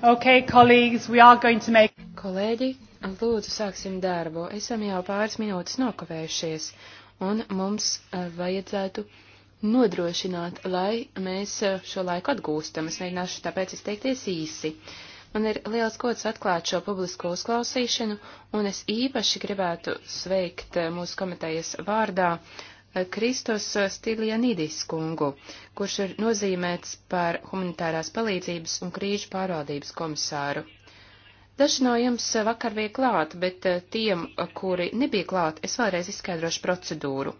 Okay, colleagues, we are going to make... Kolēģi, lūdzu, sāksim darbu. Esam jau pāris minūtes nokavējušies, un mums eh, vajadzētu nodrošināt, lai mēs eh, šo laiku atgūstam. Es mēģināšu tāpēc izteikties īsi. Man ir liels gods atklāt šo publisko uzklausīšanu, un es īpaši gribētu sveikt eh, mūsu komitejas vārdā Kristos Stilianidis kungu, kurš ir nozīmēts par humanitārās palīdzības un krīžu pārvaldības komisāru. Daži no jums vakar bija klāt, bet eh, tiem, kuri nebija klāt, es vēlreiz izskaidrošu procedūru.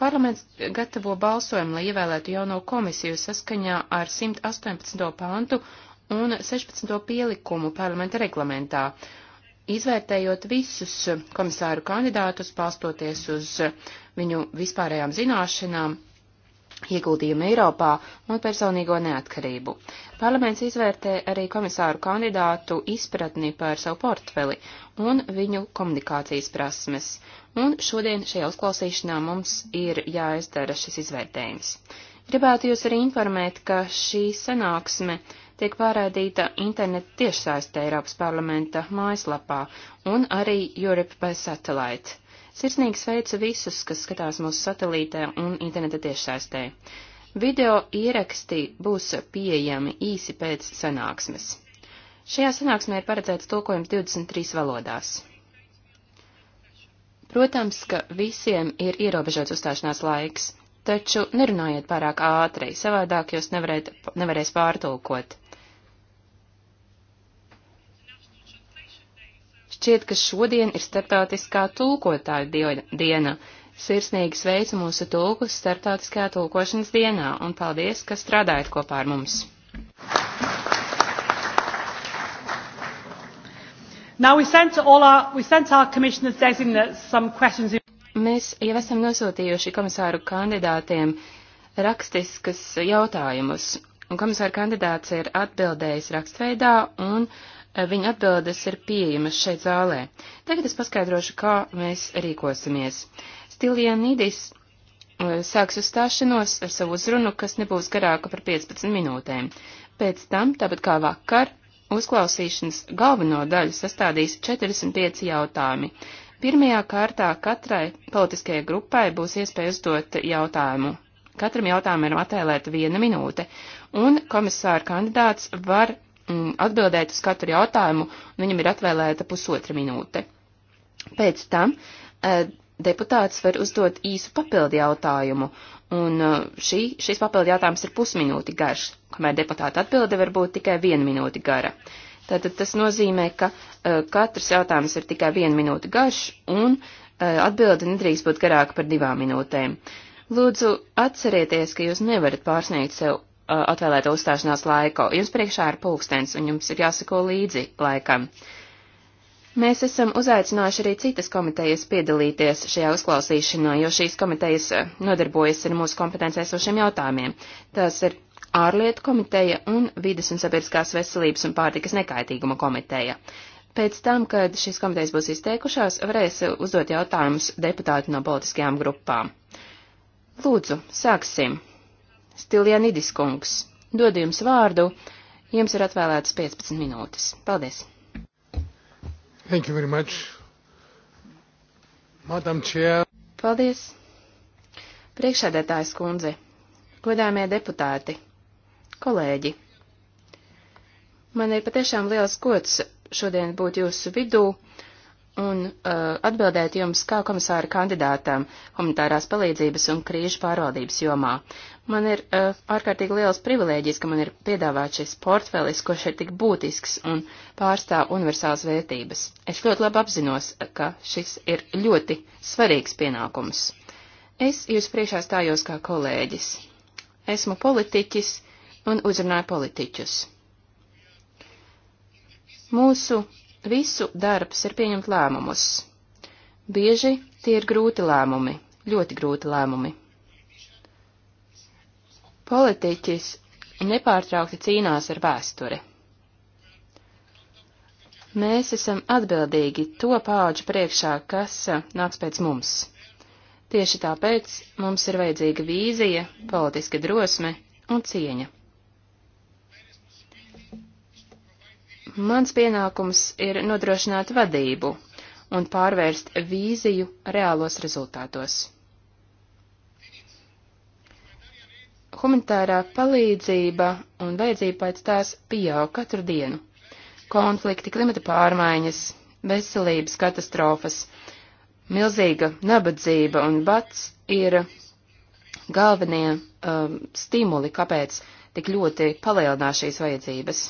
Parlaments gatavo balsojumu, lai ievēlētu jauno komisiju saskaņā ar 118. pantu un 16. pielikumu parlamenta reglamentā izvērtējot visus komisāru kandidātus, palstoties uz viņu vispārējām zināšanām, ieguldījumu Eiropā un personīgo neatkarību. Parlaments izvērtē arī komisāru kandidātu izpratni par savu portfeli un viņu komunikācijas prasmes, un šodien šajā uzklausīšanā mums ir jāizdara šis izvērtējums. Gribētu jūs arī informēt, ka šī sanāksme tiek pārādīta interneta tiešsaiste Eiropas parlamenta mājaslapā un arī Europe by Satellite. Sirsnīgi sveicu visus, kas skatās mūsu satelītē un interneta tiešsaistē. Video ieraksti būs pieejami īsi pēc sanāksmes. Šajā sanāksmē ir paredzēts tulkojums 23 valodās. Protams, ka visiem ir ierobežots uzstāšanās laiks taču nerunājiet pārāk ātri, savādāk jūs nevarēt, nevarēs pārtulkot. Šķiet, ka šodien ir starptautiskā tulkotāja diena. Sirsnīgi sveicu mūsu tulkus starptautiskajā tulkošanas dienā un paldies, ka strādājat kopā ar mums. Our, Mēs jau esam nosūtījuši komisāru kandidātiem rakstiskas jautājumus, un komisāra kandidāts ir atbildējis rakstveidā un uh, Eh, viņa atbildes ir pieejamas šeit zālē. Tagad es paskaidrošu, kā mēs rīkosimies. Stilienīdis eh, sāks uzstāšanos ar savu uzrunu, kas nebūs garāka par 15 minūtēm. Pēc tam, tāpat kā vakar, uzklausīšanas galveno daļu sastādīs 45 jautājumi. Pirmajā kārtā katrai politiskajai grupai būs iespēja uzdot jautājumu. Katram jautājumam ir atēlēta viena minūte, un komisāra kandidāts var Mm, atbildēt uz katru jautājumu, un viņam ir atvēlēta pusotra minūte. Pēc tam eh, deputāts var uzdot īsu papildu jautājumu, un eh, šī, šis papildu jautājums ir pusminūti garš, kamēr deputāta atbilde var būt tikai viena minūte gara. Tātad tas nozīmē, ka uh, katrs jautājums ir tikai viena minūte garš, un uh, atbilde nedrīkst būt garāka par divām minūtēm. Lūdzu, atcerieties, ka jūs nevarat pārsniegt sev atvēlēto uzstāšanās laiku. Jums priekšā ir pulkstens, un jums ir jāsako līdzi laikam. Mēs esam uzaicinājuši arī citas komitejas piedalīties šajā uzklausīšanā, jo šīs komitejas nodarbojas ar mūsu kompetencēs uz šiem jautājumiem. Tas ir ārlietu komiteja un vides un sabiedriskās veselības un pārtikas nekaitīguma komiteja. Pēc tam, kad šīs komitejas būs izteikušās, varēs uzdot jautājumus deputāti no politiskajām grupām. Lūdzu, sāksim. Stilianidis kungs. Dod jums vārdu, jums ir atvēlētas 15 minūtes. Paldies! Thank you very much. Madam Chair. Paldies. Priekšsēdētājs kundze, godāmie deputāti, kolēģi. Man ir patiešām liels gods šodien būt jūsu vidū un uh, atbildēt jums kā komisāra kandidātam humanitārās palīdzības un krīžu pārvaldības jomā. Man ir uh, ārkārtīgi liels privilēģis, ka man ir piedāvāts šis portfelis, ko šeit tik būtisks un pārstāv universāls vērtības. Es ļoti labi apzinos, ka šis ir ļoti svarīgs pienākums. Es jūs priekšā stājos kā kolēģis. Esmu politiķis un uzrunāju politiķus. Mūsu Visu darbs ir pieņemt lēmumus. Bieži tie ir grūti lēmumi, ļoti grūti lēmumi. Politiķis nepārtraukti cīnās ar vēsturi. Mēs esam atbildīgi to pāģu priekšā, kas nāks pēc mums. Tieši tāpēc mums ir vajadzīga vīzija, politiska drosme un cieņa. Mans pienākums ir nodrošināt vadību un pārvērst vīziju reālos rezultātos. Humanitārā palīdzība un vajadzība pēc tās pieaug katru dienu. Konflikti, klimata pārmaiņas, veselības katastrofas, milzīga nabadzība un bats ir galvenie um, stimuli, kāpēc tik ļoti palielinās šīs vajadzības.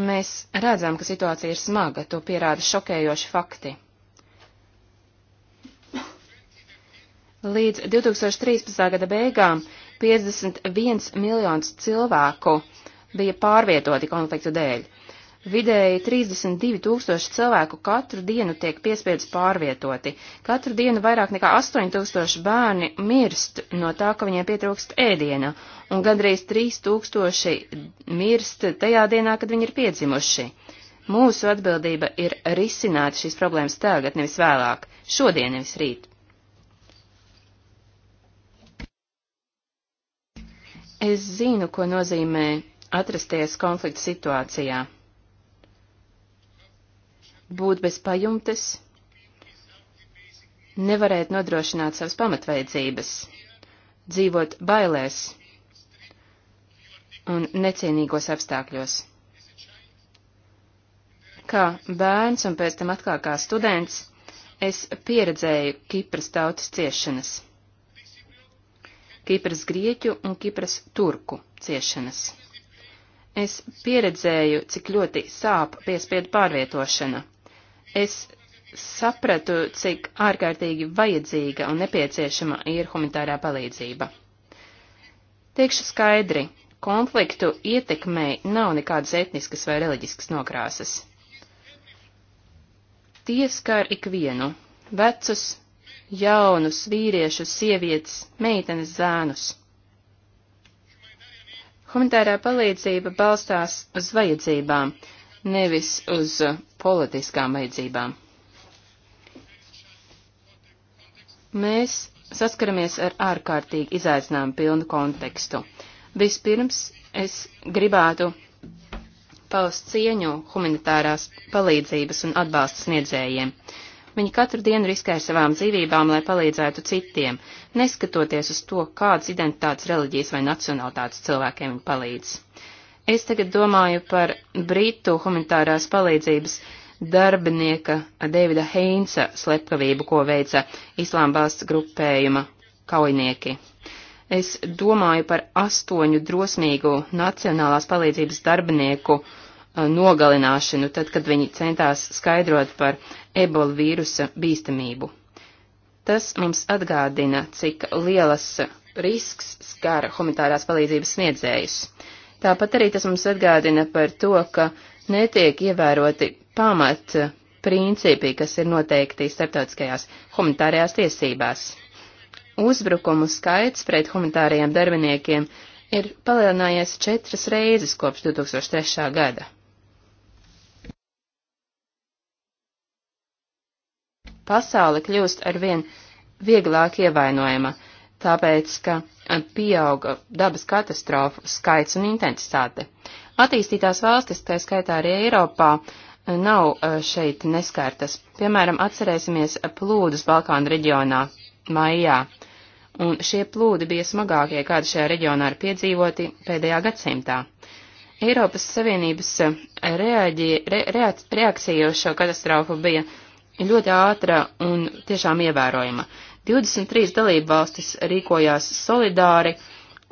Mēs redzam, ka situācija ir smaga, to pierāda šokējoši fakti. Līdz 2013. gada beigām 51 miljonus cilvēku bija pārvietoti konfliktu dēļ. Vidēji 32 tūkstoši cilvēku katru dienu tiek piespiedz pārvietoti. Katru dienu vairāk nekā 8 tūkstoši bērni mirst no tā, ka viņiem pietrūkst ēdiena, un gandrīz 3 tūkstoši mirst tajā dienā, kad viņi ir piedzimuši. Mūsu atbildība ir risināt šīs problēmas tagad, nevis vēlāk, šodien, nevis rīt. Es zinu, ko nozīmē atrasties konflikta situācijā būt bez pajumtes, nevarēt nodrošināt savas pamatveidzības, dzīvot bailēs un necienīgos apstākļos. Kā bērns un pēc tam atkal kā students, es pieredzēju Kipras tautas ciešanas. Kipras grieķu un Kipras turku ciešanas. Es pieredzēju, cik ļoti sāp piespiedu pārvietošana es sapratu, cik ārkārtīgi vajadzīga un nepieciešama ir humanitārā palīdzība. Teikšu skaidri, konfliktu ietekmei nav nekādas etniskas vai reliģiskas nokrāsas. Tie skar ikvienu - vecus, jaunus, vīriešus, sievietes, meitenes, zēnus. Humanitārā palīdzība balstās uz vajadzībām, nevis uz uh, politiskām vajadzībām. Mēs saskaramies ar ārkārtīgi izaicinājumu pilnu kontekstu. Vispirms es gribētu paust cieņu humanitārās palīdzības un atbalsta sniedzējiem. Viņi katru dienu riskē ar savām dzīvībām, lai palīdzētu citiem, neskatoties uz to, kādas identitātes, reliģijas vai nacionālitātes cilvēkiem viņi palīdz. Es tagad domāju par Britu humanitārās palīdzības darbinieka Davida Heinsa slepkavību, ko veica Islāmbalsts grupējuma kaujinieki. Es domāju par astoņu drosmīgu nacionālās palīdzības darbinieku uh, nogalināšanu, tad, kad viņi centās skaidrot par ebola vīrusa bīstamību. Tas mums atgādina, cik lielas risks skar humanitārās palīdzības sniedzējus. Uh, Tāpat arī tas mums atgādina par to, ka netiek ievēroti pamat principi, kas ir noteikti starptautiskajās humanitārajās tiesībās. Uzbrukumu skaits pret humanitārajiem darbiniekiem ir palielinājies četras reizes kopš 2003. gada. Pasaule kļūst arvien vieglāk ievainojama tāpēc, ka pieauga dabas katastrofu skaits un intensitāte. Attīstītās valstis, tā skaitā arī Eiropā, nav e, šeit neskārtas. Piemēram, atcerēsimies plūdus Balkānu reģionā maijā, un šie plūdi bija smagākie, kādi šajā reģionā ir piedzīvoti pēdējā gadsimtā. Eiropas Savienības e, reaģi, re, reakcija uz šo katastrofu bija ļoti ātra un tiešām ievērojama. 23 dalībvalstis rīkojās solidāri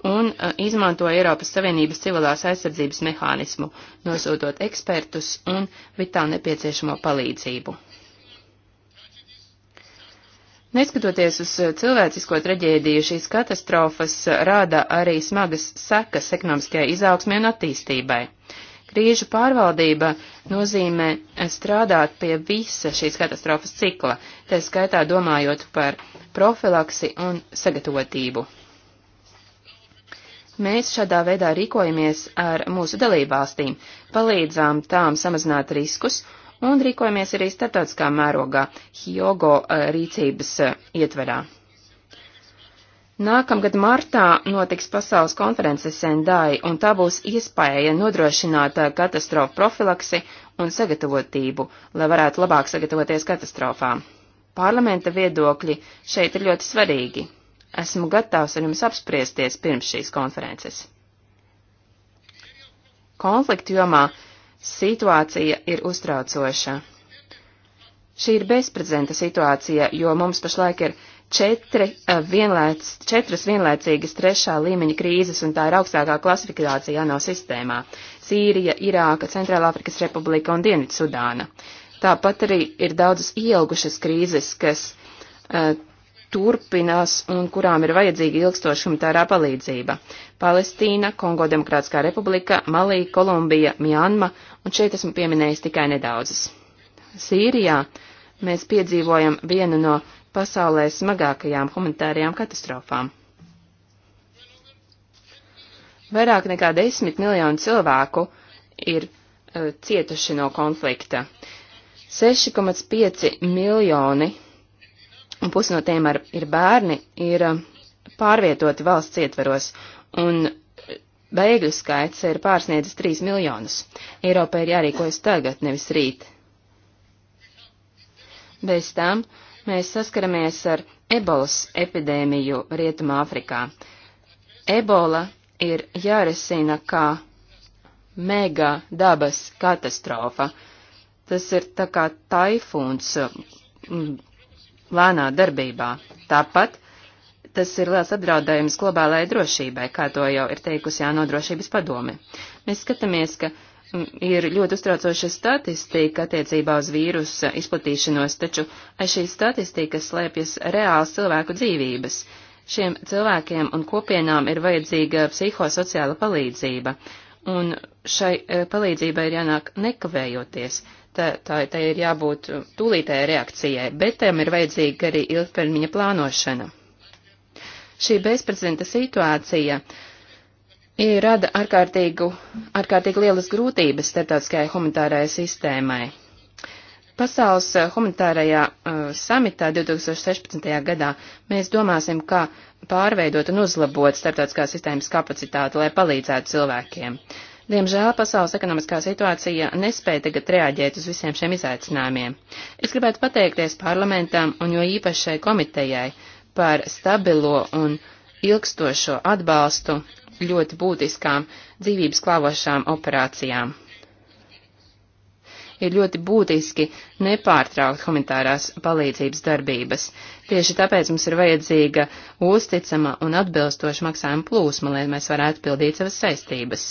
un e, izmantoja Eiropas Savienības civilās aizsardzības mehānismu, nosūtot ekspertus un vitāli nepieciešamo palīdzību. Neskatoties uz e, cilvēcisko traģēdiju, šīs katastrofas rāda arī smagas sekas ekonomiskajai izaugsmē un attīstībai. Krīžu pārvaldība nozīmē strādāt pie visa šīs katastrofas cikla, tā skaitā domājot par profilaksi un sagatavotību. Mēs šādā veidā rīkojamies ar mūsu dalībvalstīm, palīdzām tām samazināt riskus un rīkojamies arī starptautiskā mērogā Hiogo eh, rīcības eh, ietverā. Nākamgad martā notiks pasaules konferences Sendai, un tā būs iespēja nodrošināt uh, katastrofu profilaksi un sagatavotību, lai varētu labāk sagatavoties katastrofām. Parlamenta viedokļi šeit ir ļoti svarīgi. Esmu gatavs ar jums apspriesties pirms šīs konferences. Konfliktu jomā situācija ir uztraucoša. Šī ir bezprezenta situācija, jo mums pašlaik ir četri, eh, vienlēc, četras vienlaicīgas trešā līmeņa krīzes, un tā ir augstākā klasifikācija ANO sistēmā - Sīrija, Irāka, Centrālāfrikas Republika un Dienvidsudāna. Tāpat arī ir daudzas ielgušas krīzes, kas uh, turpinās un kurām ir vajadzīga ilgstoša humanitārā palīdzība - Palestīna, Kongo Demokrātiskā republika, Malī, Kolumbija, Mjanma, un šeit esmu pieminējis tikai nedaudzas. Sīrijā mēs piedzīvojam vienu no pasaulē smagākajām humanitārajām katastrofām. Vairāk nekā desmit miljonu cilvēku ir uh, cietuši no konflikta. 6,5 miljoni, un pusi no tiem ar, ir bērni, ir uh, pārvietoti valsts ietveros, un bēgļu skaits ir pārsniedzis 3 miljonus. Eiropai ir jārīkojas tagad, nevis rīt. Bez tam mēs saskaramies ar ebolas epidēmiju Rietumā Afrikā. Ebola ir jārisina kā mega dabas katastrofa. Tas ir tā kā taifūns mm, lēnā darbībā. Tāpat tas ir liels apdraudējums globālajai drošībai, kā to jau ir teikusi jānodrošības padome. Mēs skatāmies, ka ir ļoti uztraucoša statistika attiecībā uz vīrusa izplatīšanos, taču aiz šīs statistikas slēpjas reāls cilvēku dzīvības. Šiem cilvēkiem un kopienām ir vajadzīga psihosociāla palīdzība, un šai e, palīdzībai ir jānāk nekavējoties. Tā, tā, tā ir jābūt tūlītējai reakcijai, bet tam ir vajadzīga arī ilgtermiņa plānošana. Šī bezprecedenta situācija uh, rada ārkārtīgu, ārkārtīgi lielas grūtības starptautiskajai humanitārajai sistēmai. Pasaules eh, humanitārajā uh, samitā 2016. gadā mēs domāsim, kā pārveidot un uzlabot starptautiskās sistēmas kapacitāti, lai palīdzētu cilvēkiem. Diemžēl pasaules ekonomiskā situācija nespēja tagad reaģēt uz visiem šiem izaicinājumiem. Es gribētu pateikties parlamentam un jo īpašai komitejai par stabilo un uh, ilgstošo atbalstu ļoti būtiskām dzīvības klāvošām operācijām. Ir ļoti būtiski nepārtraukt humanitārās palīdzības darbības. Tieši tāpēc mums ir vajadzīga uzticama un atbilstoša maksājuma plūsma, lai mēs varētu pildīt savas saistības.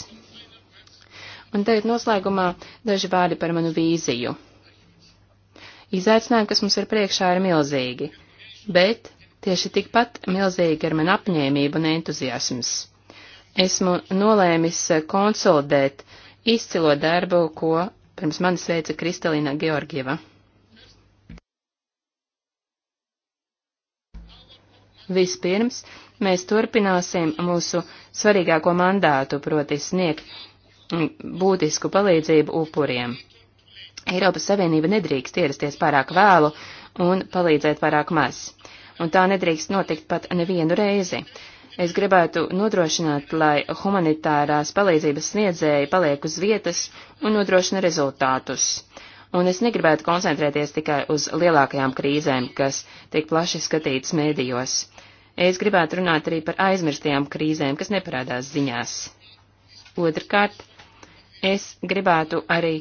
Un tagad noslēgumā daži vārdi par manu vīziju. Izaicinājumi, kas mums ir priekšā, ir milzīgi, bet Tieši tikpat milzīga ir man apņēmība un entuziasms. Esmu nolēmis konsolidēt izcilo darbu, ko pirms manis veica Kristalīna Georgieva. Vispirms mēs turpināsim mūsu svarīgāko mandātu, proti sniegt būtisku palīdzību upuriem. Eiropas Savienība nedrīkst ierasties pārāk vēlu un palīdzēt pārāk maz un tā nedrīkst notikt pat nevienu reizi. Es gribētu nodrošināt, lai humanitārās palīdzības sniedzēji paliek uz vietas un nodrošina rezultātus. Un es negribētu koncentrēties tikai uz lielākajām krīzēm, kas tiek plaši skatītas mēdījos. Es gribētu runāt arī par aizmirstajām krīzēm, kas neparādās ziņās. Otrkārt, es gribētu arī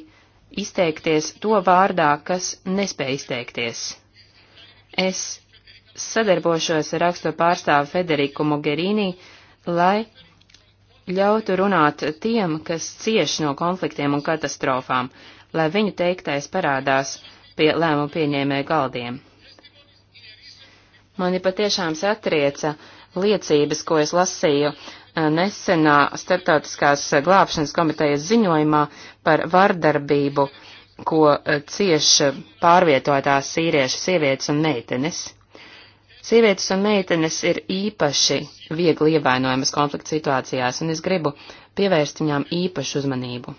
izteikties to vārdā, kas nespēja izteikties. Es sadarbošos ar raksto pārstāvu Federiku Mogherini, lai ļautu runāt tiem, kas cieš no konfliktiem un katastrofām, lai viņu teiktais parādās pie lēmumu pieņēmēju galdiem. Mani patiešām satrieca liecības, ko es lasīju eh, nesenā starptautiskās glābšanas komitejas ziņojumā par vardarbību, ko eh, cieš pārvietotās sīriešu sievietes un meitenes. Sievietes un meitenes ir īpaši viegli ievainojamas konflikta situācijās, un es gribu pievērst viņām īpašu uzmanību.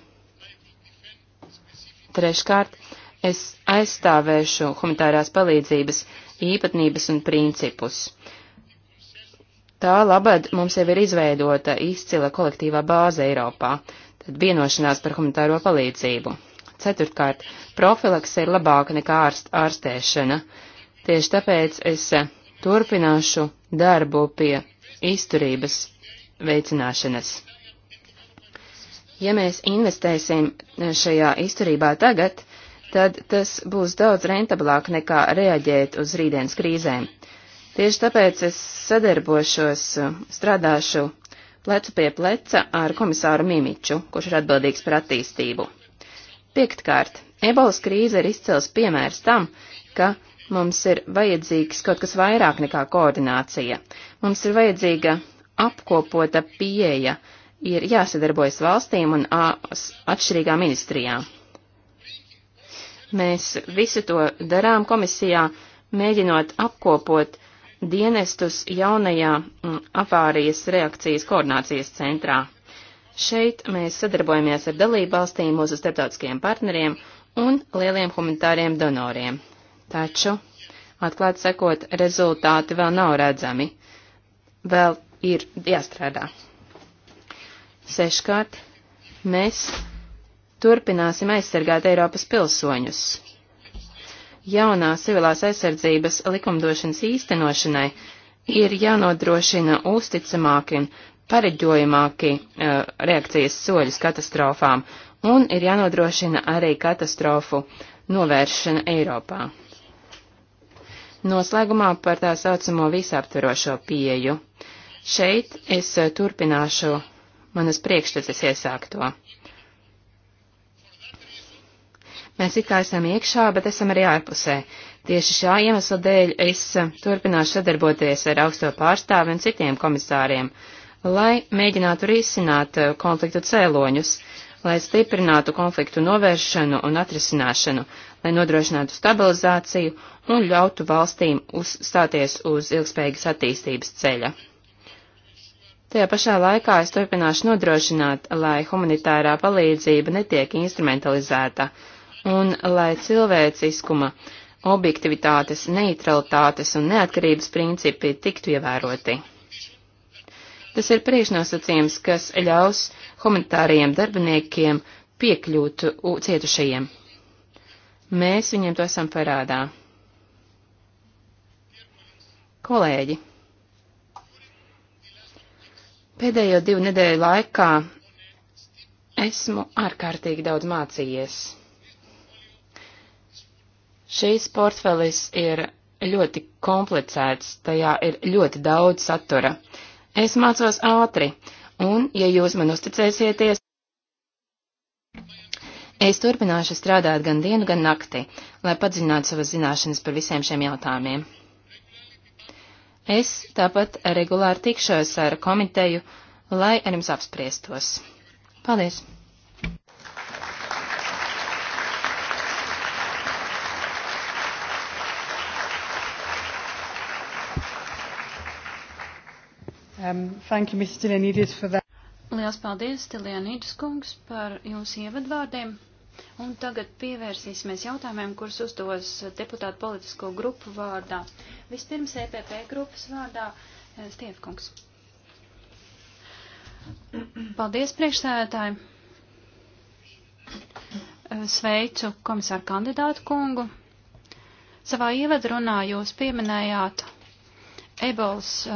Treškārt, es aizstāvēšu humanitārās palīdzības īpatnības un principus. Tā labad mums jau ir izveidota izcila kolektīvā bāze Eiropā, tad vienošanās par humanitāro palīdzību. Ceturtkārt, profilaks ir labāka nekā ārst, ārstēšana. Tieši tāpēc es turpināšu darbu pie izturības veicināšanas. Ja mēs investēsim šajā izturībā tagad, tad tas būs daudz rentablāk nekā reaģēt uz rītdienas krīzēm. Tieši tāpēc es sadarbošos, strādāšu plecu pie pleca ar komisāru Mimiču, kurš ir atbildīgs par attīstību. Piektkārt, ebolas krīze ir izcils piemērs tam, ka Mums ir vajadzīgs kaut kas vairāk nekā koordinācija. Mums ir vajadzīga apkopota pieeja, ir jāsadarbojas valstīm un atšķirīgām ministrijām. Mēs visu to darām komisijā, mēģinot apkopot dienestus jaunajā avārijas reakcijas koordinācijas centrā. Šeit mēs sadarbojamies ar dalībvalstīm, mūsu starptautiskajiem partneriem un lieliem humanitāriem donoriem. Taču, atklāt sakot, rezultāti vēl nav redzami. Vēl ir jāstrādā. Seškārt, mēs turpināsim aizsargāt Eiropas pilsoņus. Jaunā civilās aizsardzības likumdošanas īstenošanai ir jānodrošina uzticamāki un pareģojamāki uh, reakcijas soļus katastrofām, un ir jānodrošina arī katastrofu novēršana Eiropā. Noslēgumā par tā saucamo visaptverošo pieju. Šeit es eh, turpināšu manas priekšstats iesākto. Mēs it kā esam iekšā, bet esam arī ārpusē. Tieši šā iemesla dēļ es eh, turpināšu sadarboties ar augsto pārstāvi un citiem komisāriem, lai mēģinātu risināt eh, konfliktu cēloņus, lai stiprinātu konfliktu novēršanu un atrisināšanu, lai nodrošinātu stabilizāciju un ļautu valstīm uzstāties uz ilgspējīgas attīstības ceļa. Tajā pašā laikā es turpināšu nodrošināt, lai humanitārā palīdzība netiek instrumentalizēta un lai cilvēciskuma, objektivitātes, neutralitātes un neatkarības principi tiktu ievēroti. Tas ir priekšnosacījums, kas ļaus humanitāriem darbiniekiem piekļūt cietušajiem. Mēs viņiem to esam parādā. Kolēģi, pēdējo divu nedēļu laikā esmu ārkārtīgi daudz mācījies. Šīs portfelis ir ļoti komplicēts, tajā ir ļoti daudz satura. Es mācos ātri, un, ja jūs man uzticēsieties, es turpināšu strādāt gan dienu, gan nakti, lai padziļinātu savas zināšanas par visiem šiem jautājumiem. Es tāpat regulāri tikšos ar komiteju, lai ar jums apspriestos. Paldies! Um, thank you, Mr. Ioannidis, for that. Liels paldies, Stilianīdis kungs, par jūsu ievadvārdiem. Un tagad pievērsīsimies jautājumiem, kurus uzdos deputātu politisko grupu vārdā. Vispirms EPP grupas vārdā eh, Stievkungs. Paldies, priekšsēdētāji. Eh, sveicu komisāru kandidātu kungu. Savā ievadrunā jūs pieminējāt ebols eh,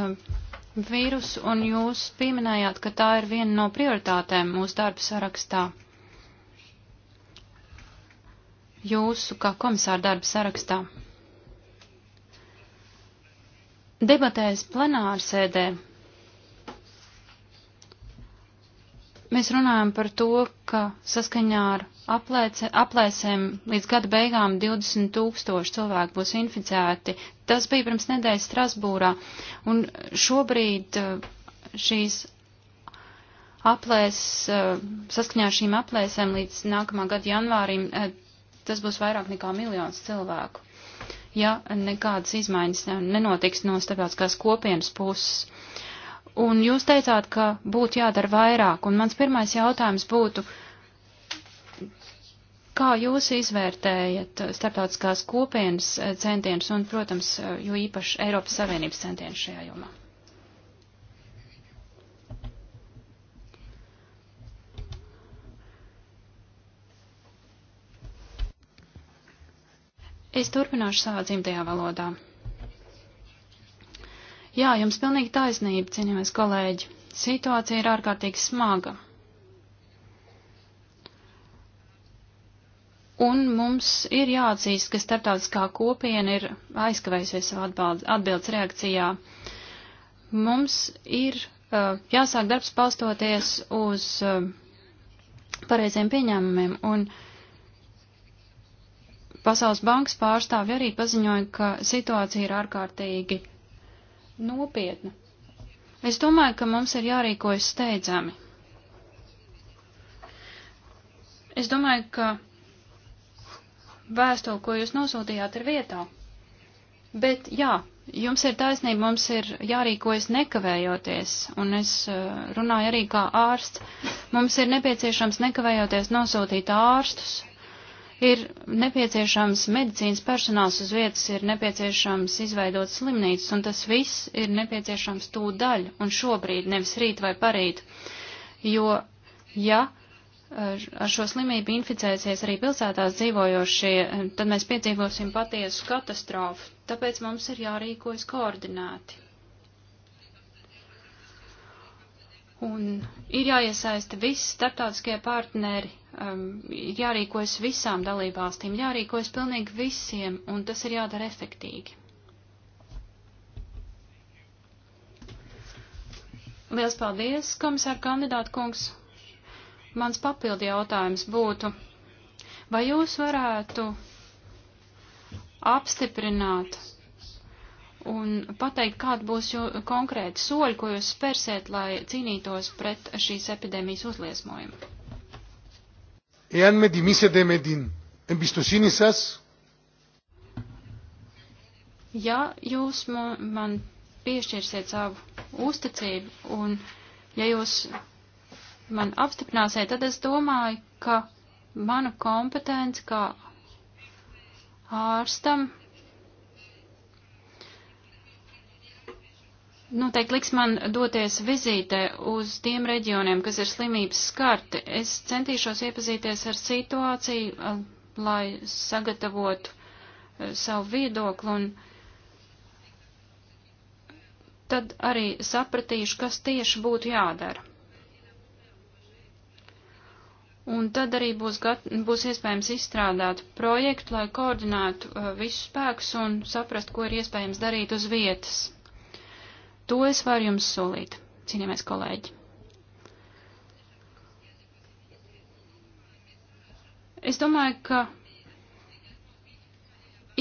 vīrusu un jūs pieminējāt, ka tā ir viena no prioritātēm mūsu darba sarakstā jūsu kā komisāra darba sarakstā. Debatēs plenārsēdē mēs runājam par to, ka saskaņā ar aplēce, aplēsēm līdz gada beigām 20 tūkstoši cilvēku būs inficēti. Tas bija pirms nedēļas Strasbūrā, un šobrīd eh, šīs aplēs, eh, saskaņā ar šīm aplēsēm līdz nākamā gada janvārim eh, Tas būs vairāk nekā miljons cilvēku. Ja nekādas izmaiņas nenotiks no starptautiskās kopienas puses. Un jūs teicāt, ka būtu jādara vairāk, un mans pirmais jautājums būtu, kā jūs izvērtējat starptautiskās kopienas centienus un, protams, jo īpaši Eiropas Savienības centienus šajā jomā? Es turpināšu savā dzimtajā valodā. Jā, jums pilnīgi taisnība, cienījamies kolēģi. Situācija ir ārkārtīgi smaga. Un mums ir jāatzīst, ka starptautiskā kopiena ir aizkavējusies savā atbildes reakcijā. Mums ir uh, jāsāk darbs palstoties uz uh, pareiziem pieņēmumiem, un Pasaules bankas pārstāvi arī paziņoja, ka situācija ir ārkārtīgi nopietna. Es domāju, ka mums ir jārīkojas steidzami. Es domāju, ka vēstuli, ko jūs nosūtījāt, ir vietā. Bet jā, jums ir taisnība, mums ir jārīkojas nekavējoties, un es eh, runāju arī kā ārsts. Mums ir nepieciešams nekavējoties nosūtīt ārstus, Ir nepieciešams medicīnas personāls uz vietas, ir nepieciešams izveidot slimnīcas, un tas viss ir nepieciešams tūdaļ un šobrīd, nevis rīt vai parīt. Jo, ja ar šo slimību inficēsies arī pilsētās dzīvojošie, tad mēs piedzīvosim patiesu katastrofu, tāpēc mums ir jārīkojas koordinēti. Un ir jāiesaista visi starptautiskie partneri, um, jārīkojas visām dalībvalstīm, jārīkojas pilnīgi visiem, un tas ir jādara efektīgi. Liels paldies, komisāra kandidāta kungs. Mans papildi jautājums būtu, vai jūs varētu apstiprināt un pateikt, kāda būs konkrēta soļa, ko jūs spērsiet, lai cīnītos pret šīs epidēmijas uzliesmojumu? εάν με τιμήσετε με την εμπιστοσύνη σας ja jūs man piešķirsiet savu uzticību un ja jūs man apstiprināsiet, tad es domāju, ka mana kompetence kā ārstam noteikti nu, liks man doties vizītē uz tiem reģioniem, kas ir slimības skarti. Es centīšos iepazīties ar situāciju, eh, lai sagatavotu eh, savu viedokli un tad arī sapratīšu, kas tieši būtu jādara. Un tad arī būs, gat, būs iespējams izstrādāt projektu, lai koordinātu uh, eh, visus spēkus un saprast, ko ir iespējams darīt uz vietas. To es varu jums solīt, cienījamies kolēģi. Es domāju, ka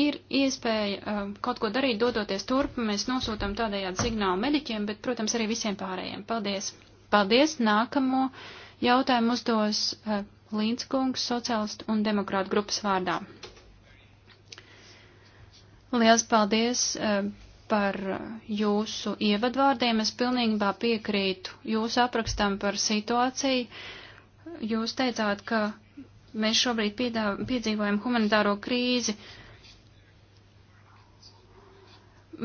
ir iespēja um, kaut ko darīt, dodoties turp. Mēs nosūtām tādējādi signālu mediķiem, bet, protams, arī visiem pārējiem. Paldies! Paldies! Nākamo jautājumu uzdos uh, Līnskungs, sociālistu un demokrātu grupas vārdā. Liels paldies! Uh, par jūsu ievadvārdiem. Es pilnībā piekrītu jūsu aprakstam par situāciju. Jūs teicāt, ka mēs šobrīd piedā, piedzīvojam humanitāro krīzi.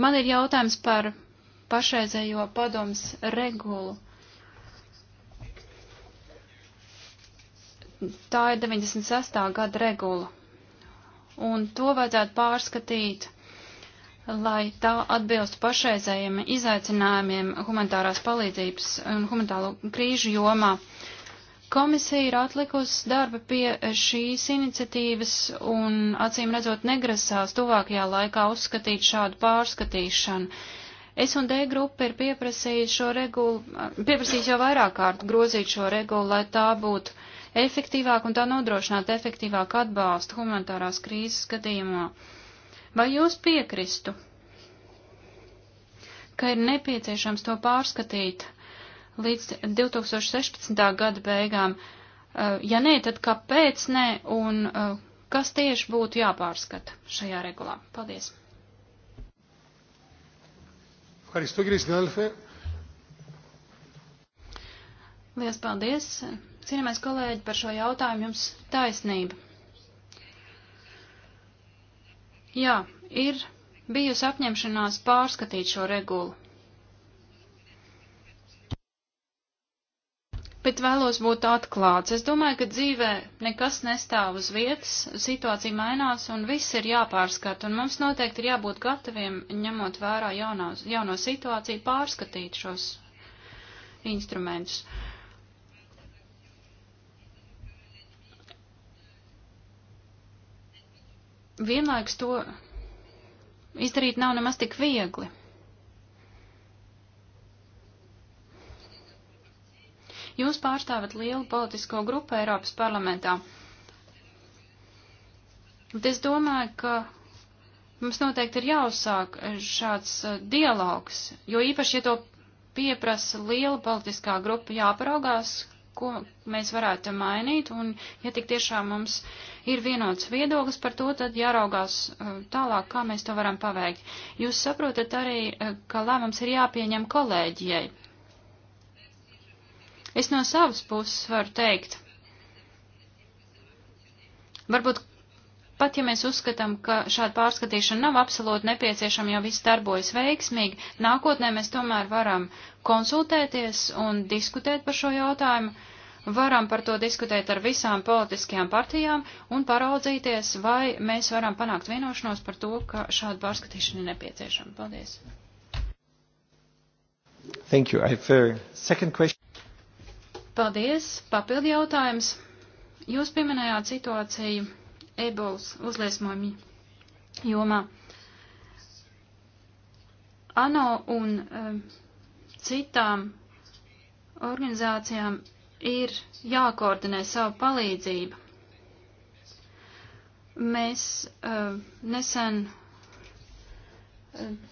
Man ir jautājums par pašreizējo padoms regulu. Tā ir 96. gada regula, un to vajadzētu pārskatīt lai tā atbilstu pašreizējiem izaicinājumiem humanitārās palīdzības un humanitāro krīžu jomā. Komisija ir atlikusi darba pie šīs iniciatīvas un acīm redzot negrasās tuvākajā laikā uzskatīt šādu pārskatīšanu. S un D grupa ir pieprasījusi šo regulu, pieprasījusi jau vairāk kārt grozīt šo regulu, lai tā būtu efektīvāk un tā nodrošinātu efektīvāku atbalstu humanitārās krīzes gadījumā. Uh, Vai jūs piekristu, ka ir nepieciešams to pārskatīt līdz 2016. gada beigām? Uh, ja nē, tad kāpēc nē un uh, kas tieši būtu jāpārskata šajā regulā? Paldies! Ευχαριστώ κύριε συνάδελφε. Lielas paldies! Cienījamais kolēģi par šo jautājumu jums taisnība. Jā, ir bijusi apņemšanās pārskatīt šo regulu. Bet vēlos būt atklāts. Es domāju, ka dzīvē nekas nestāv uz vietas, situācija mainās un viss ir jāpārskata, un mums noteikti ir jābūt gataviem, ņemot vērā jaunās, jauno situāciju, pārskatīt šos instrumentus. Uh, vienlaiks to izdarīt nav nemaz tik viegli. Jūs pārstāvat lielu politisko grupu Eiropas parlamentā. Bet es domāju, ka mums noteikti ir jāuzsāk šāds uh, dialogs, jo īpaši, ja to pieprasa liela politiskā grupa, jāparaugās, ko mēs varētu mainīt, un ja tik tiešām mums ir vienots viedoklis par to, tad jāraugās uh, tālāk, kā mēs to varam paveikt. Jūs saprotat arī, uh, ka lēmums ir jāpieņem kolēģijai. Es no savas puses varu teikt, varbūt Pat ja mēs uzskatām, ka šāda pārskatīšana nav absolūti nepieciešama, jo viss darbojas veiksmīgi, nākotnē mēs tomēr varam konsultēties un diskutēt par šo jautājumu, varam par to diskutēt ar visām politiskajām partijām un paraudzīties, vai mēs varam panākt vienošanos par to, ka šāda pārskatīšana ir nepieciešama. Paldies! Thank you. I have a second question. Paldies. Papildi jautājums. Jūs pieminējāt situāciju ebolas uzliesmojumi jomā. ANO un um, citām organizācijām ir jākoordinē savu palīdzību. Mēs uh, nesen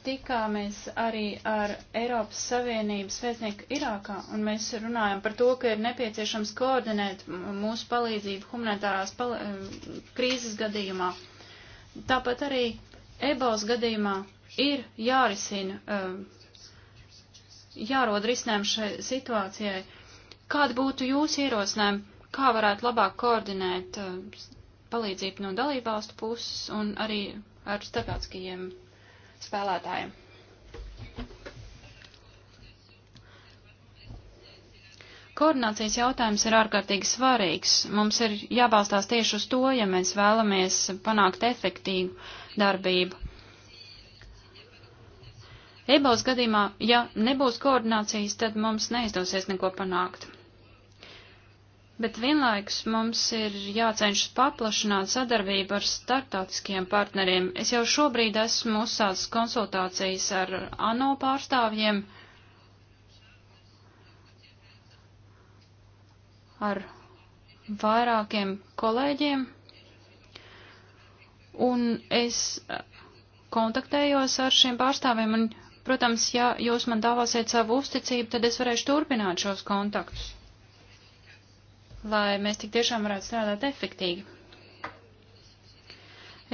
tikāmies arī ar Eiropas Savienības vēstnieku Irākā, un mēs runājam par to, ka ir nepieciešams koordinēt mūsu palīdzību humanitārās pal krīzes gadījumā. Tāpat arī ebols gadījumā ir jārisina, jārod risinājumu šai situācijai. Kāda būtu jūsu ierosinājuma, kā varētu labāk koordinēt palīdzību no dalībvalstu puses un arī ar starptautiskajiem spēlētājiem. Koordinācijas jautājums ir ārkārtīgi svarīgs. Mums ir jābalstās tieši uz to, ja mēs vēlamies panākt efektīvu darbību. Ebolas gadījumā, ja nebūs koordinācijas, tad mums neizdosies neko panākt bet vienlaikus mums ir jācenšas paplašināt sadarbību ar startautiskiem partneriem. Es jau šobrīd esmu uzsācis konsultācijas ar ANO pārstāvjiem, ar vairākiem kolēģiem, un es kontaktējos ar šiem pārstāvjiem, un, protams, ja jūs man dāvāsiet savu uzticību, tad es varēšu turpināt šos kontaktus lai mēs tik tiešām varētu strādāt efektīgi.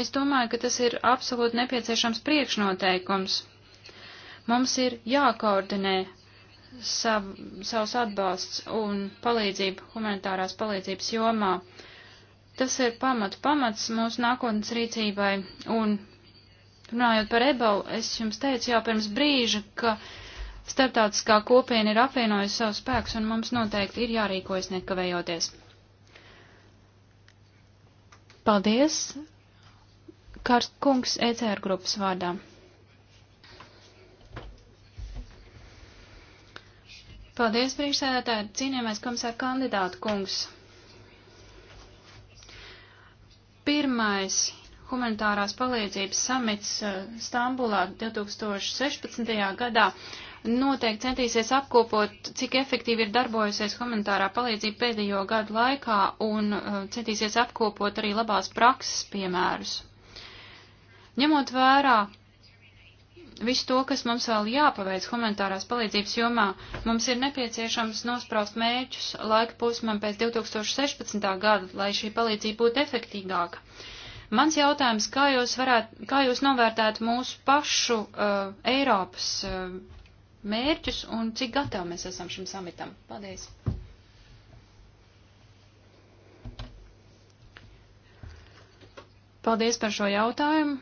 Es domāju, ka tas ir absolūti nepieciešams priekšnoteikums. Mums ir jākoordinē sav, savs atbalsts un palīdzība humanitārās palīdzības jomā. Tas ir pamat, pamats mūsu nākotnes rīcībai. Un runājot par ebalu, es jums teicu jau pirms brīža, ka Startautiskā kopiena ir apvienojusi savus spēkus, un mums noteikti ir jārīkojas nekavējoties. Paldies, Karstkungs, ECR grupas vārdā. Paldies, priekšsēdētāji, cienījamais komisāra kandidāta kungs. Pirmais humanitārās palīdzības samits uh, Stambulā 2016. gadā noteikti centīsies apkopot, cik efektīvi ir darbojusies humanitārā palīdzība pēdējo gadu laikā un uh, centīsies apkopot arī labās prakses piemērus. Ņemot vērā visu to, kas mums vēl jāpaveic humanitārās palīdzības jomā, mums ir nepieciešams nospraust mērķus laika posmam pēc 2016. gada, lai šī palīdzība būtu efektīgāka. Mans jautājums, kā jūs, varētu, kā jūs novērtētu mūsu pašu uh, Eiropas uh, mērķus un cik gatavi mēs esam šim samitam. Paldies! Paldies par šo jautājumu.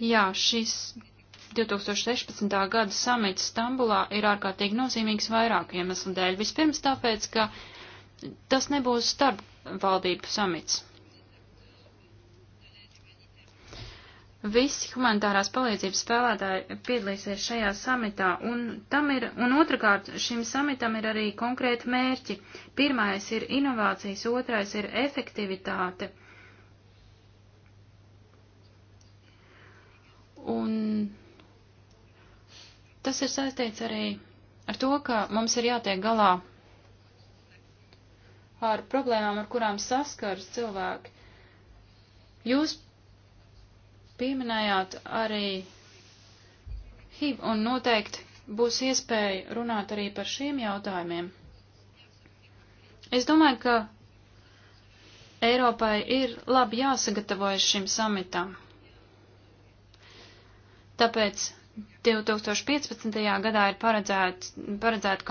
Jā, šis 2016. gada samits Stambulā ir ārkārtīgi nozīmīgs vairāku iemeslu dēļ. Vispirms tāpēc, ka tas nebūs starpvaldību samits. visi humanitārās palīdzības spēlētāji piedalīsies šajā samitā, un, tam ir, un otrkārt šim samitam ir arī konkrēti mērķi. Pirmais ir inovācijas, otrais ir efektivitāte. Un tas ir saistīts arī ar to, ka mums ir jātiek galā ar problēmām, ar kurām saskars cilvēki. Jūs Pieminējāt arī HIV un noteikti būs iespēja runāt arī par šiem jautājumiem. Es domāju, ka Eiropai ir labi jāsagatavojas šim samitam. Tāpēc 2015. gadā ir paredzēta paredzēt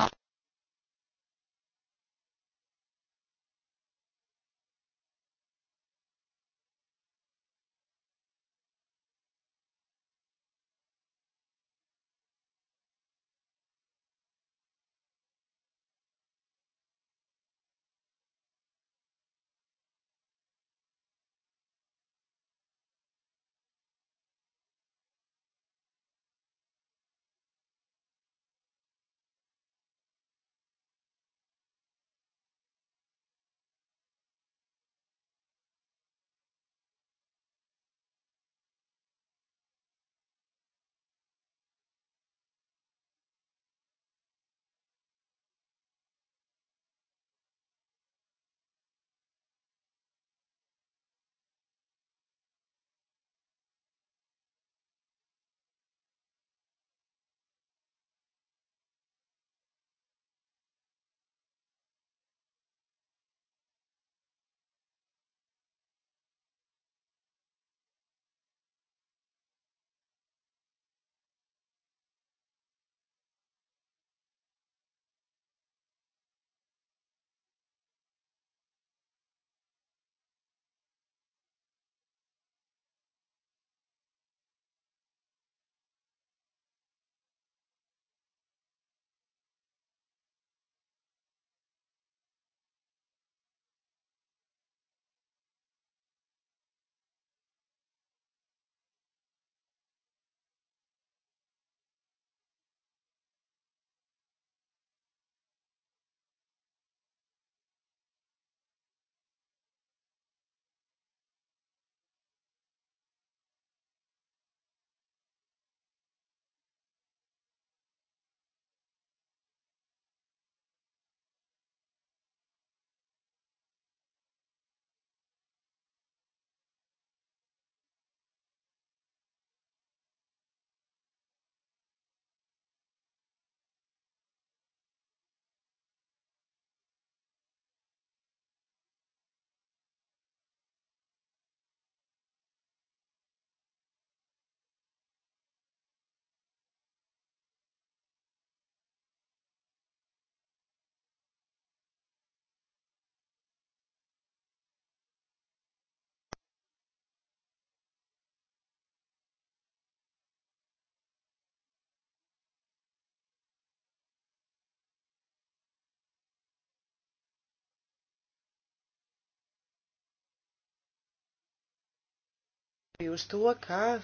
uz to, ka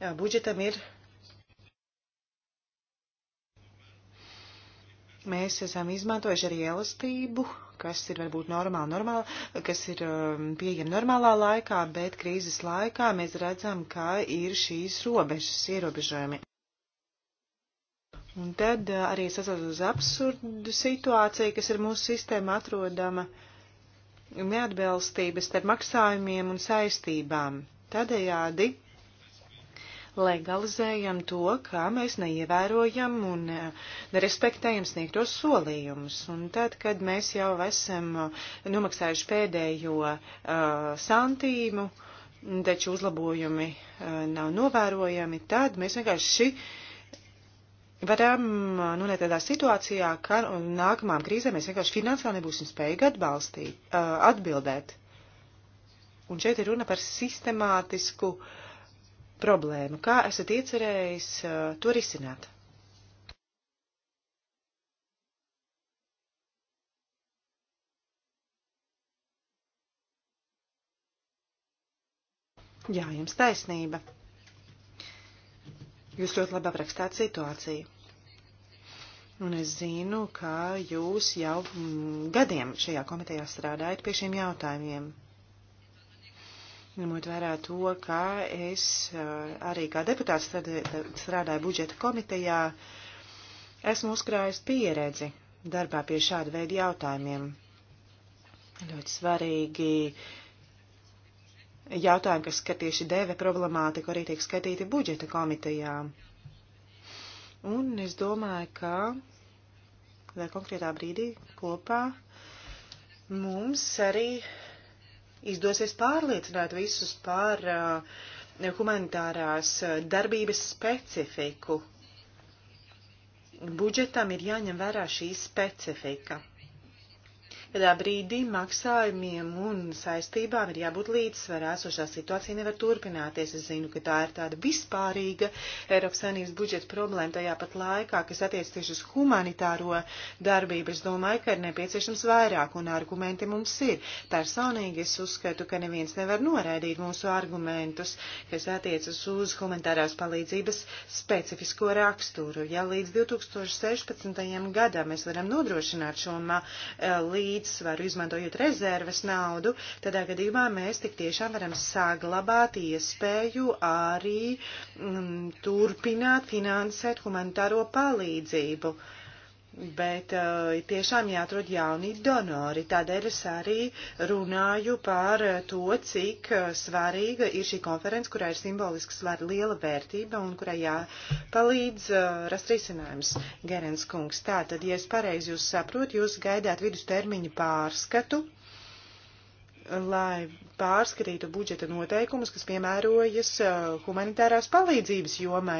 jā, budžetam ir. Mēs esam izmantojuši arī elastību, kas ir varbūt normāli, normāli kas ir um, pieejama normālā laikā, bet krīzes laikā mēs redzam, ka ir šīs robežas ierobežojumi. Un tad uh, arī sasaucas uz absurdu situāciju, kas ir mūsu sistēma atrodama neatbilstības starp maksājumiem un saistībām. Tādējādi legalizējam to, kā mēs neievērojam un eh, nerespektējam sniegtos solījumus. Un tad, kad mēs jau esam eh, nomaksājuši pēdējo uh, santīmu, taču uzlabojumi uh, nav novērojami, tad mēs vienkārši varam nonākt tādā situācijā, ka nākamām krīzēm mēs vienkārši finansiāli nebūsim spējīgi atbalstīt, uh, atbildēt. Un šeit ir runa par sistemātisku problēmu. Kā esat iecerējis uh, to risināt? Jā, jums taisnība. Jūs ļoti labi aprakstāt situāciju. Un es zinu, ka jūs jau mm, gadiem šajā komitejā strādājat pie šiem jautājumiem. Ņemot vērā to, ka es eh, arī kā deputāts strādāju budžeta komitejā, esmu uzkrājis pieredzi darbā pie šāda veida jautājumiem. Ļoti svarīgi jautājumi, kas tieši deve problemātiku, arī tiek skatīti budžeta komitejā. Un es domāju, ka vēl konkrētā brīdī kopā mums arī izdosies pārliecināt visus par uh, humanitārās uh, darbības specifiku. Budžetam ir jāņem vērā šī specifika. Kādā brīdī maksājumiem un saistībām ir jābūt līdzsvarā, esošā situācija nevar turpināties. Es zinu, ka tā ir tāda vispārīga Eiropas Savienības budžeta problēma tajā pat laikā, kas attiec tieši uz humanitāro darbību. Es domāju, ka ir nepieciešams vairāk, un argumenti mums ir. Personīgi es uzskatu, ka neviens nevar noraidīt mūsu argumentus, kas attiecas uz humanitārās palīdzības specifisko raksturu. Ja līdz 2016. gadam mēs varam nodrošināt šo eh, līdzi, līdzsvaru, izmantojot rezerves naudu, tādā gadījumā mēs tik tiešām varam saglabāt iespēju arī mm, turpināt finansēt humanitāro palīdzību. Uh, Bet uh, tiešām jāatrod jauni donori. Tādēļ es arī runāju par eh, to, cik eh, svarīga ir šī konference, kurai ir simboliski svar liela vērtība un kurai jāpalīdz uh, rast risinājums. Gerens kungs, tātad, ja es pareizi jūs saprotu, jūs gaidāt vidustermiņu pārskatu. Uh, lai pārskatītu budžeta noteikumus, kas piemērojas uh, humanitārās palīdzības jomē,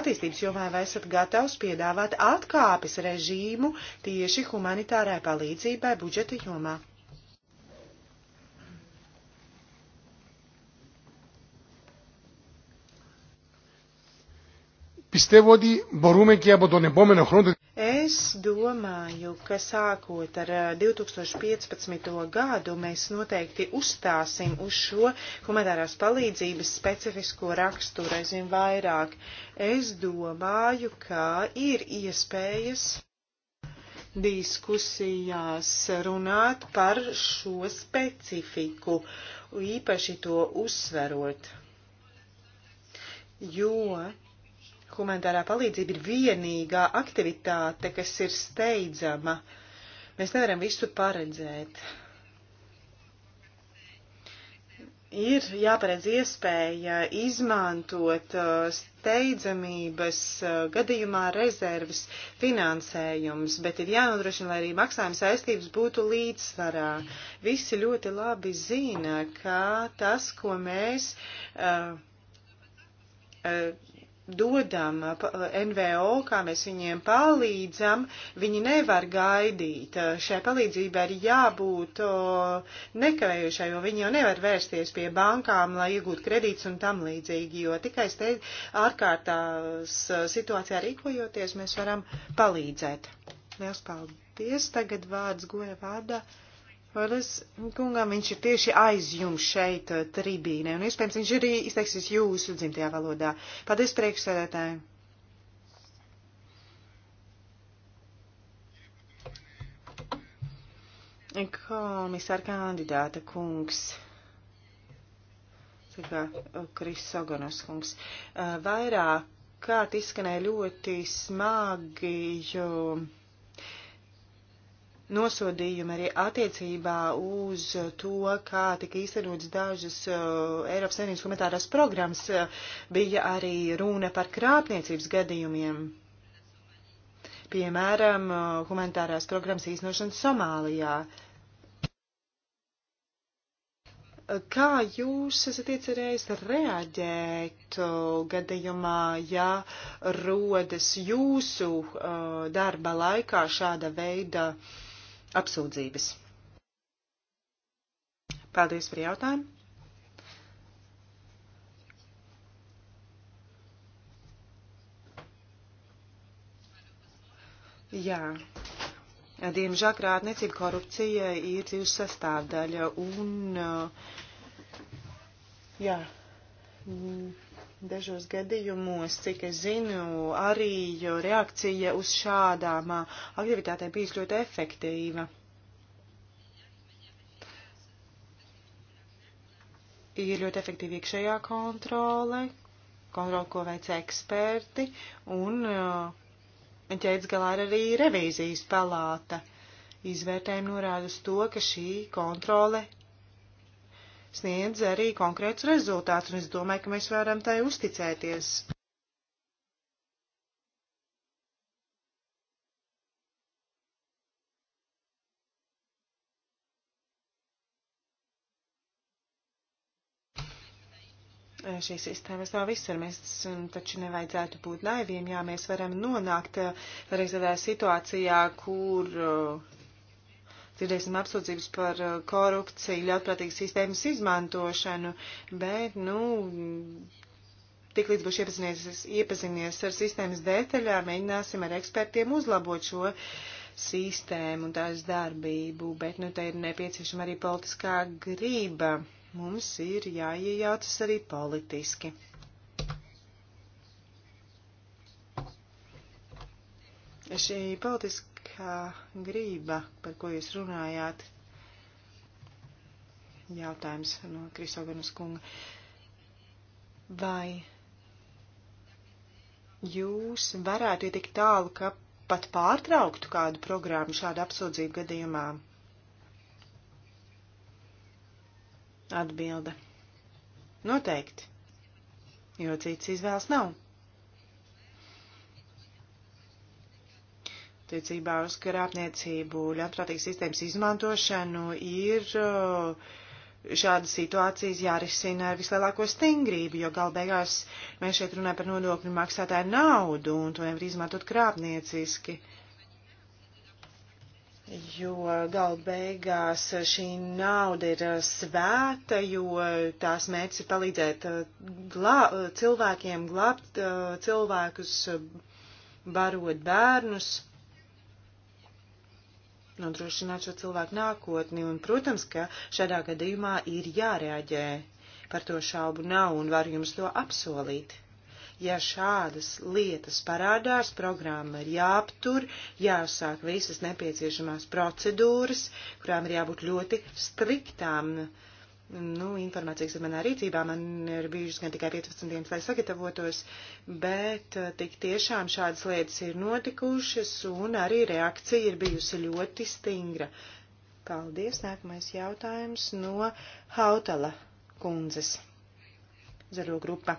attīstības jomē, vai esat gatavs piedāvāt atkāpes režīmu tieši humanitārai palīdzībai budžeta jomā? Πιστεύω ότι μπορούμε και από τον επόμενο χρόνο. Es domāju, ka sākot ar 2015. gadu mēs noteikti uzstāsim uz šo humanitārās palīdzības specifisko raksturu aizvien vairāk. Es domāju, ka ir iespējas diskusijās runāt par šo specifiku, īpaši to uzsverot. Jo Humanitārā palīdzība ir vienīgā aktivitāte, kas ir steidzama. Mēs nevaram visu paredzēt. Ir jāparedz iespēja izmantot uh, steidzamības uh, gadījumā rezerves finansējums, bet ir jānodrošina, lai arī maksājuma saistības būtu līdzsvarā. Visi ļoti labi zina, ka tas, ko mēs uh, uh, dodam uh, uh, NVO, kā mēs viņiem palīdzam, viņi nevar gaidīt. Uh, šai palīdzībai ir jābūt nekavējušai, jo viņi jau nevar vērsties pie bankām, lai iegūtu kredītus un tam līdzīgi, jo tikai steid, ārkārtās situācijā rīkojoties, mēs varam palīdzēt. Liels paldies! Tagad vārds goja vārdā Vairs kungam viņš ir tieši aiz jums šeit eh, tribīnē, un iespējams viņš arī izteiksies jūsu dzimtajā valodā. Paldies priekšsēdētāji! Komisāra kandidāta kungs. Saka Krisogonas kungs. Eh, vairāk kārt izskanēja ļoti smagi, jo. Jū nosodījumi arī attiecībā uz to, kā tika īstenotas dažas uh, Eiropas Savienības komentārās programmas, uh, bija arī runa par krāpniecības gadījumiem. Piemēram, uh, humanitārās programmas īstenošana Somālijā. Kā jūs esat iecerējis reaģēt uh, gadījumā, ja rodas jūsu uh, darba laikā šāda veida uh, apsūdzības. Paldies par jautājumu. Jā, diemžēl krātniecība korupcija ir dzīves sastāvdaļa un, uh, jā, mm Dažos gadījumos, cik es zinu, arī reakcija uz šādām aktivitātēm bijis ļoti efektīva. Ir ļoti efektīva iekšējā kontrole, kontrole, ko veic eksperti, un ķēdz galā arī revīzijas palāta. Izvērtējumi norāda uz to, ka šī kontrole sniedz arī konkrēts rezultāts, un es domāju, ka mēs varam tai uzticēties. šīs sistēmas nav visur. Mēs mm, taču nevajadzētu būt naiviem, jā, mēs varam nonākt eh, arī tādā situācijā, kur uh, dzirdēsim apsūdzības par uh, korupciju, ļautprātīgas sistēmas izmantošanu, bet, nu, tik līdz būšu iepazinies, iepazinies ar sistēmas detaļām, mēģināsim ar ekspertiem uzlabot šo sistēmu un tās darbību, bet, nu, te ir nepieciešama arī politiskā grība. Mums ir jāiejaucas arī politiski. Šī politiska politiskā grība, par ko jūs runājāt. Jautājums no Krisoganas kunga. Vai jūs varētu iet tik tālu, ka pat pārtrauktu kādu programmu šādu apsūdzību gadījumā? Atbilde. Noteikti, jo cits izvēles nav. tiecībā uz krāpniecību, ļaunprātīgas sistēmas izmantošanu ir uh, šādas situācijas jārisina ar vislielāko stingrību, jo galbeigās mēs šeit runājam par nodokļu maksātāju naudu un to nevar izmantot krāpnieciski. Jo galbeigās šī nauda ir uh, svēta, jo tās mērķis ir palīdzēt uh, glā, cilvēkiem glābt cilvēkus, barot bērnus nodrošināt šo cilvēku nākotni. Un, protams, ka šādā gadījumā ir jārēģē. Par to šaubu nav un var jums to apsolīt. Ja šādas lietas parādās, programma ir jāaptur, jāsāk visas nepieciešamās procedūras, kurām ir jābūt ļoti striktām. Uh, nu, informācijas ir manā rīcībā, man ir bijušas gan tikai 15 dienas, lai sagatavotos, bet eh, tik tiešām šādas lietas ir notikušas un arī reakcija ir bijusi ļoti stingra. Paldies, nākamais jautājums no Hautala kundzes. Zaļo grupa.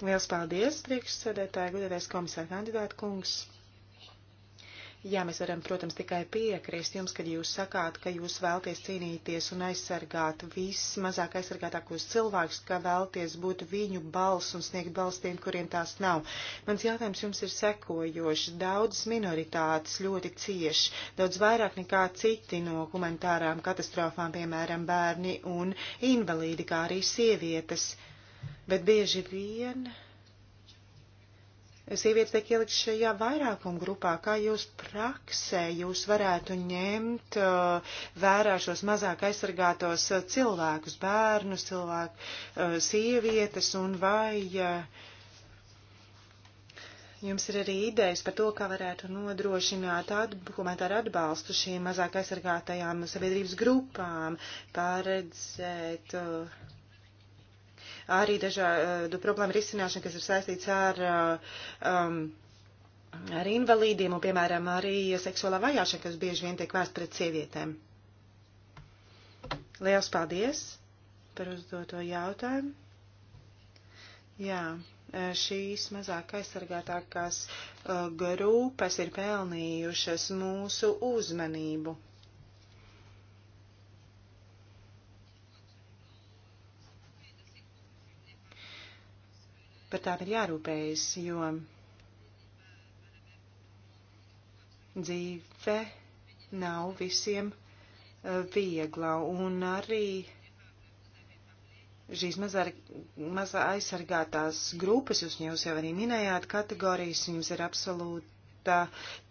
Liels paldies, priekšsēdētāji, gudrētais komisāra kandidāta kungs. Jā, mēs varam, protams, tikai piekrist jums, kad jūs sakāt, ka jūs vēlties cīnīties un aizsargāt vismazāk aizsargātākos cilvēkus, ka vēlties būt viņu balss un sniegt balss tiem, kuriem tās nav. Mans jautājums jums ir sekojošs. Daudzas minoritātes ļoti cieši, daudz vairāk nekā citi no humanitārām katastrofām, piemēram, bērni un invalīdi, kā arī sievietes. Bet bieži vien sievietes tiek ielikt šajā vairākuma grupā. Kā jūs praksē jūs varētu ņemt uh, vērā šos mazāk aizsargātos uh, cilvēkus, bērnus, cilvēku, uh, sievietes un vai jums ir arī idejas par to, kā varētu nodrošināt dokumentāru atbalstu šīm mazāk aizsargātajām sabiedrības grupām, paredzēt. Uh, arī dažādu eh, problēmu risināšanu, kas ir saistīts ar, eh, um, ar invalīdiem un, piemēram, arī seksuālā vajāšana, kas bieži vien tiek vērst pret sievietēm. Liels paldies par uzdoto jautājumu. Jā eh, šīs mazāk aizsargātākās grupas ir pelnījušas mūsu uzmanību. par tām ir jārūpējas, jo dzīve nav visiem e, viegla un arī šīs mazā, mazā aizsargātās grupas, jūs jau arī minējāt kategorijas, jums ir absolūti tā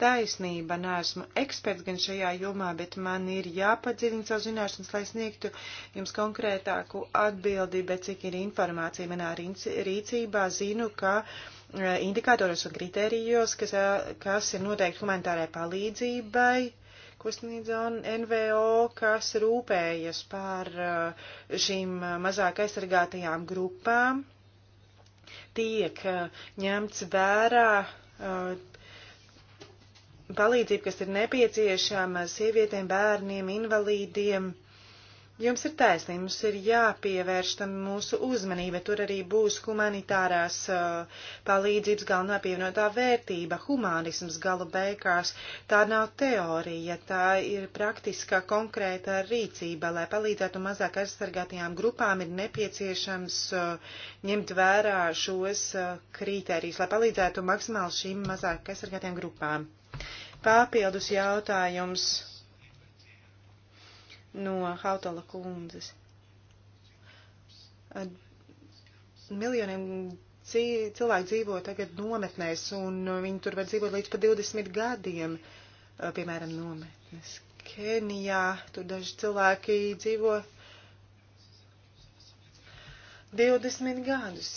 taisnība. Neesmu eksperts gan šajā jomā, bet man ir jāpadziļina savu zināšanas, lai sniegtu jums konkrētāku atbildi, bet cik ir informācija manā rīcībā, zinu, ka e, indikātoros un kritērijos, kas, e, kas ir noteikti humanitārai palīdzībai, ko sniedz NVO, kas rūpējas par e, šīm mazāk aizsargātajām grupām, tiek ņemts vērā palīdzību, kas ir nepieciešama sievietēm, bērniem, invalīdiem. Jums ir taisnība, mums ir jāpievērš tam mūsu uzmanība, tur arī būs humanitārās uh, palīdzības galvenā pievienotā vērtība, humanisms galu beigās. Tā nav teorija, tā ir praktiskā konkrēta rīcība, lai palīdzētu mazāk aizsargātajām grupām ir nepieciešams uh, ņemt vērā šos uh, kriterijus, lai palīdzētu maksimāli šīm mazāk aizsargātajām grupām. Papildus jautājums no Hautala kundzes. Miljoniem cilvēku dzīvo tagad nometnēs, un viņi tur var dzīvot līdz pat 20 gadiem, piemēram, nometnes. Kenijā tur daži cilvēki dzīvo 20 gadus.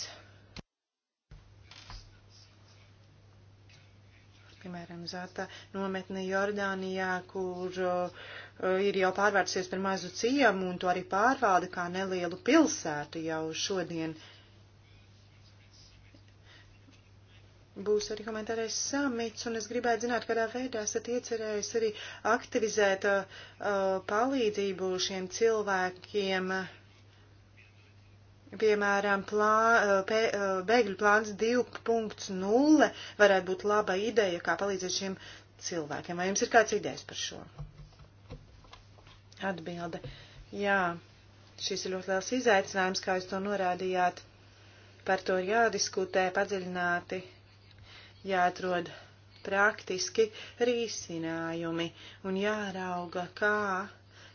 piemēram, Zata nometne Jordānijā, kur uh, uh ir jau pārvērsies par mazu ciemu un to arī pārvalda kā nelielu pilsētu jau šodien. Būs arī komentārais samits, un es gribētu zināt, kādā veidā esat iecerējis arī aktivizēt uh, uh palīdzību šiem cilvēkiem. Uh, Piemēram, plā, eh, pe, eh, bēgļu plāns 2.0 varētu būt laba ideja, kā palīdzēt šiem cilvēkiem. Vai jums ir kāds idejas par šo? Atbilde. Jā, šis ir ļoti liels izaicinājums, kā jūs to norādījāt. Par to ir jādiskutē padziļināti, jāatrod praktiski risinājumi un jārauga, kā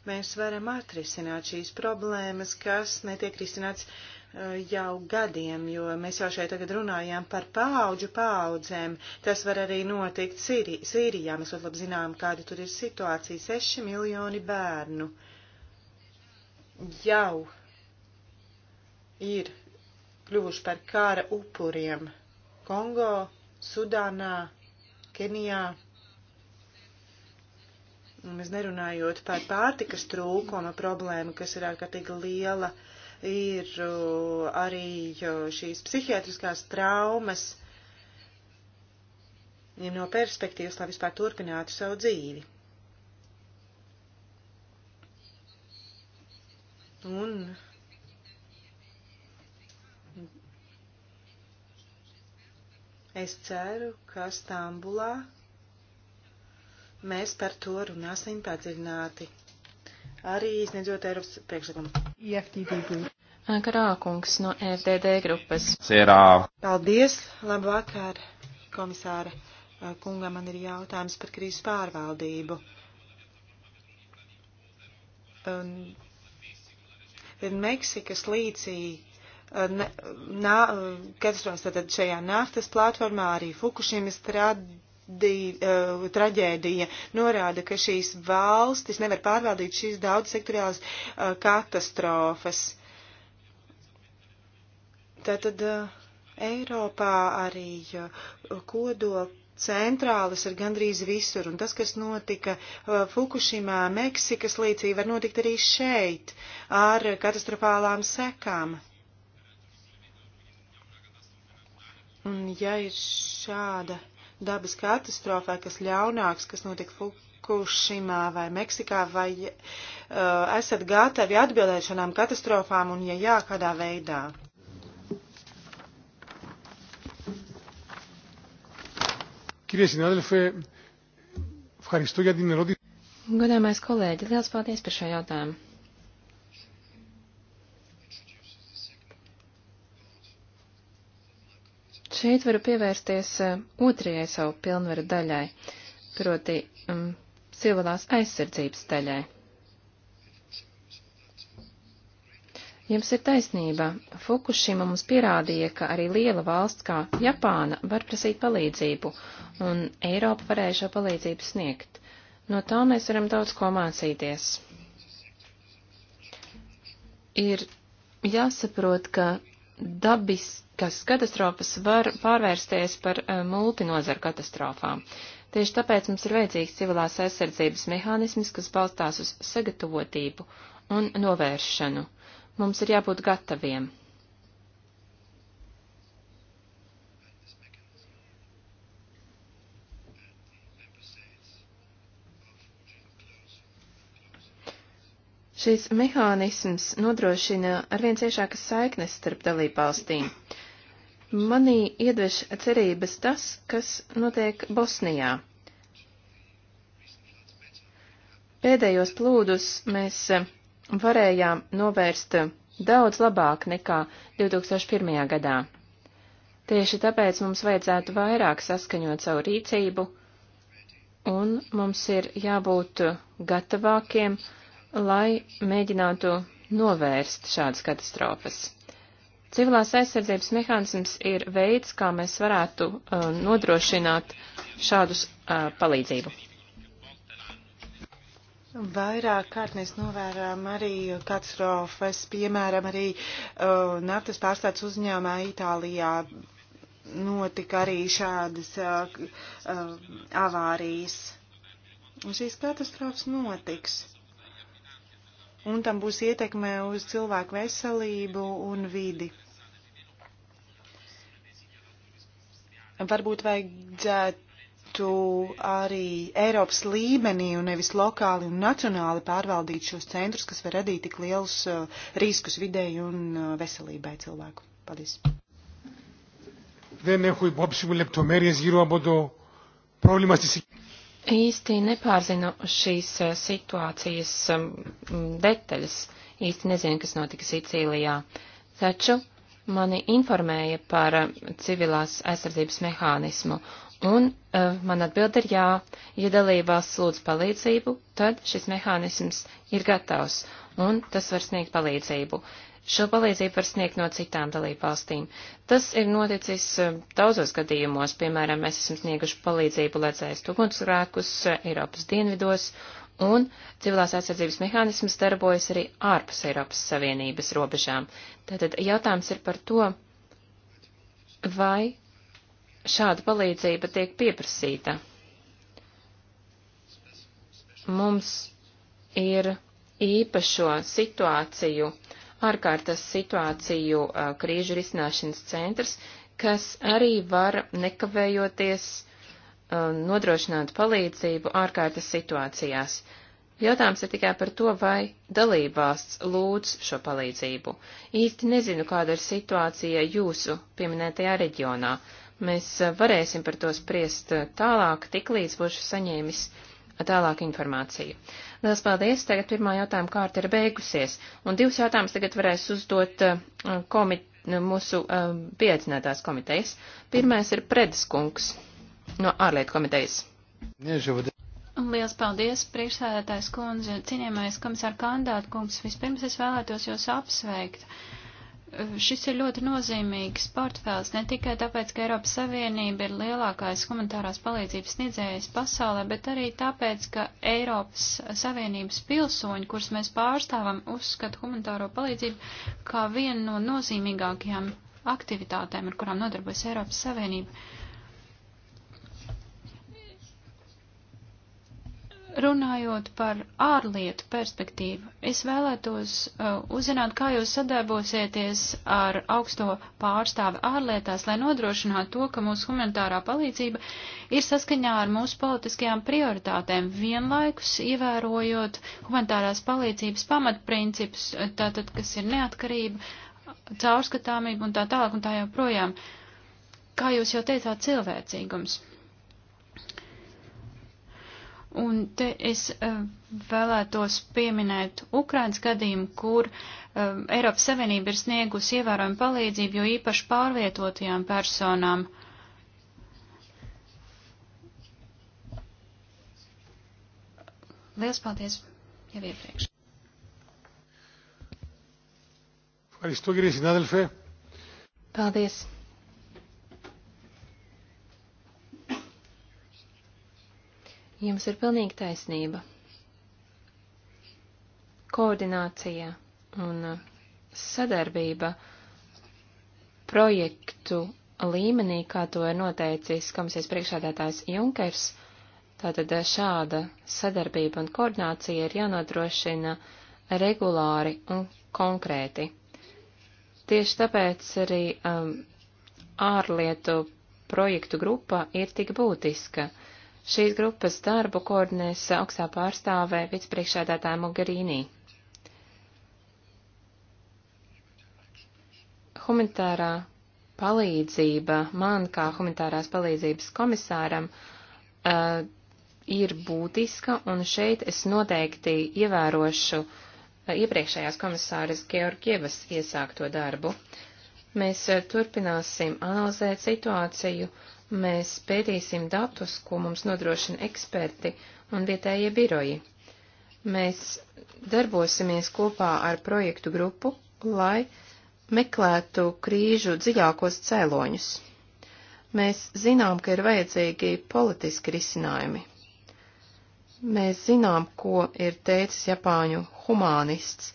mēs varam atrisināt šīs problēmas, kas netiek risināts eh, jau gadiem, jo mēs jau šeit tagad runājām par paauģu paaudzēm. Tas var arī notikt Sīri Sīrijā. Mēs ļoti labi zinām, kāda tur ir situācija. Seši miljoni bērnu jau ir kļuvuši par kāra upuriem Kongo, Sudānā, Kenijā. Mēs nerunājot par pārtikas trūkuma problēmu, kas ir ārkārtīgi liela, ir uh, arī šīs psihiatriskās traumas, ja no perspektīvas, lai vispār turpinātu savu dzīvi. Un es ceru, ka Stambulā mēs par to runāsim padziļināti. Arī izniedzot Eiropas priekšlikumu. IFTDB. E Karākungs no e FDD grupas. Sierā. Paldies, labvakar, komisāra kungam man ir jautājums par krīzes pārvaldību. Un, Meksikas līcī katastrofas tātad šajā naftas platformā arī Fukushimas tragēdija Eh, traģēdija norāda, ka šīs valstis nevar pārvaldīt šīs daudz sektoriālas eh, katastrofas. Tātad eh, Eiropā arī kodola centrālas ir gandrīz visur, un tas, kas notika Fukushimā, Meksikas līcī, var notikt arī šeit ar katastrofālām sekām. Un ja ir šāda dabas katastrofai, kas ļaunāks, kas notika Fukushimā vai Meksikā, vai uh, esat gatavi atbildēt šādām katastrofām un, ja jā, kādā veidā? Κύριε συνάδελφε, ευχαριστώ για την ερώτηση. Godāmais kolēģi, liels paldies par šo jautājumu. Šeit varu pievērsties eh, otrajai savu pilnvaru daļai, proti um, civilās aizsardzības daļai. Jums ir taisnība. Fukushima mums pierādīja, ka arī liela valsts kā Japāna var prasīt palīdzību, un Eiropa varēja šo palīdzību sniegt. No tā mēs varam daudz ko mācīties. Ir jāsaprot, ka dabis, kas katastrofas var pārvērsties par eh, multinozaru katastrofām. Tieši tāpēc mums ir vajadzīgs civilās aizsardzības mehānisms, kas balstās uz sagatavotību un novēršanu. Mums ir jābūt gataviem. Šis mehānisms nodrošina arvien ciešākas saiknes starp dalībvalstīm. Manī iedvež cerības tas, kas notiek Bosnijā. Pēdējos plūdus mēs varējām novērst daudz labāk nekā 2001. gadā. Tieši tāpēc mums vajadzētu vairāk saskaņot savu rīcību, un mums ir jābūt gatavākiem, lai mēģinātu novērst šādas katastrofas. Civilās aizsardzības mehānisms ir veids, kā mēs varētu uh, nodrošināt šādus uh, palīdzību. Vairāk kārt mēs novērām arī katastrofas, piemēram, arī uh, naftas pārstāds uzņēmā Itālijā notika arī šādas uh, uh, avārijas. Un šīs katastrofas notiks un tam būs ietekme uz cilvēku veselību un vidi. Varbūt vajadzētu arī Eiropas līmenī un nevis lokāli un nacionāli pārvaldīt šos centrus, kas var radīt tik lielus uh, riskus videi un uh, veselībai cilvēku. Paldies. Δεν έχω υπόψη μου λεπτομέρειες γύρω από το πρόβλημα στη συγκεκριμένη īsti nepārzinu šīs eh, situācijas um, detaļas, īsti nezinu, kas notika Sicīlijā, taču mani informēja par eh, civilās aizsardzības mehānismu, un uh, man atbild ir jā, ja dalībās lūdz palīdzību, tad šis mehānisms ir gatavs, un tas var sniegt palīdzību. Uh, Šo palīdzību var sniegt no citām dalībvalstīm. Tas ir noticis e, daudzos gadījumos, piemēram, mēs esam snieguši palīdzību ledzēst ugunsgrēkus e, Eiropas dienvidos, un civilās aizsardzības mehānisms darbojas arī ārpus Eiropas Savienības robežām. Tātad jautājums ir par to, vai šāda palīdzība tiek pieprasīta. Mums ir īpašo situāciju ārkārtas situāciju krīžu risināšanas centrs, kas arī var nekavējoties nodrošināt palīdzību ārkārtas situācijās. Jautājums ir tikai par to, vai dalībvalsts lūdz šo palīdzību. Īsti nezinu, kāda ir situācija jūsu pieminētajā reģionā. Mēs varēsim par to spriest tālāk, tiklīdz būšu saņēmis uh, tālāk informāciju. Lielas paldies! Tagad pirmā jautājuma kārta ir beigusies, un divus jautājumus tagad varēs uzdot eh, komit, mūsu eh, pieaicinātās komitejas. Pirmais ir Predeskungs no ārlietu komitejas. Lielas paldies, priekšsēdētājs kundze, cienījamais komisāra kandidāta kungs. Vispirms es vēlētos jūs apsveikt. Uh, Šis ir ļoti nozīmīgs portfēls ne tikai tāpēc, ka Eiropas Savienība ir lielākais humanitārās palīdzības sniedzējs pasaulē, bet arī tāpēc, ka Eiropas Savienības pilsoņi, kurus mēs pārstāvam, uzskata humanitāro palīdzību kā vienu no nozīmīgākajām aktivitātēm, ar kurām nodarbojas Eiropas Savienība. Runājot par ārlietu perspektīvu, es vēlētos uh, uzzināt, kā jūs sadarbosieties ar augsto pārstāvi ārlietās, lai nodrošinātu to, ka mūsu humanitārā palīdzība ir saskaņā ar mūsu politiskajām prioritātēm, vienlaikus ievērojot humanitārās palīdzības pamatprincipus, tātad, kas ir neatkarība, caurskatāmība un tā tālāk un tā joprojām. Kā jūs jau teicāt, cilvēcīgums. Un te es uh, vēlētos pieminēt Ukrainas gadījumu, kur uh, Eiropas Savienība ir sniegusi ievērojumu palīdzību, jo īpaši pārvietotajām personām. Liels paldies jau iepriekš. Paldies. Jums ir pilnīgi taisnība. Koordinācija un uh, sadarbība projektu līmenī, kā to ir noteicis komisijas priekšādātājs Junkers, tātad uh, šāda sadarbība un koordinācija ir jānodrošina regulāri un konkrēti. Tieši tāpēc arī um, ārlietu projektu grupa ir tik būtiska. Šīs grupas darbu koordinēs augstā pārstāvē vicepriekšēdētāja Mogherīnī. Humanitārā palīdzība man kā humanitārās palīdzības komisāram uh, ir būtiska, un šeit es noteikti ievērošu uh, iepriekšējās komisāras Georgievas iesākto darbu. Mēs uh, turpināsim analizēt situāciju Mēs pētīsim datus, ko mums nodrošina eksperti un vietējie biroji. Mēs darbosimies kopā ar projektu grupu, lai meklētu krīžu dziļākos cēloņus. Mēs zinām, ka ir vajadzīgi politiski risinājumi. Mēs zinām, ko ir teicis Japāņu humānists,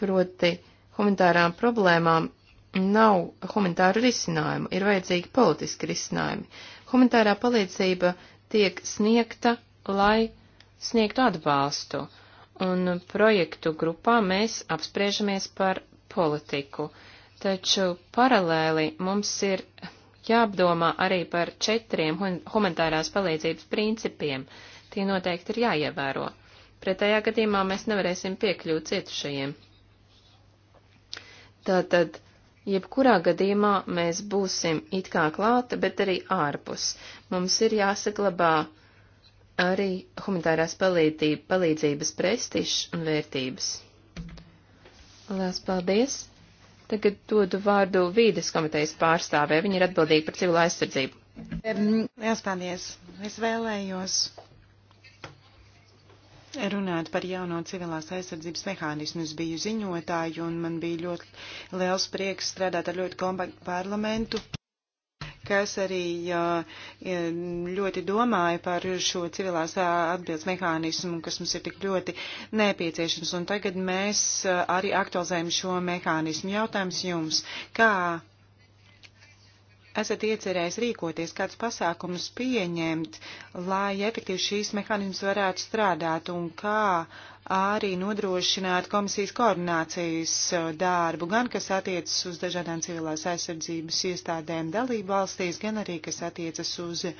proti humanitārām problēmām nav humanitāru risinājumu, ir vajadzīgi politiski risinājumi. Humanitārā palīdzība tiek sniegta, lai sniegtu atbalstu, un projektu grupā mēs apspriežamies par politiku, taču paralēli mums ir jāapdomā arī par četriem humanitārās palīdzības principiem. Tie noteikti ir jāievēro. Pretējā gadījumā mēs nevarēsim piekļūt cietušajiem. Tātad Jebkurā gadījumā mēs būsim it kā klāta, bet arī ārpus. Mums ir jāsaglabā arī humanitārās palīdzība, palīdzības prestižs un vērtības. Lielas paldies! Tagad dodu vārdu vīdes komitejas pārstāvē. Viņa ir atbildīga par civil aizsardzību. Lielas paldies! Es vēlējos Runāt par jauno civilās aizsardzības mehānismu. Es biju ziņotāju un man bija ļoti liels prieks strādāt ar ļoti kompaktu parlamentu kas arī ļoti domāja par šo civilās atbildes mehānismu, kas mums ir tik ļoti nepieciešams. Un tagad mēs arī aktualizējam šo mehānismu. Jautājums jums, kā esat iecerējis rīkoties, kādus pasākumus pieņemt, lai efektīvi šīs mehānismas varētu strādāt un kā arī nodrošināt komisijas koordinācijas uh, darbu, gan kas attiecas uz dažādām civilās aizsardzības iestādēm dalību valstīs, gan arī kas attiecas uz uh,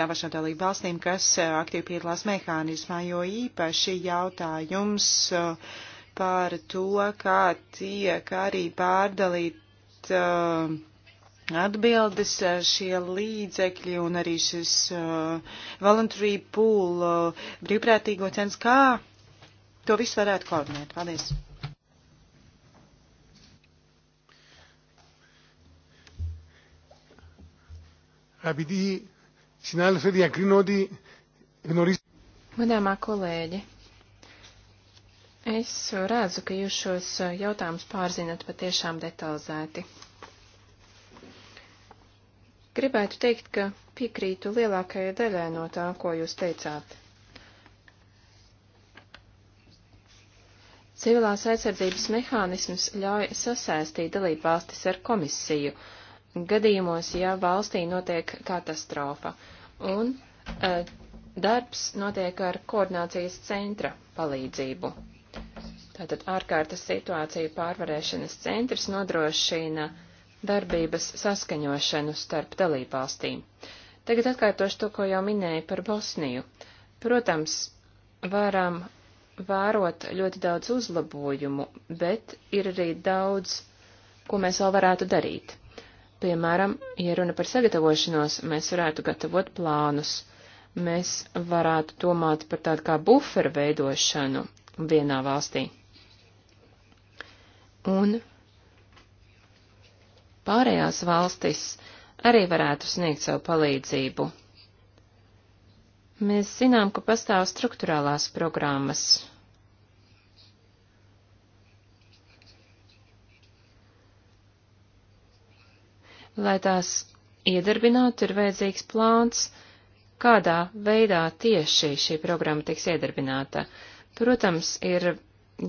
davašām dalību valstīm, kas uh, aktīvi piedalās mehānismā, jo īpaši jautājums uh, par to, kā tiek arī pārdalīt uh, atbildes eh, šie līdzekļi un arī šis uh, voluntary pool uh, brīvprātīgo cenas, kā to visu varētu koordinēt. Paldies! Αγαπητοί συνάδελφοι, διακρίνω ότι γνωρίζετε. Godāmā kolēģi, es redzu, ka jūs šos jautājumus pārzinat patiešām detalizēti. Gribētu teikt, ka piekrītu lielākajai daļai no tā, ko jūs teicāt. Civilās aizsardzības mehānisms ļauj sasaistīt dalībvalstis ar komisiju gadījumos, ja valstī notiek katastrofa, un e, darbs notiek ar koordinācijas centra palīdzību. Tātad ārkārtas situāciju pārvarēšanas centrs nodrošina uh, darbības saskaņošanu starp dalībvalstīm. Tagad atkārtošu to, ko jau minēju par Bosniju. Protams, varam vērot ļoti daudz uzlabojumu, bet ir arī daudz, ko mēs vēl varētu darīt. Piemēram, ja runa par sagatavošanos, mēs varētu gatavot plānus, mēs varētu domāt par tādu kā buferu veidošanu vienā valstī. Un pārējās valstis arī varētu sniegt savu palīdzību. Mēs zinām, ka pastāv struktūrālās programmas. Lai tās iedarbinātu, ir vajadzīgs plāns, kādā veidā tieši šī programma tiks iedarbināta. Protams, ir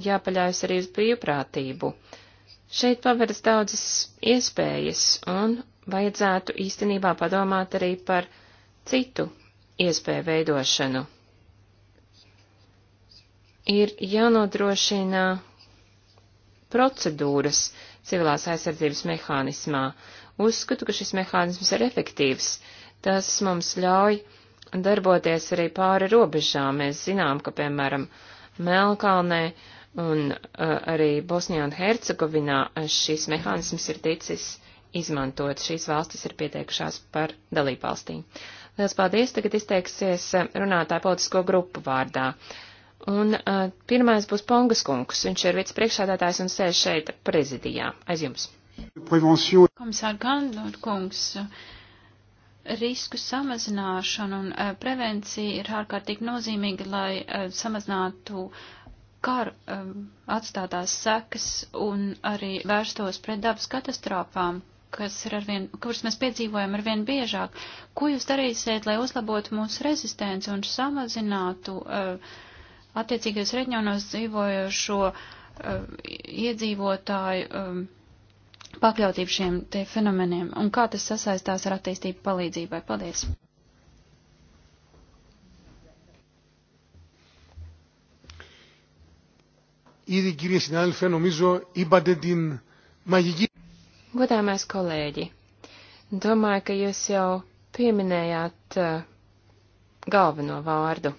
jāpaļaujas arī uz brīvprātību. Uh, Šeit paveras daudzas iespējas, un vajadzētu īstenībā padomāt arī par citu iespēju veidošanu. Ir jānodrošina procedūras civilās aizsardzības mehānismā. Uzskatu, ka šis mehānisms ir efektīvs. Tas mums ļauj darboties arī pāri robežām. Mēs zinām, ka, piemēram, Melkalnē uh, Un uh, arī Bosnijā un Hercegovinā šis mehānisms ir ticis izmantot. Šīs valstis ir pieteikušās par dalībvalstīm. Liels paldies! Tagad izteiksies uh, runātāja politisko grupu vārdā. Un uh, pirmais būs Pongas kungs. Viņš ir vicepriekšādātājs un sēž šeit prezidijā. Aiz jums. Komisār Gandlot kungs, risku samazināšana un uh, prevencija ir ārkārtīgi nozīmīga, lai uh, samazinātu uh, kara um, atstātās sekas un arī vērstos pret dabas katastrofām, kas ir arvien, kuras mēs piedzīvojam arvien biežāk. Ko jūs darīsiet, lai uzlabotu mūsu rezistenci un samazinātu uh, attiecīgajos reģionos dzīvojošo uh, iedzīvotāju um, pakļautību šiem te fenomeniem un kā tas sasaistās ar attīstību palīdzībai? Paldies! Ήδη, κύριε συνάδελφε, νομίζω είπατε την μαγική. Godāmais kolēģi, domāju, ka jūs jau pieminējāt uh, galveno vārdu.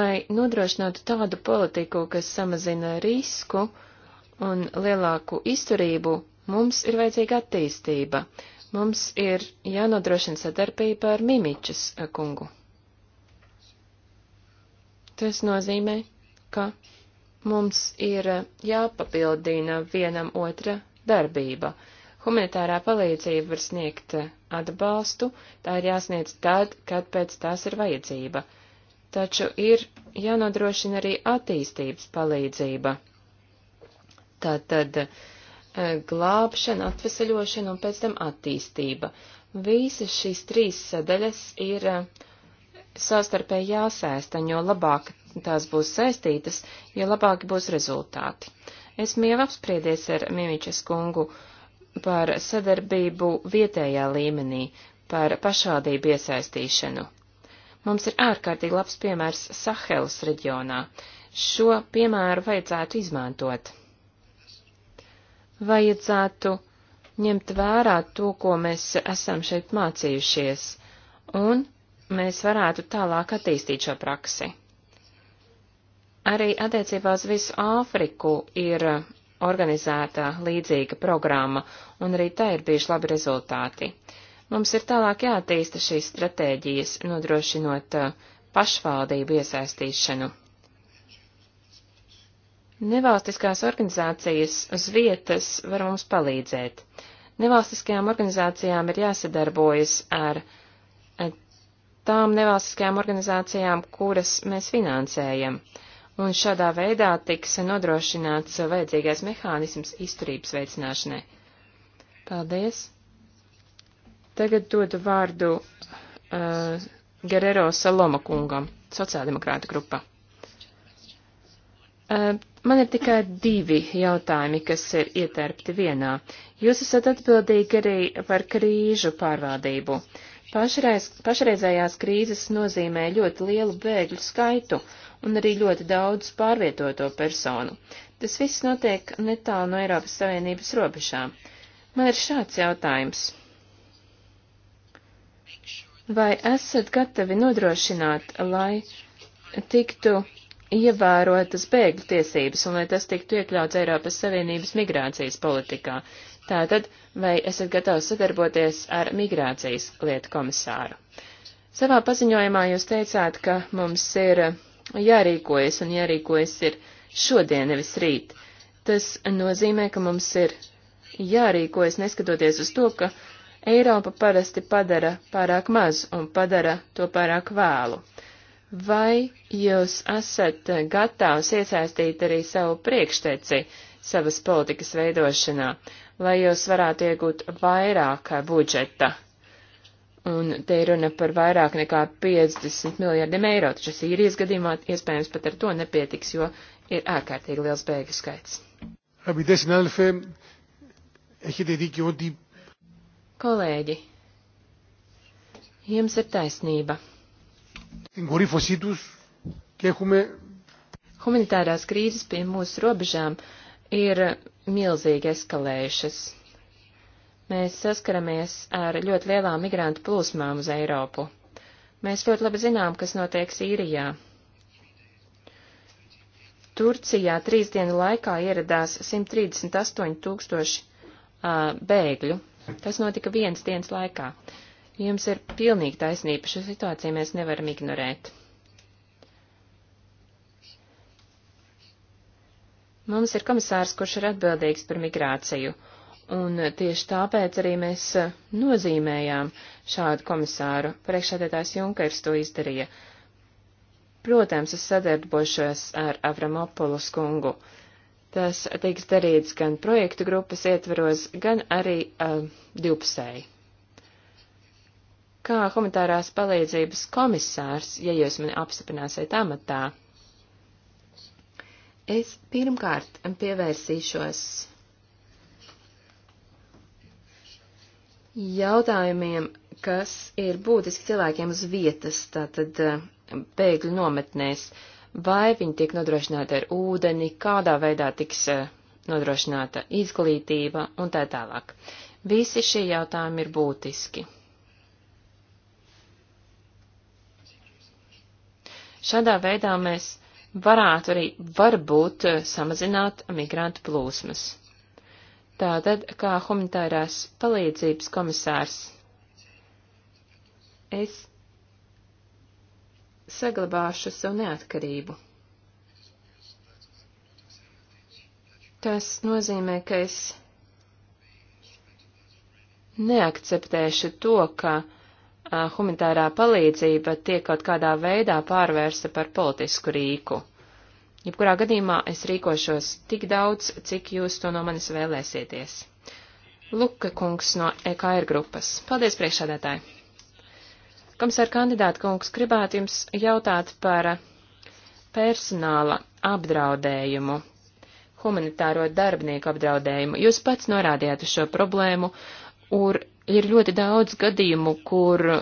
lai nodrošinātu tādu politiku, kas samazina risku un lielāku izturību, mums ir vajadzīga attīstība. Mums ir jānodrošina sadarbība ar Mimičas eh, kungu. Tas nozīmē, ka mums ir eh, jāpapildina vienam otra darbība. Humanitārā palīdzība var sniegt eh, atbalstu, tā ir jāsniedz tad, kad pēc tās ir vajadzība. Taču ir jānodrošina arī attīstības palīdzība. Tātad E, glābšana, atvesaļošana un pēc tam attīstība. Visas šīs trīs sadaļas ir e, savstarpēji jāsēstaņ, jo labāk tās būs saistītas, jo labāki būs rezultāti. Esmu jau apspriedies ar Mimičas kungu par sadarbību vietējā līmenī, par pašvaldību iesaistīšanu. Mums ir ārkārtīgi labs piemērs Sahelas reģionā. Šo piemēru vajadzētu izmantot vajadzētu ņemt vērā to, ko mēs esam šeit mācījušies, un mēs varētu tālāk attīstīt šo praksi. Arī attiecībā uz visu Āfriku ir organizēta līdzīga programma, un arī tā ir bijuši labi rezultāti. Mums ir tālāk jātīsta šīs stratēģijas, nodrošinot uh, pašvaldību iesaistīšanu Nevalstiskās organizācijas uz vietas var mums palīdzēt. Nevalstiskajām organizācijām ir jāsadarbojas ar tām nevalstiskajām organizācijām, kuras mēs finansējam, un šādā veidā tiks nodrošināts vajadzīgais mehānisms izturības veicināšanai. Paldies! Tagad dodu vārdu uh, Gerero Saloma kungam, sociāldemokrāta grupa. Man ir tikai divi jautājumi, kas ir ietērpti vienā. Jūs esat atbildīgi arī par krīžu pārvaldību. Pašreiz, pašreizējās krīzes nozīmē ļoti lielu bēgļu skaitu un arī ļoti daudz pārvietoto personu. Tas viss notiek netālu no Eiropas Savienības robežām. Man ir šāds jautājums. Vai esat gatavi nodrošināt, lai tiktu ievērotas bēgļu tiesības un lai tas tiktu iekļauts Eiropas Savienības migrācijas politikā. Tātad, vai esat gatavs sadarboties ar migrācijas lietu komisāru? Savā paziņojumā jūs teicāt, ka mums ir jārīkojas un jārīkojas ir šodien, nevis rīt. Tas nozīmē, ka mums ir jārīkojas neskatoties uz to, ka Eiropa parasti padara pārāk maz un padara to pārāk vēlu. Vai jūs esat gatavs iesaistīt arī savu priekšteci savas politikas veidošanā, lai jūs varētu iegūt vairāk budžeta? Un te ir runa par vairāk nekā 50 miljardiem eiro, taču Sīrijas gadījumā iespējams pat ar to nepietiks, jo ir ārkārtīgi liels bēgļu skaits. Kolēģi, jums ir taisnība. Humanitārās krīzes pie mūsu robežām ir milzīgi eskalējušas. Mēs saskaramies ar ļoti lielām migrantu plūsmām uz Eiropu. Mēs ļoti labi zinām, kas notiek Sīrijā. Turcijā trīs dienu laikā ieradās 138 tūkstoši uh, bēgļu. Tas notika viens dienas laikā. Uh, Jums ir pilnīgi taisnība, šo situāciju mēs nevaram ignorēt. Mums ir komisārs, kurš ir atbildīgs par migrāciju, un tieši tāpēc arī mēs eh, nozīmējām šādu komisāru. Priekšādētājs Junkers to izdarīja. Protams, es sadarbošos ar Avramopolus kungu. Tas tiks darīts gan projektu grupas ietveros, gan arī uh, divpusēji kā humanitārās palīdzības komisārs, ja jūs mani apstiprināsiet amatā, es pirmkārt pievērsīšos jautājumiem, kas ir būtiski cilvēkiem uz vietas, tātad eh, bēgļu nometnēs, vai viņi tiek nodrošināti ar ūdeni, kādā veidā tiks eh, nodrošināta izglītība un tā tālāk. Visi šie jautājumi ir būtiski. Šādā veidā mēs varētu arī varbūt eh, samazināt migrantu plūsmas. Tātad, kā humanitārās palīdzības komisārs, es saglabāšu savu neatkarību. Tas nozīmē, ka es neakceptēšu to, ka humanitārā palīdzība tiek kaut kādā veidā pārvērsta par politisku rīku. Jebkurā gadījumā es rīkošos tik daudz, cik jūs to no manis vēlēsieties. Luka kungs no EKR grupas. Paldies, priekšsādētāji! Komisāra kandidāta kungs gribētu jums jautāt par personāla apdraudējumu, humanitāro darbinieku apdraudējumu. Jūs pats norādījāt uz šo problēmu, ur, ir ļoti daudz gadījumu, kur uh,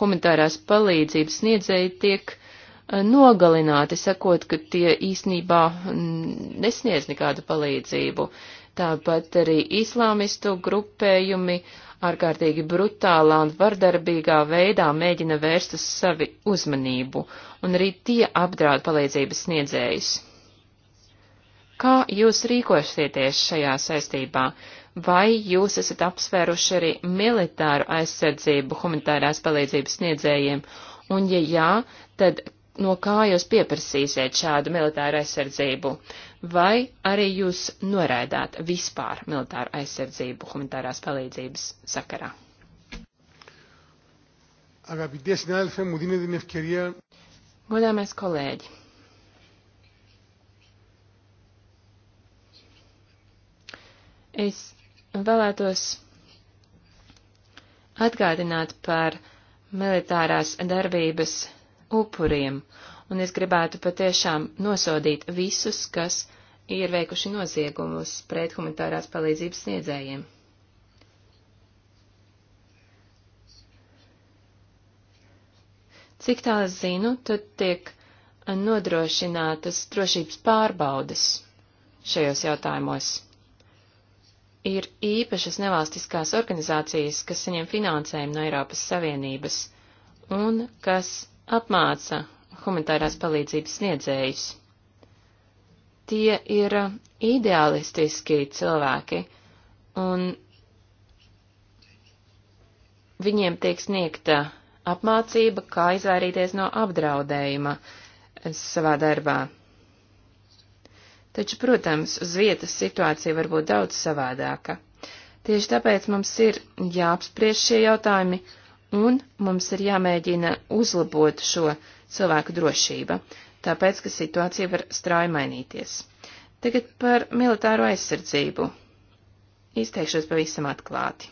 humanitārās palīdzības sniedzēji tiek uh, nogalināti, sakot, ka tie īsnībā nesniedz nekādu palīdzību. Tāpat arī islāmistu grupējumi ārkārtīgi brutālā un vardarbīgā veidā mēģina vērst uz savi uzmanību, un arī tie apdraud palīdzības sniedzējus. Kā jūs rīkosieties šajā saistībā? Uh, vai jūs esat apsvēruši arī militāru aizsardzību humanitārās palīdzības sniedzējiem, un ja jā, tad no kā jūs pieprasīsiet šādu militāru aizsardzību, vai arī jūs noraidāt vispār militāru aizsardzību humanitārās palīdzības sakarā? Αγαπητέ συνάδελφε, μου δίνετε την ευκαιρία. Godāmais kolēģi, es vēlētos atgādināt par militārās darbības upuriem, un es gribētu patiešām nosodīt visus, kas ir veikuši noziegumus pret humanitārās palīdzības sniedzējiem. Cik tā es zinu, tad tiek nodrošinātas drošības pārbaudes šajos jautājumos ir īpašas nevalstiskās organizācijas, kas saņem finansējumu no Eiropas Savienības un kas apmāca humanitārās palīdzības sniedzējus. Tie ir ideālistiski cilvēki, un viņiem tiek sniegta apmācība, kā izvairīties no apdraudējuma savā darbā. Taču, protams, uz vietas situācija var būt daudz savādāka. Tieši tāpēc mums ir jāapspriež šie jautājumi un mums ir jāmēģina uzlabot šo cilvēku drošība, tāpēc, ka situācija var strauji mainīties. Tagad par militāro aizsardzību. Izteikšos pavisam atklāti.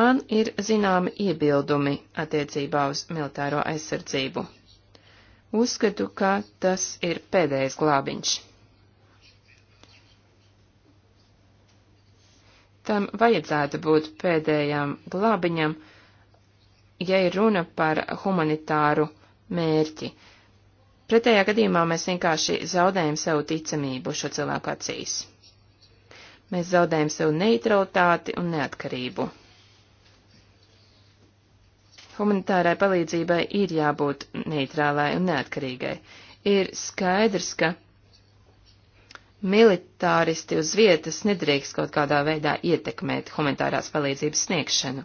Man ir zināmi iebildumi attiecībā uz militāro aizsardzību. Uzskatu, ka tas ir pēdējais glābiņš. Tam vajadzētu būt pēdējām glābiņam, ja ir runa par humanitāru mērķi. Pretējā gadījumā mēs vienkārši zaudējam sev ticamību šo cilvēku acīs. Mēs zaudējam sev neutralitāti un neatkarību. Humanitārai palīdzībai ir jābūt neitrālai un neatkarīgai. Ir skaidrs, ka militāristi uz vietas nedrīkst kaut kādā veidā ietekmēt humanitārās palīdzības sniegšanu.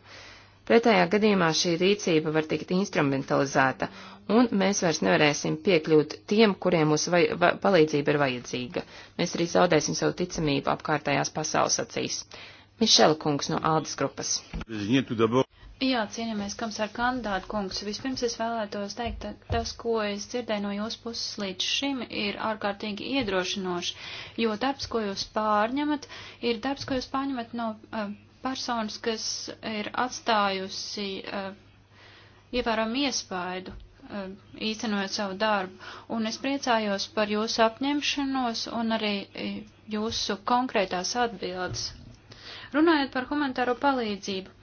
Pretējā gadījumā šī rīcība var tikt instrumentalizēta, un mēs vairs nevarēsim piekļūt tiem, kuriem mūsu vai, va, palīdzība ir vajadzīga. Mēs arī zaudēsim savu ticamību apkārtējās pasaules acīs. Mišela kungs no Aldas grupas. Jā, cienījamies, komisār kandidāti kungs. Vispirms es vēlētos teikt, ka tas, ko es dzirdēju no jūsu puses līdz šim, ir ārkārtīgi iedrošinoši, jo darbs, ko jūs pārņemat, ir darbs, ko jūs pārņemat no uh, personas, kas ir atstājusi uh, ievērojumu iespaidu uh, īstenojot savu darbu, un es priecājos par jūsu apņemšanos un arī uh, jūsu konkrētās atbildes. Runājot par humanitāro palīdzību,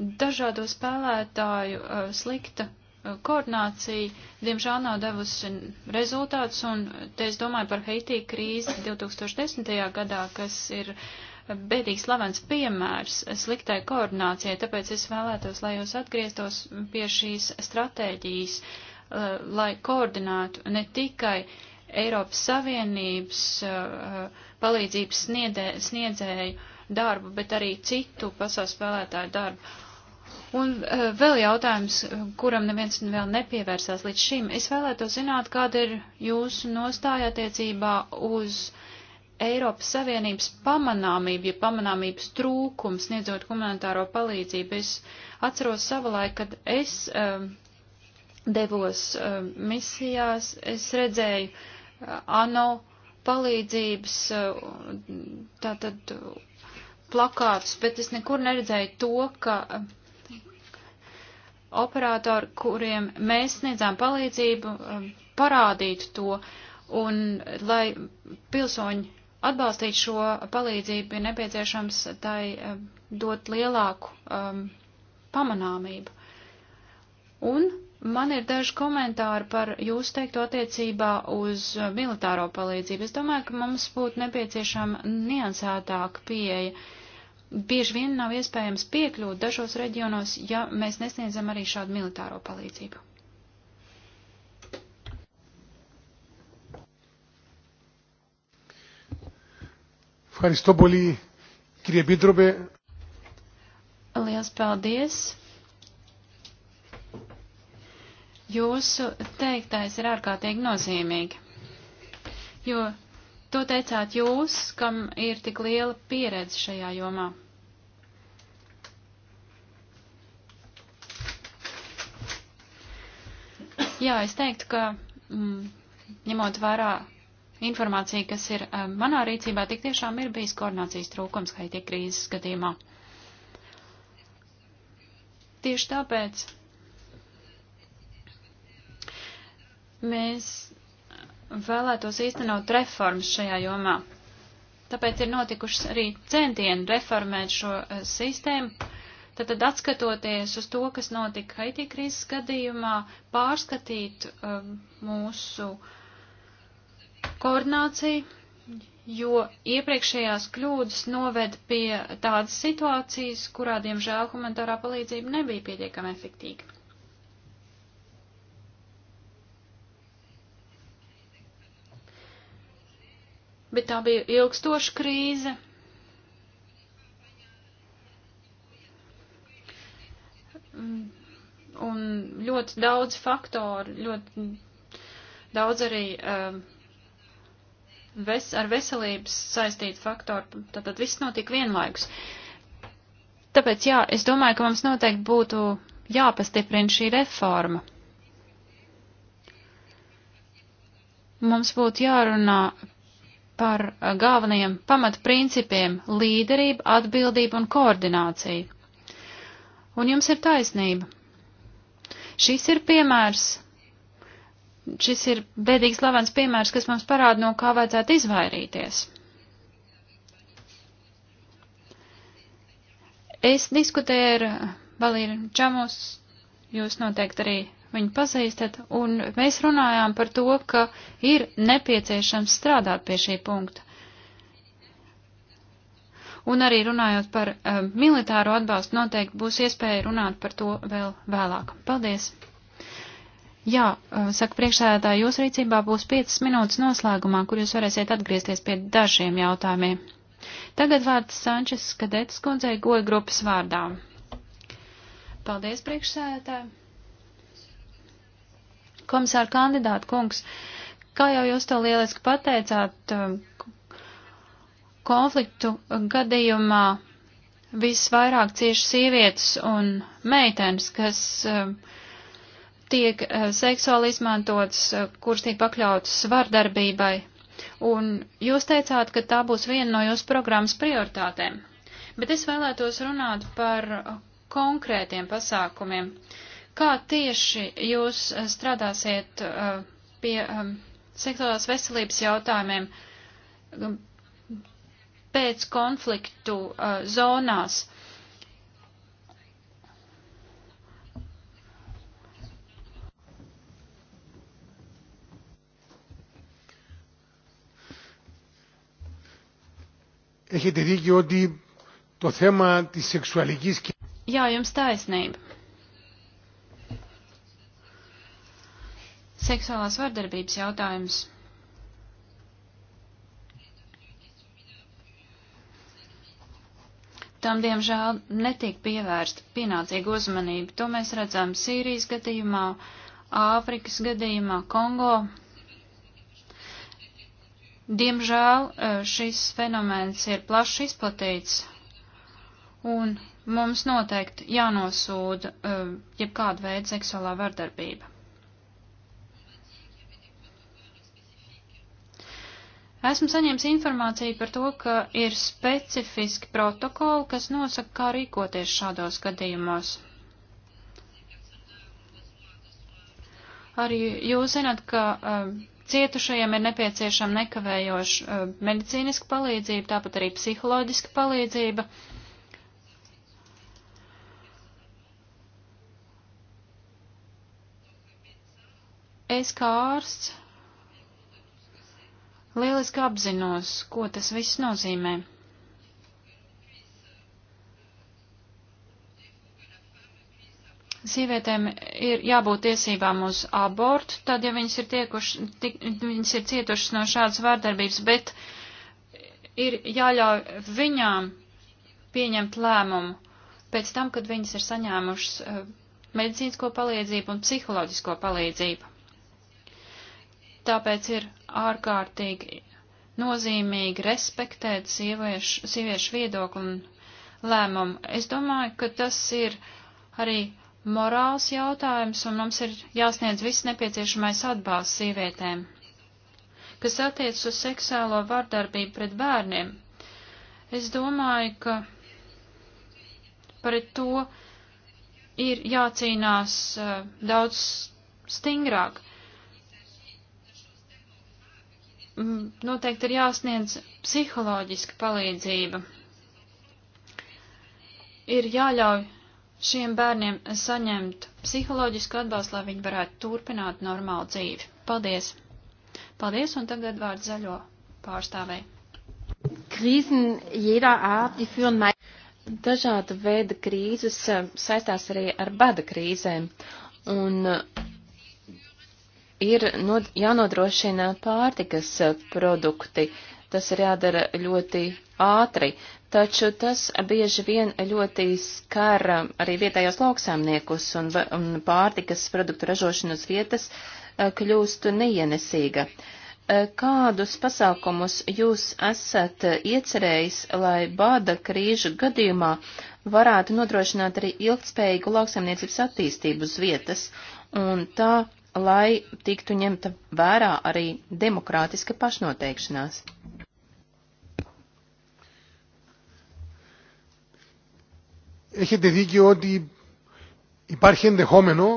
dažādo spēlētāju eh, slikta eh, koordinācija, diemžēl, nav devusi rezultātus, un te es domāju par Haitī krīzi 2010. gadā, kas ir bēdīgs slavens piemērs sliktai koordinācijai, tāpēc es vēlētos, lai jūs atgrieztos pie šīs stratēģijas, eh, lai koordinātu ne tikai Eiropas Savienības palīdzības sniedē, sniedzēju darbu, bet arī citu pasaules spēlētāju darbu Un eh, vēl jautājums, kuram neviens vēl nepievērsās līdz šim. Es vēlētos zināt, kāda ir jūsu nostāja attiecībā uz Eiropas Savienības pamanāmību, ja pamanāmības trūkums sniedzot humanitāro palīdzību. Es atceros savulaik, kad es um, devos um, misijās, es redzēju uh, ANO palīdzības, uh, tātad plakātus, bet es nekur neredzēju to, ka. Uh, operatori, kuriem mēs sniedzām palīdzību, um, parādītu to, un lai pilsoņi atbalstītu šo palīdzību, ir nepieciešams tai um, dot lielāku um, pamanāmību. Un man ir daži komentāri par jūsu teikto attiecībā uz uh, militāro palīdzību. Es domāju, ka mums būtu nepieciešama niansētāka pieeja. Uh, bieži vien nav iespējams piekļūt dažos reģionos, ja mēs nesniedzam arī šādu militāro palīdzību. Ευχαριστώ πολύ, κύριε Επίτροπε. Liels paldies! Jūsu teiktais ir ārkārtīgi nozīmīgi, jo To teicāt jūs, kam ir tik liela pieredze šajā jomā. Jā, es teiktu, ka mm, ņemot vērā informāciju, kas ir um, manā rīcībā, tik tiešām ir bijis koordinācijas trūkums Haiti krīzes gadījumā. Tieši tāpēc mēs vēlētos īstenot reformas šajā jomā. Tāpēc ir notikušas arī centieni reformēt šo eh, sistēmu. Tātad atskatoties uz to, kas notika Haiti krīzes gadījumā, pārskatīt um, mūsu koordināciju, jo iepriekšējās kļūdas noved pie tādas situācijas, kurā, diemžēl, humanitārā palīdzība nebija pietiekami efektīva. bet tā bija ilgstoša krīze. Un ļoti daudz faktoru, ļoti daudz arī um, ves, ar veselības saistītu faktoru, tātad viss notika vienlaikus. Tāpēc jā, es domāju, ka mums noteikti būtu jāpastiprina šī reforma. Mums būtu jārunā par uh, galvenajiem pamatprincipiem - līderība, atbildība un koordinācija. Un jums ir taisnība. Šis ir piemērs, šis ir bēdīgs slavens piemērs, kas mums parāda, no kā vajadzētu izvairīties. Es diskutēju ar Valīru Čamus, jūs noteikti arī viņu pazīstat, un mēs runājām par to, ka ir nepieciešams strādāt pie šī punkta. Un arī runājot par uh, militāro atbalstu, noteikti būs iespēja runāt par to vēl vēlāk. Paldies! Jā, uh, saka priekšsēdētāji, jūs rīcībā būs 5 minūtes noslēgumā, kur jūs varēsiet atgriezties pie dažiem jautājumiem. Tagad vārds Sančes Skadets kundzei goja grupas vārdā. Paldies, priekšsēdētāji! Komisāra kandidāta kungs, kā jau jūs to lieliski pateicāt, um, konfliktu gadījumā visvairāk cieši sievietes un meitenes, kas um, tiek uh, seksuāli izmantotas, uh, kuras tiek pakļautas svardarbībai. Un jūs teicāt, ka tā būs viena no jūsu programmas prioritātēm. Bet es vēlētos runāt par konkrētiem pasākumiem. Uh, Kā tieši jūs eh, strādāsiet eh, pie eh, sektorās veselības jautājumiem um, pēc konfliktu zonās? Έχετε δίκιο ότι το θέμα της σεξουαλικής... Jā, jums taisnība. Seksuālās vardarbības jautājums. Tam, diemžēl, netiek pievērsta pienācīga uzmanība. To mēs redzam Sīrijas gadījumā, Āfrikas gadījumā, Kongo. Diemžēl eh, šis fenomens ir plaši izplatīts, un mums noteikti jānosūda eh, jebkāda veida seksuālā vardarbība. Esmu saņēmis informāciju par to, ka ir specifiski protokoli, kas nosaka, kā rīkoties šādos gadījumos. Arī jūs zināt, ka uh, cietušajiem ir nepieciešama nekavējoša uh, medicīniska palīdzība, tāpat arī psiholoģiska palīdzība. Es kā ārsts lieliski apzinos, ko tas viss nozīmē. Sīvietēm ir jābūt tiesībām uz abortu, tad, ja viņas ir, tiekuši, tik, viņas ir cietušas no šādas vārdarbības, bet ir jāļauj viņām pieņemt lēmumu pēc tam, kad viņas ir saņēmušas eh, medicīnisko palīdzību un psiholoģisko palīdzību. Tāpēc ir ārkārtīgi nozīmīgi respektēt sieviešu, sieviešu viedokli un lēmumu. Es domāju, ka tas ir arī morāls jautājums, un mums ir jāsniedz viss nepieciešamais atbalsts sievietēm. Kas attiec uz seksuālo vardarbību pret bērniem, es domāju, ka pret to ir jācīnās uh, daudz stingrāk. Mm, noteikti ir jāsniedz psiholoģiska palīdzība. Ir jāļauj šiem bērniem saņemt psiholoģisku atbalstu, lai viņi varētu turpināt normālu dzīvi. Paldies! Paldies, un tagad vārds zaļo pārstāvēji. Krīzen jēdā ārt, die führen mein. Dažāda veida krīzes eh, saistās arī ar bada krīzēm, un ir nod, jānodrošina pārtikas eh, produkti. Tas ir jādara ļoti ātri, taču tas bieži vien ļoti skar eh, arī vietējos lauksēmniekus un, un pārtikas produktu ražošanas vietas eh, kļūst neienesīga. Kādus pasākumus jūs esat iecerējis, lai bāda krīžu gadījumā varētu nodrošināt arī ilgtspējīgu lauksaimniecības attīstību uz vietas un tā lai tiktu ņemta vērā arī demokrātiska pašnoteikšanās. Έχετε δίκιο ότι υπάρχει ενδεχόμενο.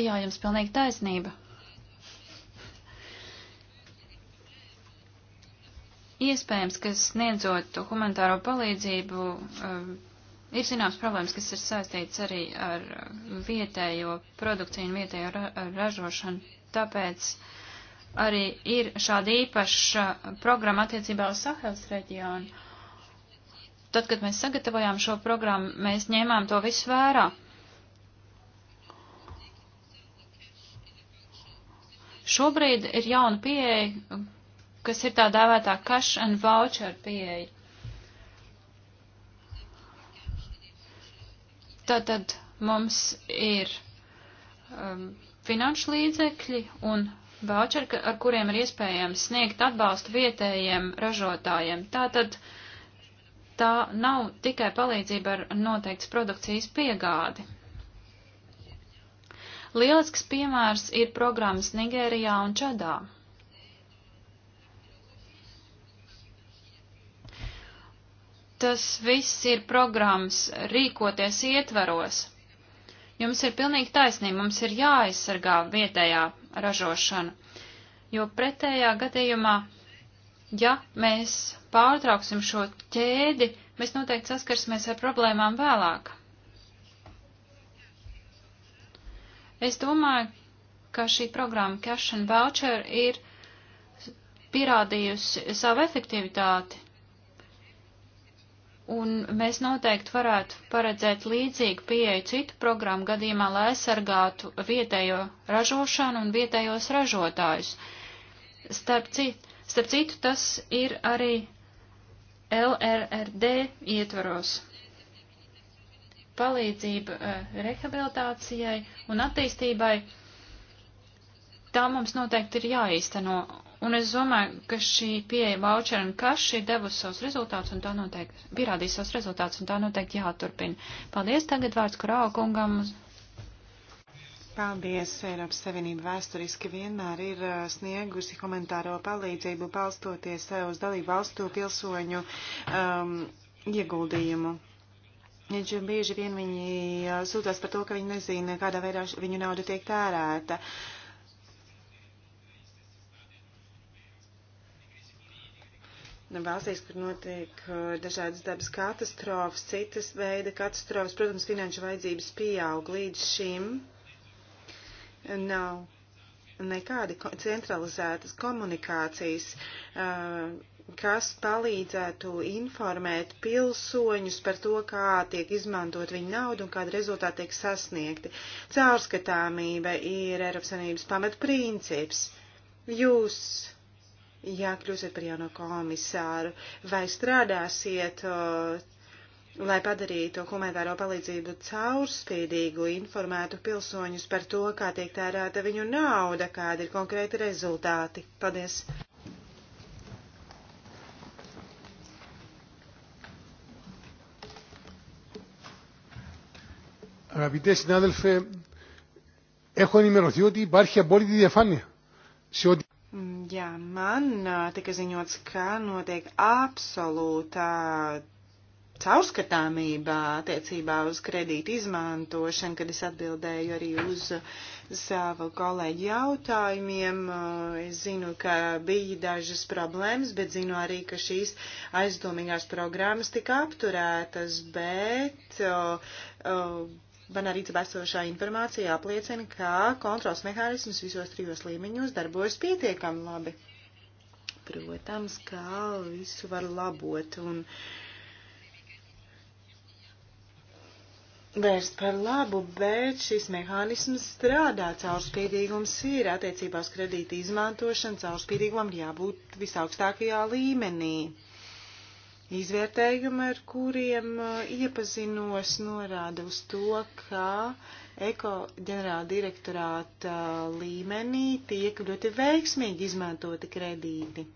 Jā, jums pilnīgi taisnība. Iespējams, ka sniedzot humanitāro palīdzību, eh, Ir zināms problēmas, kas ir saistīts arī ar vietējo produkciju un vietējo ra ražošanu, tāpēc arī ir šāda īpaša programma attiecībā uz Sahels reģionu. Tad, kad mēs sagatavojām šo programmu, mēs ņēmām to visu vērā. Šobrīd ir jauna pieeja, kas ir tā dēvētā cash and voucher pieeja. Tātad mums ir um, finanšu līdzekļi un voucheri, ar kuriem ir iespējams sniegt atbalstu vietējiem ražotājiem. Tātad tā nav tikai palīdzība ar noteikts produkcijas piegādi. Lielisks piemērs ir programmas Nigērijā un Čadā. tas viss ir programmas rīkoties ietvaros. Jums ir pilnīgi taisnība, mums ir jāaizsargā vietējā ražošana, jo pretējā gadījumā, ja mēs pārtrauksim šo ķēdi, mēs noteikti saskarsimies ar problēmām vēlāk. Es domāju, ka šī programma Cash and Voucher ir pierādījusi savu efektivitāti un mēs noteikti varētu paredzēt līdzīgu pieeju citu programmu gadījumā, lai aizsargātu vietējo ražošanu un vietējos ražotājus. Starp citu, starp citu tas ir arī LRRD ietvaros palīdzība eh, rehabilitācijai un attīstībai. Tā mums noteikti ir jāīsteno, Un es domāju, ka šī pieeja voucher un cash ir devusi savus rezultātus un tā noteikti pierādīs savus rezultātus un tā noteikti jāturpina. Paldies tagad vārds Kurāla kungam. Paldies, Eiropas Savienība vēsturiski vienmēr ir sniegusi komentāro palīdzību palstoties uz dalību valstu pilsoņu um, ieguldījumu. Viņš bieži vien viņi sūtās par to, ka viņi nezina, kādā veidā viņu nauda tiek tērēta. Uh, Nu, valstīs, kur notiek uh, dažādas dabas katastrofas, citas veida katastrofas, protams, finanšu vajadzības pieaug līdz šim. Nav nekādi centralizētas komunikācijas, uh, kas palīdzētu informēt pilsoņus par to, kā tiek izmantot viņu naudu un kāda rezultāti tiek sasniegti. Cārskatāmība ir Eiropas Savienības pamatprincips. Jūs ja kļūsiet par jauno komisāru, vai strādāsiet, uh, lai padarītu humanitāro palīdzību caurspīdīgu, informētu pilsoņus par to, kā tiek tērēta viņu nauda, kādi ir konkrēti rezultāti. Paldies! Αγαπητέ συνάδελφε, έχω ενημερωθεί ότι υπάρχει απόλυτη διαφάνεια σε ό,τι Jā, man tika ziņots, ka notiek absolūtā caurskatāmība attiecībā uz kredītu izmantošanu, kad es atbildēju arī uz savu kolēģi jautājumiem. Es zinu, ka bija dažas problēmas, bet zinu arī, ka šīs aizdomīgās programmas tika apturētas, bet. Uh, uh, Banarīts bēsošā informācija apliecina, ka kontrols mehānisms visos trijos līmeņos darbojas pietiekami labi. Protams, kā visu var labot un vērst par labu, bet šis mehānisms strādā, caurspīdīgums ir attiecībā uz kredīti izmantošanu, caurspīdīgumam jābūt visaugstākajā līmenī. Izvērtējumi, ar kuriem uh, iepazinos, norāda uz to, ka eko ģenerāla direktorāta līmenī tiek ļoti veiksmīgi izmantoti kredīti.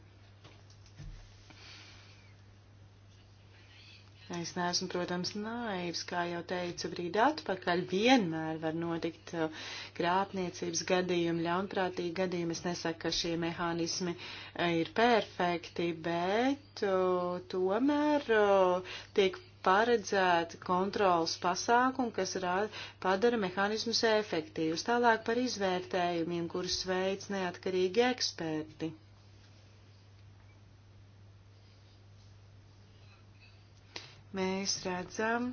Es neesmu, protams, naivs, kā jau teicu brīdi atpakaļ, vienmēr var notikt uh, krāpniecības gadījumi, ļaunprātīgi gadījumi. Es nesaku, ka šie mehānismi uh, ir perfekti, bet uh, tomēr uh, tiek paredzēti kontrols pasākumi, kas rād, padara mehānismus efektīvus. Tālāk par izvērtējumiem, kurus veids neatkarīgi eksperti. mēs redzam,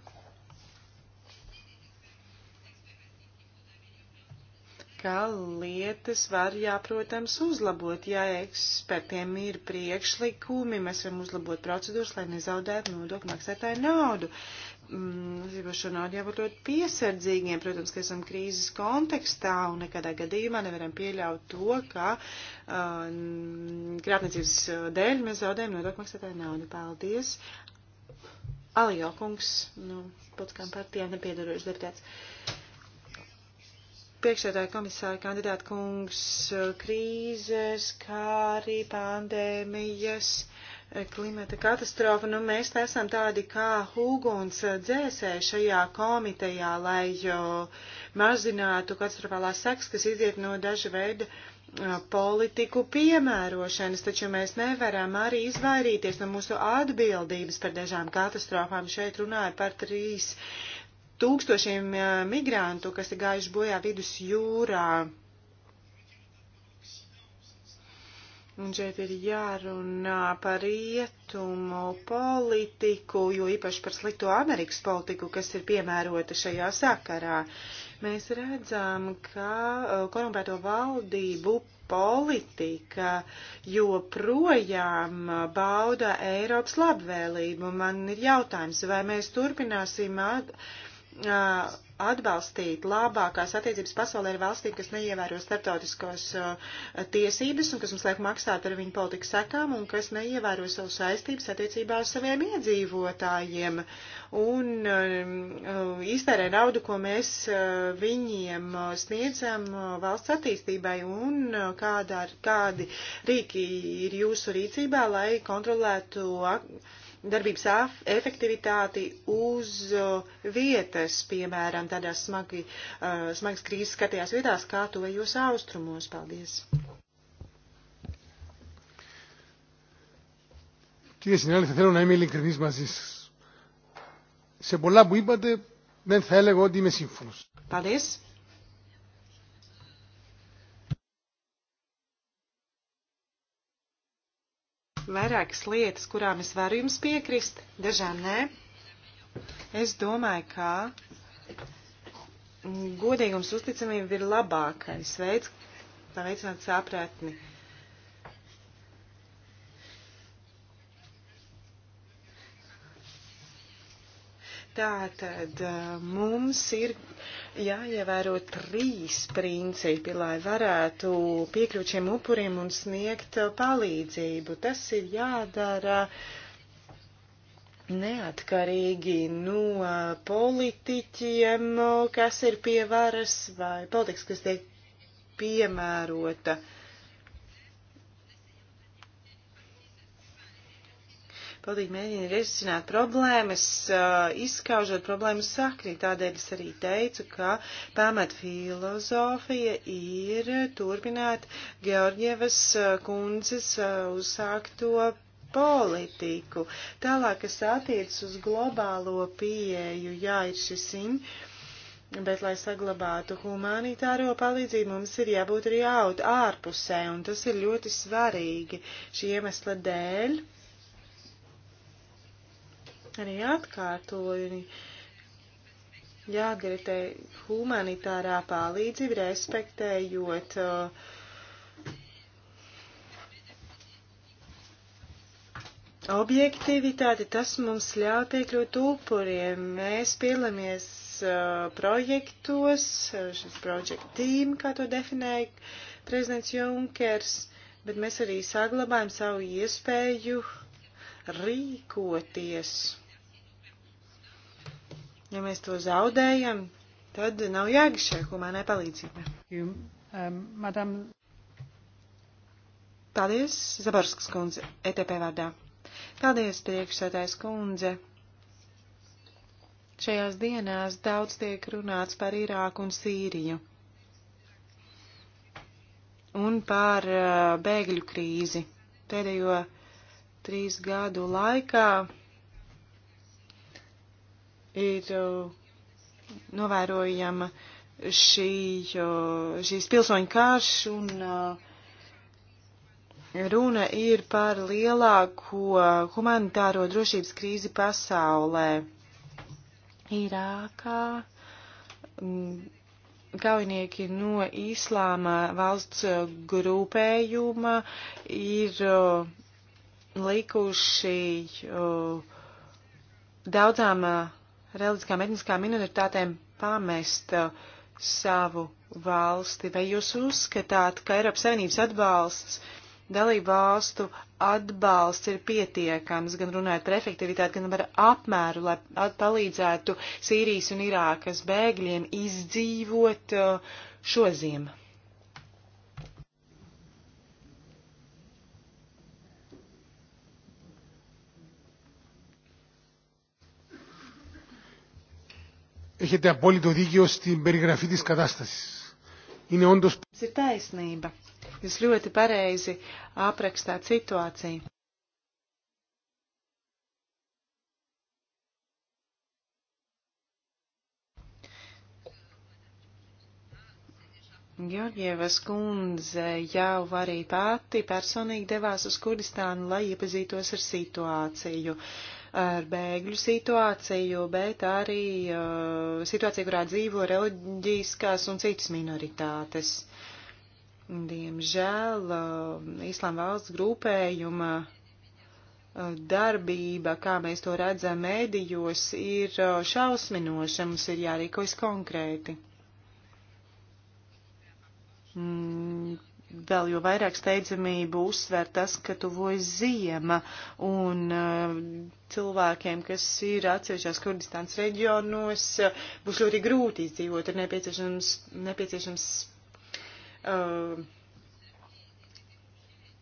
ka lietas var, jā, protams, uzlabot. Ja ekspertiem ir priekšlikumi, mēs varam uzlabot procedūras, lai nezaudētu nodokļu maksātāju naudu. Mm, šo naudu jābūt ļoti piesardzīgiem. Protams, ka esam krīzes kontekstā un nekādā gadījumā nevaram pieļaut to, ka uh, krāpniecības dēļ mēs zaudējam nodokļu maksātāju naudu. Paldies! Alijo kungs, nu, politiskām partijām nepiedarošs deputāts. Priekšsēdāja komisāra kandidāta kungs, krīzes, kā arī pandēmijas, klimata katastrofa, nu mēs esam tādi kā hūguns dzēsē šajā komitejā, lai mazinātu katastrofālās seks, kas iziet no daža veida uh, politiku piemērošanas, taču mēs nevaram arī izvairīties no mūsu atbildības par dažām katastrofām. Šeit runāja par trīs tūkstošiem migrantu, kas ir gājuši bojā vidus jūrā. Un šeit ir jārunā par rietumu politiku, jo īpaši par slikto Amerikas politiku, kas ir piemērota šajā sakarā. Uh, Mēs redzam, ka uh, korumpēto valdību politika joprojām uh, bauda Eiropas labvēlību. Man ir jautājums, vai mēs turpināsim at, uh, at, atbalstīt labākās attiecības pasaulē ar valstīm, kas neievēro starptautiskos uh, tiesības un kas mums liek maksāt par viņu politikas sekām un kas neievēro savu saistības attiecībā uz saviem iedzīvotājiem un um, uh, iztērē naudu, ko mēs uh, viņiem sniedzam valsts attīstībai un kādā, kādi rīki ir jūsu rīcībā, lai kontrolētu darbības efektivitāti uz uh, vietas, piemēram, tādās smagi, uh, smagas krīzes skatījās vietās, kā to jūs austrumos. Paldies! Κύριε Συνάδελφε, θέλω να είμαι ειλικρινής μαζί σας. Σε πολλά που είπατε, δεν θα έλεγα ότι είμαι σύμφωνος. Paldies! vairākas lietas, kurām es varu jums piekrist, dažām nē. Es domāju, ka godīgums uzticamība ir labākais veids, kā veicināt sapratni. Uh, Tātad mums ir jāievēro trīs principi, lai varētu piekļūt šiem upuriem un sniegt palīdzību. Tas ir jādara neatkarīgi no politiķiem, kas ir pie varas, vai politikas, kas tiek piemērota. Uh, Palīgi mēģina risināt problēmas, uh, izskaužot problēmu sakni. Tādēļ es arī teicu, ka pamat filozofija ir turpināt Georgievas uh, kundzes uh, uzsākto politiku. Tālāk, kas attiecas uz globālo pieeju, jā, ir šis in, bet, lai saglabātu humanitāro palīdzību, mums ir jābūt arī ārpusē, un tas ir ļoti svarīgi šī iemesla dēļ arī atkārtoju. Jāgritē humanitārā palīdzība, respektējot uh, objektivitāti, tas mums ļauj piekļūt upuriem. Mēs piedalāmies uh, projektos, šis project team, kā to definēja prezidents Junkers, bet mēs arī saglabājam savu iespēju rīkoties. Ja mēs to zaudējam, tad nav jēgas šai humānai palīdzībai. Um, madam... Paldies, Zabarskas kundze, ETP vārdā. Paldies, priekšsētājs kundze. Šajās dienās daudz tiek runāts par Irāku un Sīriju un par uh, bēgļu krīzi. Pēdējo trīs gadu laikā ir novērojama šī, šīs pilsoņu karš un runa ir par lielāko humanitāro drošības krīzi pasaulē. Irākā kaujinieki no Īslāma valsts grupējuma ir likuši daudzām reliģiskām etniskām minoritātēm pamest uh, savu valsti? Vai jūs uzskatāt, ka Eiropas Savienības atbalsts dalību valstu atbalsts ir pietiekams, gan runājot par efektivitāti, gan par apmēru, lai palīdzētu Sīrijas un Irākas bēgļiem izdzīvot uh, šo ziemu. Έχετε απόλυτο δίκιο στην περιγραφή της κατάστασης. Είναι όντως... Ir taisnība. Jūs ļoti pareizi aprakstāt situāciju. Georgievas kundze jau arī pati personīgi devās uz Kurdistānu, lai iepazītos ar situāciju, ar bēgļu situāciju, bet arī uh, situāciju, kurā dzīvo reliģiskās un citas minoritātes. Diemžēl uh, Islām valsts grupējuma uh, darbība, kā mēs to redzam mēdījos, ir uh, šausminoša, mums ir jārīkojas konkrēti mm, vēl jo vairāk steidzamību uzsver tas, ka tuvojas ziema un uh, cilvēkiem, kas ir atsevišķās Kurdistāns reģionos, uh, būs ļoti grūti izdzīvot, ir nepieciešams, nepieciešams uh,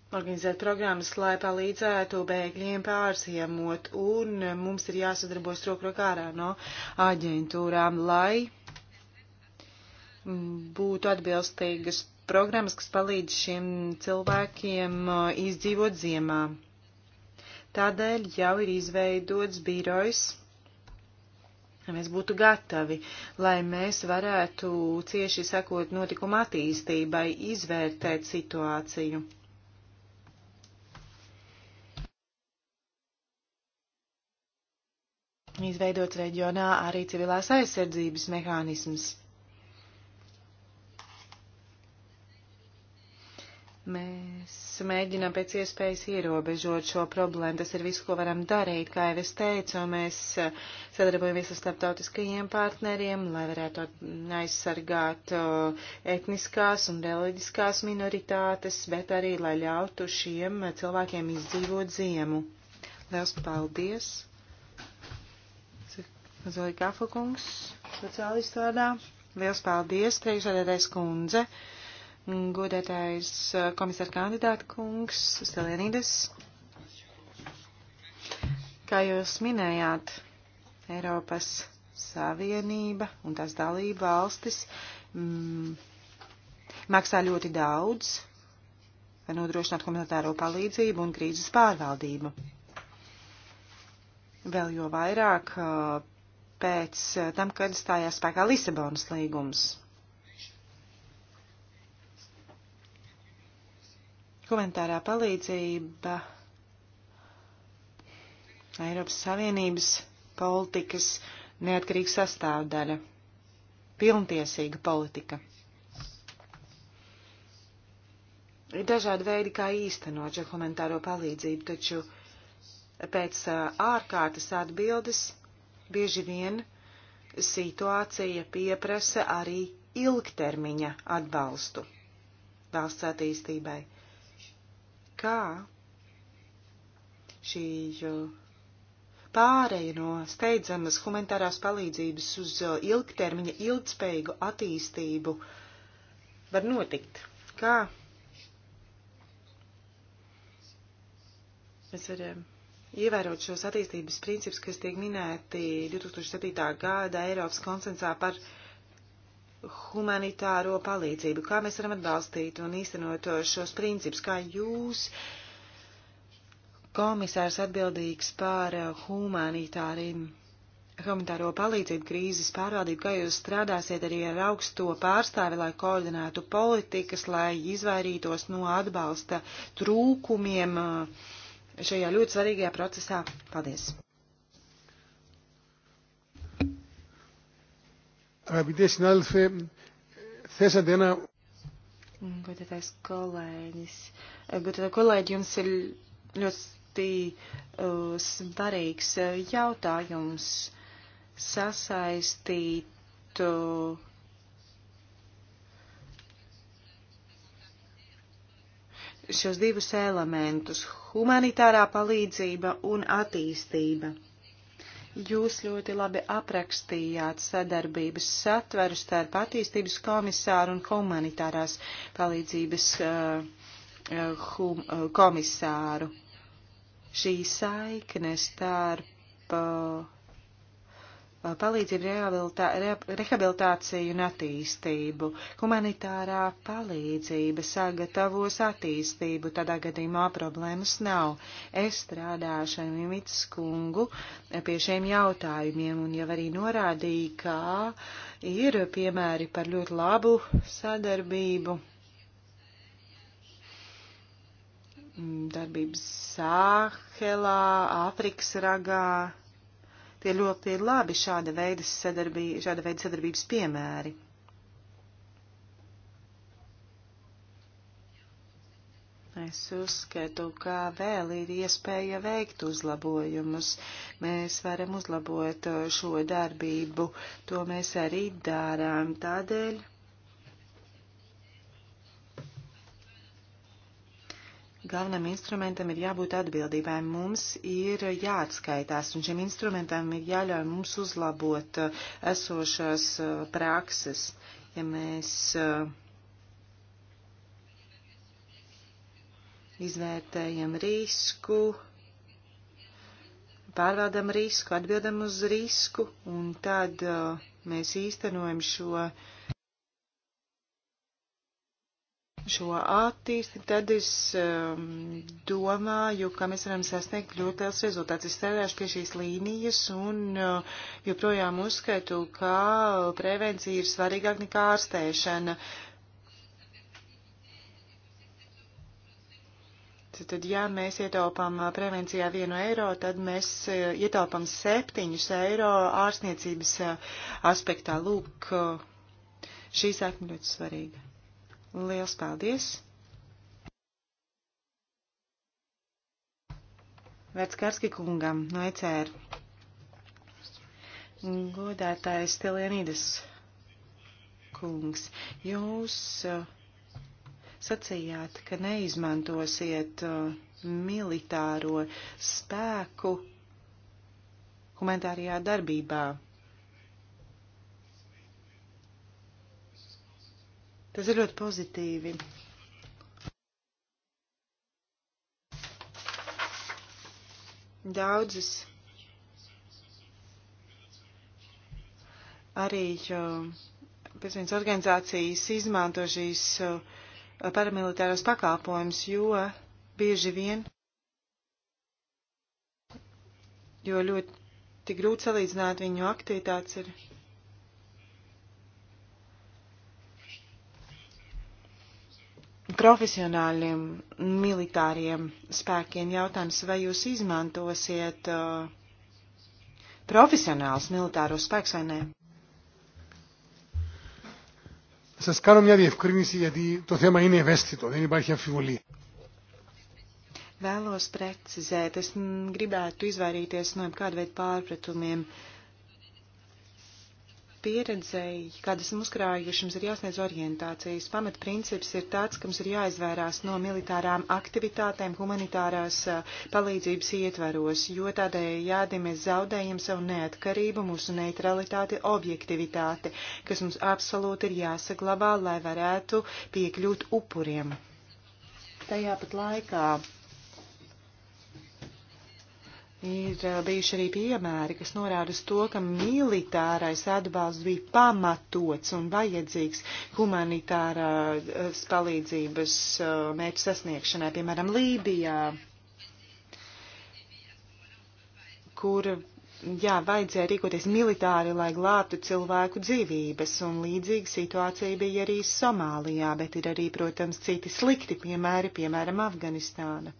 organizēt programmas, lai palīdzētu bēgļiem pārsiemot, un uh, mums ir jāsadarbojas roku rokā ar no aģentūrām, lai būtu atbilstīgas programmas, kas palīdz šiem cilvēkiem izdzīvot ziemā. Tādēļ jau ir izveidots birojs, lai mēs būtu gatavi, lai mēs varētu cieši sekot notikuma attīstībai, izvērtēt situāciju. Izveidots reģionā arī civilās aizsardzības mehānisms. Mēs mēģinām pēc iespējas ierobežot šo problēmu. Tas ir viss, ko varam darīt. Kā jau es teicu, mēs eh, sadarbojamies ar starptautiskajiem partneriem, lai varētu aizsargāt eh, etniskās un reliģiskās minoritātes, bet arī, lai ļautu šiem cilvēkiem izdzīvot ziemu. Liels paldies! Zoja Kafakungs, sociālistu vārdā. Liels paldies, priekšsēdētais kundze! Godētājs eh, komisāra kandidāta kungs Stelienīdes. Kā jūs minējāt, Eiropas Savienība un tās dalība valstis mm, maksā ļoti daudz, lai nodrošinātu komunitāro palīdzību un krīzes pārvaldību. Vēl jo vairāk eh, pēc eh, tam, kad stājās spēkā Lisabonas līgums Humanitārā palīdzība Eiropas Savienības politikas neatkarīga sastāvdaļa, pilntiesīga politika. Ir dažādi veidi, kā īstenot šo humanitāro palīdzību, taču pēc ārkārtas atbildes bieži vien situācija pieprasa arī ilgtermiņa atbalstu valsts attīstībai kā šī pāreja no steidzamas humanitārās palīdzības uz ilgtermiņa ilgspējīgu attīstību var notikt. Kā mēs varam ievērot šos attīstības principus, kas tiek minēti 2007. gada Eiropas konsensā par humanitāro palīdzību, kā mēs varam atbalstīt un īstenot šos principus, kā jūs, komisārs atbildīgs par humanitāriem humanitāro palīdzību krīzes pārvaldību, kā jūs strādāsiet arī ar augsto pārstāvi, lai koordinētu politikas, lai izvairītos no atbalsta trūkumiem šajā ļoti svarīgajā procesā. Paldies! Αγαπητέ συνάδελφε, θέσατε ένα. Godātais kolēģis, godātā kolēģi, jums ir ļoti uh, svarīgs jautājums sasaistīt uh, šos divus elementus - humanitārā palīdzība un attīstība. Jūs ļoti labi aprakstījāt sadarbības satveru starp attīstības komisāru un humanitārās palīdzības uh, hum, uh, komisāru. Šī saikne starp uh, palīdzību, rehabilitāciju un attīstību. Humanitārā palīdzība sagatavos attīstību, tādā gadījumā problēmas nav. Es strādāšu ar Mimits kungu pie šiem jautājumiem un jau arī norādīju, kā ir piemēri par ļoti labu sadarbību. Mm, darbības Sāhelā, Āfrikas ragā, Tie ļoti labi šāda veida, sadarbī, šāda veida sadarbības piemēri. Es uzskatu, ka vēl ir iespēja veikt uzlabojumus. Mēs varam uzlabot šo darbību, to mēs arī dārām. Tādēļ Galvenam instrumentam ir jābūt atbildībai. Mums ir jāatskaitās, un šiem instrumentam ir jāļauj mums uzlabot eh, esošās eh, prakses. Ja mēs eh, izvērtējam risku, pārvaldam risku, atbildam uz risku, un tad mēs īstenojam šo uh, šo attīstību, tad es um, domāju, ka mēs varam sasniegt ļoti liels rezultāts. Es strādāšu pie šīs līnijas un uh, joprojām uzskaitu, ka prevencija ir svarīgāk nekā ārstēšana. Tad, ja mēs ietaupām uh, prevencijā vienu eiro, tad mēs uh, ietaupām septiņus eiro ārstniecības uh, aspektā. Lūk, uh, šī sakne ļoti svarīga. Liels paldies! Veckarski kungam no ECR. Godātājs Telienīdas kungs, jūs uh, sacījāt, ka neizmantosiet uh, militāro spēku humanitārajā darbībā. Tas ir ļoti pozitīvi. Daudzas arī pēc vienas organizācijas izmanto šīs uh, paramilitāros pakāpojumus, jo bieži vien, jo ļoti grūti salīdzināt viņu aktivitātes ir. Ar profesionāļiem militāriem spēkiem jautājums, vai jūs izmantosiet uh, profesionāls militāros spēks vai nē? Σας κάνω μια διευκρίνηση γιατί το θέμα είναι ευαίσθητο, δεν υπάρχει αμφιβολία. Vēlos precizēt, es gribētu izvairīties no jebkāda veida pārpratumiem. Uh, pieredzēji, kādas esam uzkrājuši, mums ir jāsniedz orientācijas. Pamatprincips ir tāds, ka mums ir jāizvairās no militārām aktivitātēm humanitārās palīdzības ietveros, jo tādējādi mēs zaudējam savu neatkarību, mūsu neutralitāti, objektivitāti, kas mums absolūti ir jāsaglabā, lai varētu piekļūt upuriem. Tajā pat laikā Ir bijuši arī piemēri, kas norāda uz to, ka militārais atbalsts bija pamatots un vajadzīgs humanitārās palīdzības mērķu sasniegšanai, piemēram, Lībijā, kur, jā, vajadzēja rīkoties militāri, lai glābtu cilvēku dzīvības, un līdzīga situācija bija arī Somālijā, bet ir arī, protams, citi slikti piemēri, piemēram, Afganistāna.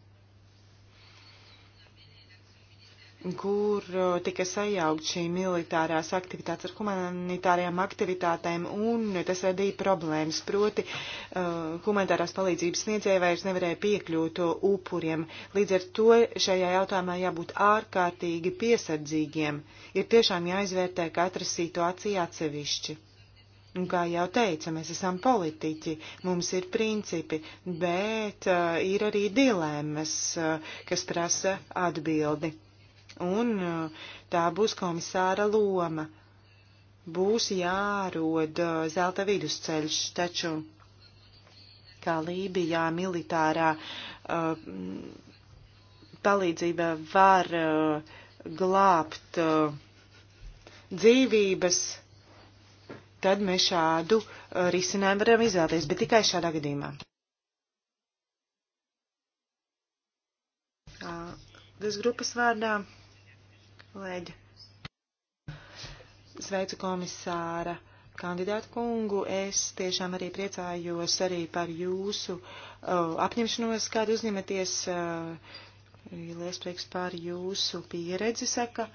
kur tika sajaukt šī militārās aktivitātes ar humanitārajām aktivitātēm, un tas radīja problēmas. Proti, uh, humanitārās palīdzības sniedzēja vairs nevarēja piekļūt to upuriem. Līdz ar to šajā jautājumā jābūt ārkārtīgi piesardzīgiem. Ir tiešām jāizvērtē katra situācija atsevišķi. Un kā jau teicu, mēs esam politiķi, mums ir principi, bet uh, ir arī dilemmas, uh, kas prasa atbildi un uh, tā būs komisāra loma. Būs jārod uh, zelta vidusceļš, taču kā Lībijā militārā uh, palīdzība var uh, glābt uh, dzīvības, tad mēs šādu uh, risinājumu varam izvēlēties, bet tikai šādā gadījumā. Tas grupas vārdā kolēģi. Sveicu komisāra kandidātu kungu. Es tiešām arī priecājos arī par jūsu uh, apņemšanos, kādu uzņematies. Uh, Liels prieks par jūsu pieredzi, saka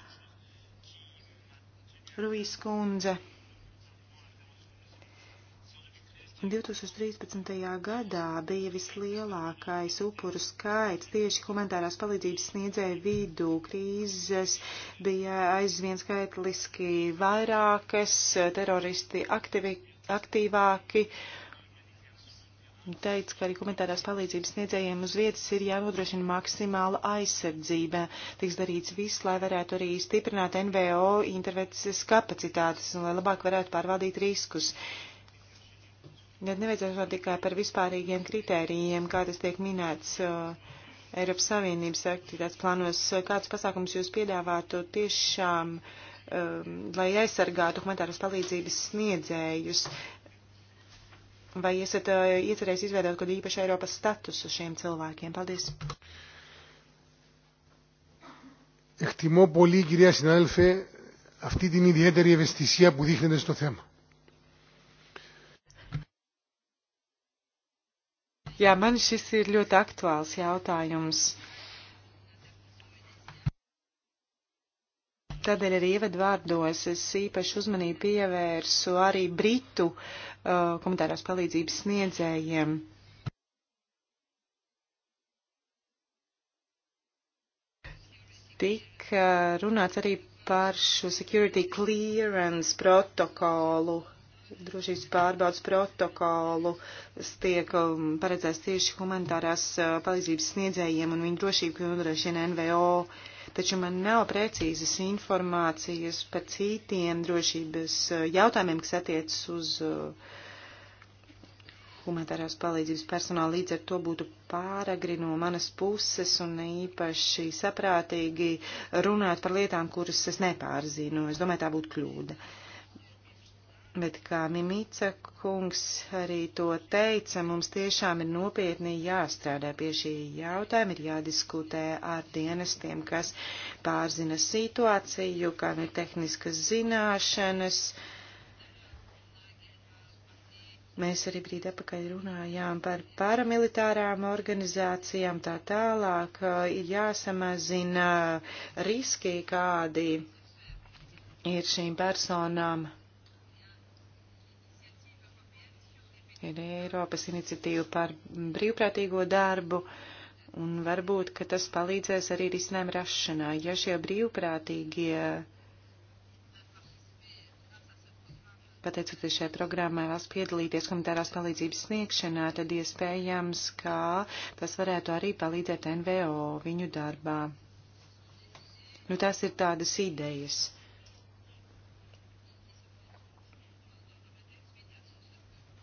Ruijas kundze. 2013. gadā bija vislielākais upuru skaits tieši humanitārās palīdzības sniedzēju vidū. Krīzes bija aizvien skaitliski vairākas, teroristi aktivi, aktīvāki. Teica, ka arī komentārās palīdzības sniedzējiem uz vietas ir jānodrošina maksimāla aizsardzība. Tiks darīts viss, lai varētu arī stiprināt NVO intervences kapacitātes un lai labāk varētu pārvaldīt riskus. Tad nevajadzētu runāt tikai par vispārīgiem kritērijiem, kā tas tiek minēts uh, Eiropas Savienības aktivitātes plānos. Uh, kāds pasākums jūs piedāvātu tiešām, um, lai aizsargātu humanitāras palīdzības sniedzējus? Vai esat uh, iecerējis izveidot kādu īpašu Eiropas statusu šiem cilvēkiem? Paldies! Εκτιμώ πολύ, κυρία συνάδελφε, αυτή την ιδιαίτερη ευαισθησία που δείχνετε στο θέμα. Jā, man šis ir ļoti aktuāls jautājums. Tādēļ arī ievadvārdos es īpaši uzmanību pievērsu arī Britu uh, komentārās palīdzības sniedzējiem. Tik uh, runāts arī par šo security clearance protokolu drošības pārbaudas protokolu tiek um, paredzēts tieši humanitārās uh, palīdzības sniedzējiem un viņu drošību nodrošina NVO. Taču man nav precīzas informācijas par citiem drošības uh, jautājumiem, kas attiecas uz uh, humanitārās palīdzības personālu. Līdz ar to būtu pāragri no manas puses un īpaši saprātīgi runāt par lietām, kuras es nepārzinu. Es domāju, tā būtu kļūda. Uh, Bet kā Mimica kungs arī to teica, mums tiešām ir nopietni jāstrādā pie šī jautājuma, ir jādiskutē ar dienestiem, kas pārzina situāciju, kam ir tehniskas zināšanas. Mēs arī brīdi apakaļ runājām par paramilitārām organizācijām tā tālāk, ir jāsamazina riski, kādi ir šīm personām ir Eiropas iniciatīva par brīvprātīgo darbu, un varbūt, ka tas palīdzēs arī risinājumu rašanā, ja šie brīvprātīgie, pateicoties šai programmai, vēlas piedalīties komentārās palīdzības sniegšanā, tad iespējams, ka tas varētu arī palīdzēt NVO viņu darbā. Nu, tās ir tādas idejas.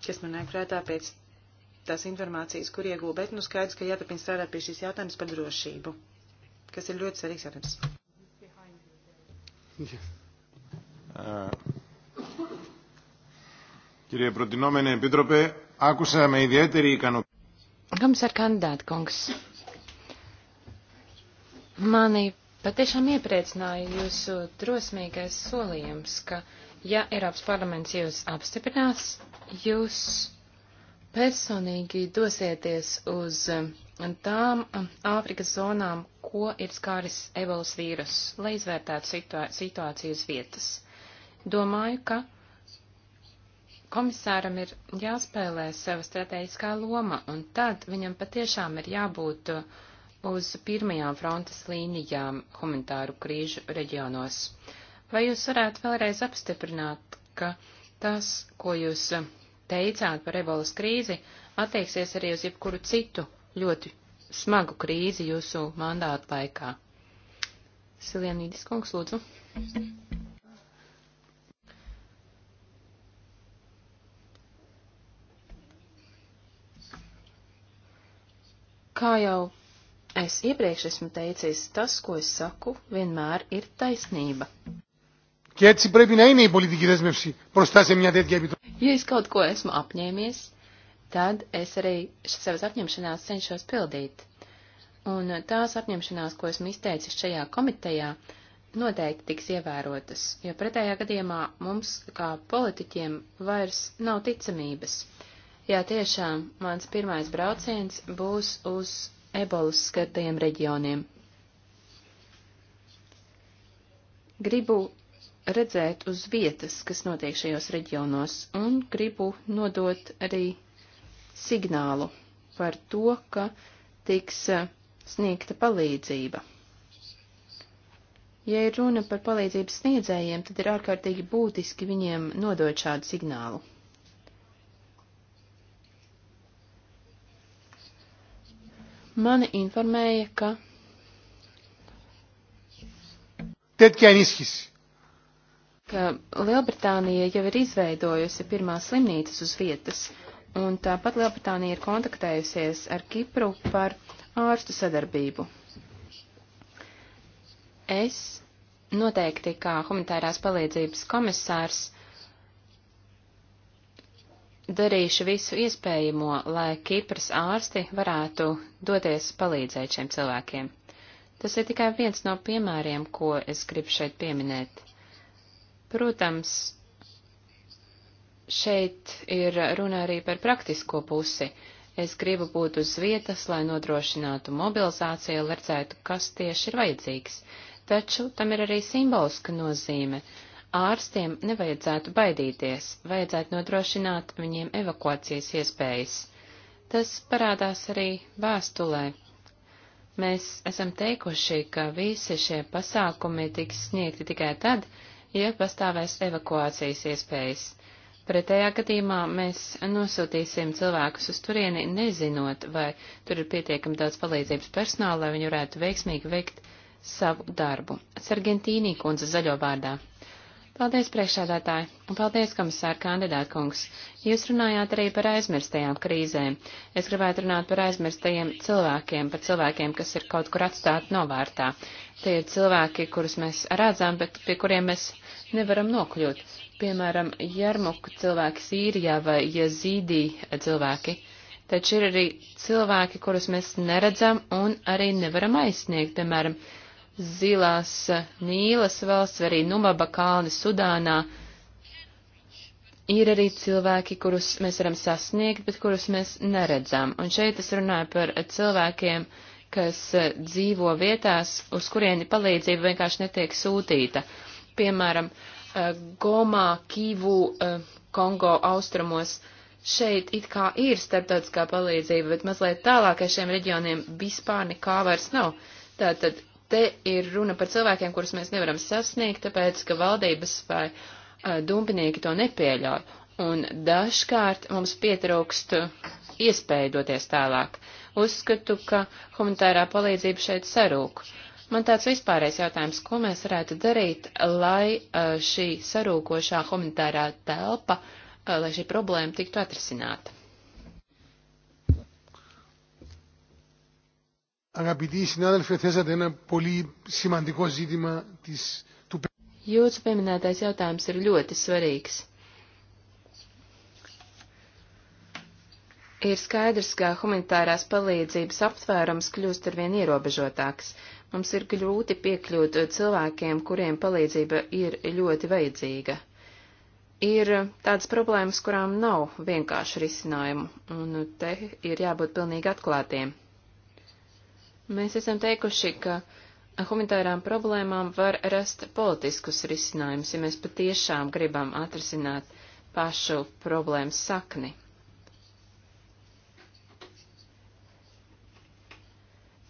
kas man nāk prātā pēc tās informācijas, kur iegūst, bet nu skaidrs, ka jāturpina strādāt pie šīs jautājumas par drošību, kas ir ļoti svarīgs jautājums. Κύριε Προτινόμενε Επίτροπε, άκουσα με ιδιαίτερη ικανοποίηση. Komisār kandidāta kungs, mani patiešām iepriecināja jūsu drosmīgais solījums, ka ja Eiropas parlaments jūs apstiprinās, jūs personīgi dosieties uz um, tām um, Āfrikas zonām, ko ir skāris ebolas vīrus, lai izvērtētu situā situāciju uz vietas. Domāju, ka komisāram ir jāspēlē sava strateģiskā loma, un tad viņam patiešām ir jābūt uh, uz pirmajām frontes līnijām humanitāru krīžu reģionos. Vai jūs varētu vēlreiz apstiprināt, ka tas, ko jūs uh, teicāt par ebolas krīzi, attieksies arī uz jebkuru citu ļoti smagu krīzi jūsu mandātu laikā. Silienīdis kungs, lūdzu. Kā jau es iepriekš esmu teicis, tas, ko es saku, vienmēr ir taisnība. Και έτσι πρέπει να είναι η πολιτική δέσμευση μπροστά σε μια τέτοια επιτροπή. Ja es kaut ko esmu apņēmies, tad es arī savas apņemšanās cenšos pildīt. Un tās apņemšanās, ko esmu izteicis šajā komitejā, noteikti tiks ievērotas, jo pretējā gadījumā mums, kā politiķiem, vairs nav ticamības. Jā, tiešām, mans pirmais brauciens būs uz ebolas skartajiem reģioniem. Gribu redzēt uz vietas, kas notiek šajos reģionos, un gribu nodot arī signālu par to, ka tiks e, sniegta palīdzība. Ja ir runa par palīdzības sniedzējiem, tad ir ārkārtīgi būtiski viņiem nodot šādu signālu. Mani informēja, ka. Tad, ja nizskis ka Lielbritānija jau ir izveidojusi pirmās slimnīcas uz vietas, un tāpat Lielbritānija ir kontaktējusies ar Kipru par ārstu sadarbību. Es noteikti kā humanitārās palīdzības komisārs darīšu visu iespējamo, lai Kipras ārsti varētu doties palīdzēt šiem cilvēkiem. Tas ir tikai viens no piemēriem, ko es gribu šeit pieminēt. Protams, šeit ir runa arī par praktisko pusi. Es gribu būt uz vietas, lai nodrošinātu mobilizāciju, lai redzētu, kas tieši ir vajadzīgs. Taču tam ir arī simboliska nozīme. Ārstiem nevajadzētu baidīties, vajadzētu nodrošināt viņiem evakuācijas iespējas. Tas parādās arī vēstulē. Mēs esam teikuši, ka visi šie pasākumi tiks sniegti tikai tad, ja pastāvēs evakuācijas iespējas. Pretējā gadījumā mēs nosūtīsim cilvēkus uz turieni, nezinot, vai tur ir pietiekami daudz palīdzības personāla, lai viņi varētu veiksmīgi veikt savu darbu. Sargentīnī kundze zaļo vārdā. Paldies, priekšādātāji, un paldies, komisāra kandidāta kungs. Jūs runājāt arī par aizmirstajām krīzēm. Es gribētu runāt par aizmirstajiem cilvēkiem, par cilvēkiem, kas ir kaut kur atstāti novārtā. Tie ir cilvēki, kurus mēs redzam, bet pie kuriem mēs nevaram nokļūt. Piemēram, Jermuka cilvēki Sīrijā vai Jazīdī cilvēki. Taču ir arī cilvēki, kurus mēs neredzam un arī nevaram aizsniegt, piemēram, Zilās Nīlas valsts vai arī Numaba kalni Sudānā. Ir arī cilvēki, kurus mēs varam sasniegt, bet kurus mēs neredzam. Un šeit es runāju par cilvēkiem, kas dzīvo vietās, uz kurieni palīdzība vienkārši netiek sūtīta. Uh, piemēram, eh, Gomā, Kīvu, eh, Kongo austrumos. Šeit it kā ir starptautiskā palīdzība, bet mazliet tālāk ar šiem reģioniem vispār nekā vairs nav. Tātad te ir runa par cilvēkiem, kurus mēs nevaram sasniegt, tāpēc, ka valdības vai eh, dumpinieki to nepieļauj. Un dažkārt mums pietrūkst iespēja doties tālāk. Uzskatu, ka humanitārā palīdzība šeit sarūk. Uh, Man tāds vispārējais jautājums, ko mēs varētu darīt, lai eh, šī sarūkošā humanitārā telpa, eh, lai šī problēma tiktu atrisināta? Αγαπητοί συνάδελφοι, θέσατε ένα πολύ σημαντικό ζήτημα της, του... Jūsu pieminētais jautājums ir ļoti svarīgs. Ir skaidrs, ka humanitārās palīdzības aptvērums kļūst arvien ierobežotāks. Mums ir grūti piekļūt cilvēkiem, kuriem palīdzība ir ļoti vajadzīga. Ir tādas problēmas, kurām nav vienkārši risinājumu, un te ir jābūt pilnīgi atklātiem. Mēs esam teikuši, ka humanitārām problēmām var rast politiskus risinājumus, ja mēs patiešām gribam atrisināt pašu problēmas sakni.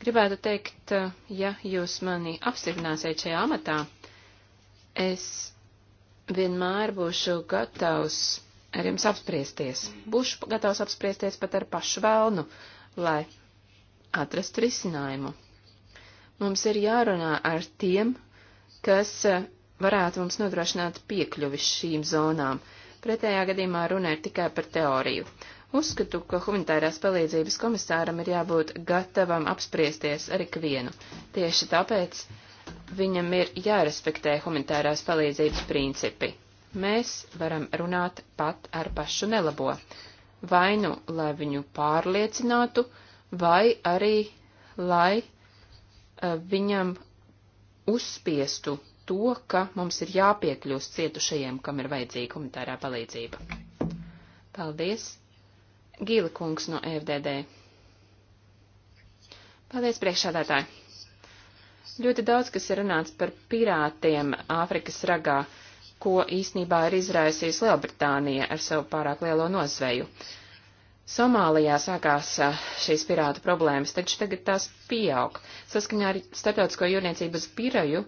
Gribētu teikt, eh, ja jūs mani apstiprināsiet šajā amatā, es vienmēr būšu gatavs ar jums apspriesties. Būšu gatavs apspriesties pat ar pašu vēlnu, lai atrastu risinājumu. Mums ir jārunā ar tiem, kas eh, varētu mums nodrošināt piekļuvi šīm zonām. Pretējā gadījumā runa ir tikai par teoriju. Uzskatu, ka humanitārās palīdzības komisāram ir jābūt gatavam apspriesties ar ikvienu. Tieši tāpēc viņam ir jārespektē humanitārās palīdzības principi. Mēs varam runāt pat ar pašu nelabo, vai nu, lai viņu pārliecinātu, vai arī, lai uh, viņam uzspiestu to, ka mums ir jāpiekļūst cietušajiem, kam ir vajadzīga humanitārā palīdzība. Paldies! Gīla kungs no FDD. Paldies, priekšādātāji! Ļoti daudz, kas ir runāts par pirātiem Āfrikas ragā, ko īsnībā ir izraisījis Lielbritānija ar savu pārāk lielo nozveju. Somālijā sākās šīs pirātu problēmas, taču tagad tās pieaug. Saskaņā ar starptautisko jūrniecības biroju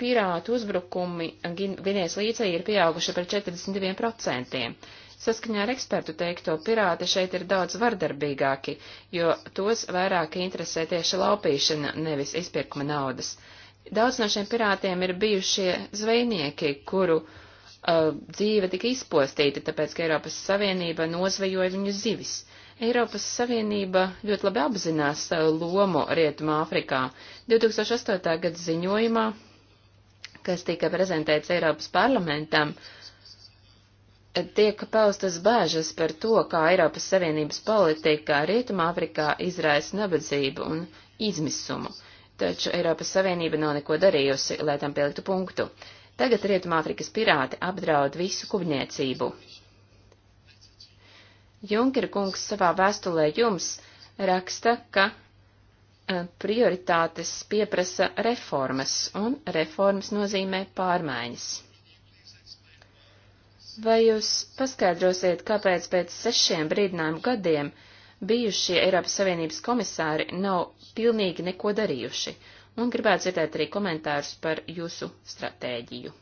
pirātu uzbrukumi Gvinējas līcī ir pieauguši par 42%. Saskaņā ar ekspertu teikto, pirāti šeit ir daudz vardarbīgāki, jo tos vairāk interesē tieši laupīšana, nevis izpirkuma naudas. Daudz no šiem pirātiem ir bijušie zvejnieki, kuru uh, dzīve tika izpostīta, tāpēc, ka Eiropas Savienība nozvejoja viņu zivis. Eiropas Savienība ļoti labi apzinās savu lomu Rietumā Afrikā. 2008. gada ziņojumā, kas tika prezentēts Eiropas parlamentam, uh, tiek paustas bāžas par to, kā Eiropas Savienības politika Rietumāfrikā izraisa nabadzību un izmisumu, taču Eiropas Savienība nav neko darījusi, lai tam pieliktu punktu. Tagad Rietumāfrikas pirāti apdraud visu kuģniecību. Junkera kungs savā vēstulē jums raksta, ka e, prioritātes pieprasa reformas, un reformas nozīmē pārmaiņas. Vai jūs paskaidrosiet, kāpēc pēc sešiem brīdinājumu gadiem bijušie Eiropas Savienības komisāri nav pilnīgi neko darījuši? Un gribētu dzirdēt arī komentārus par jūsu stratēģiju.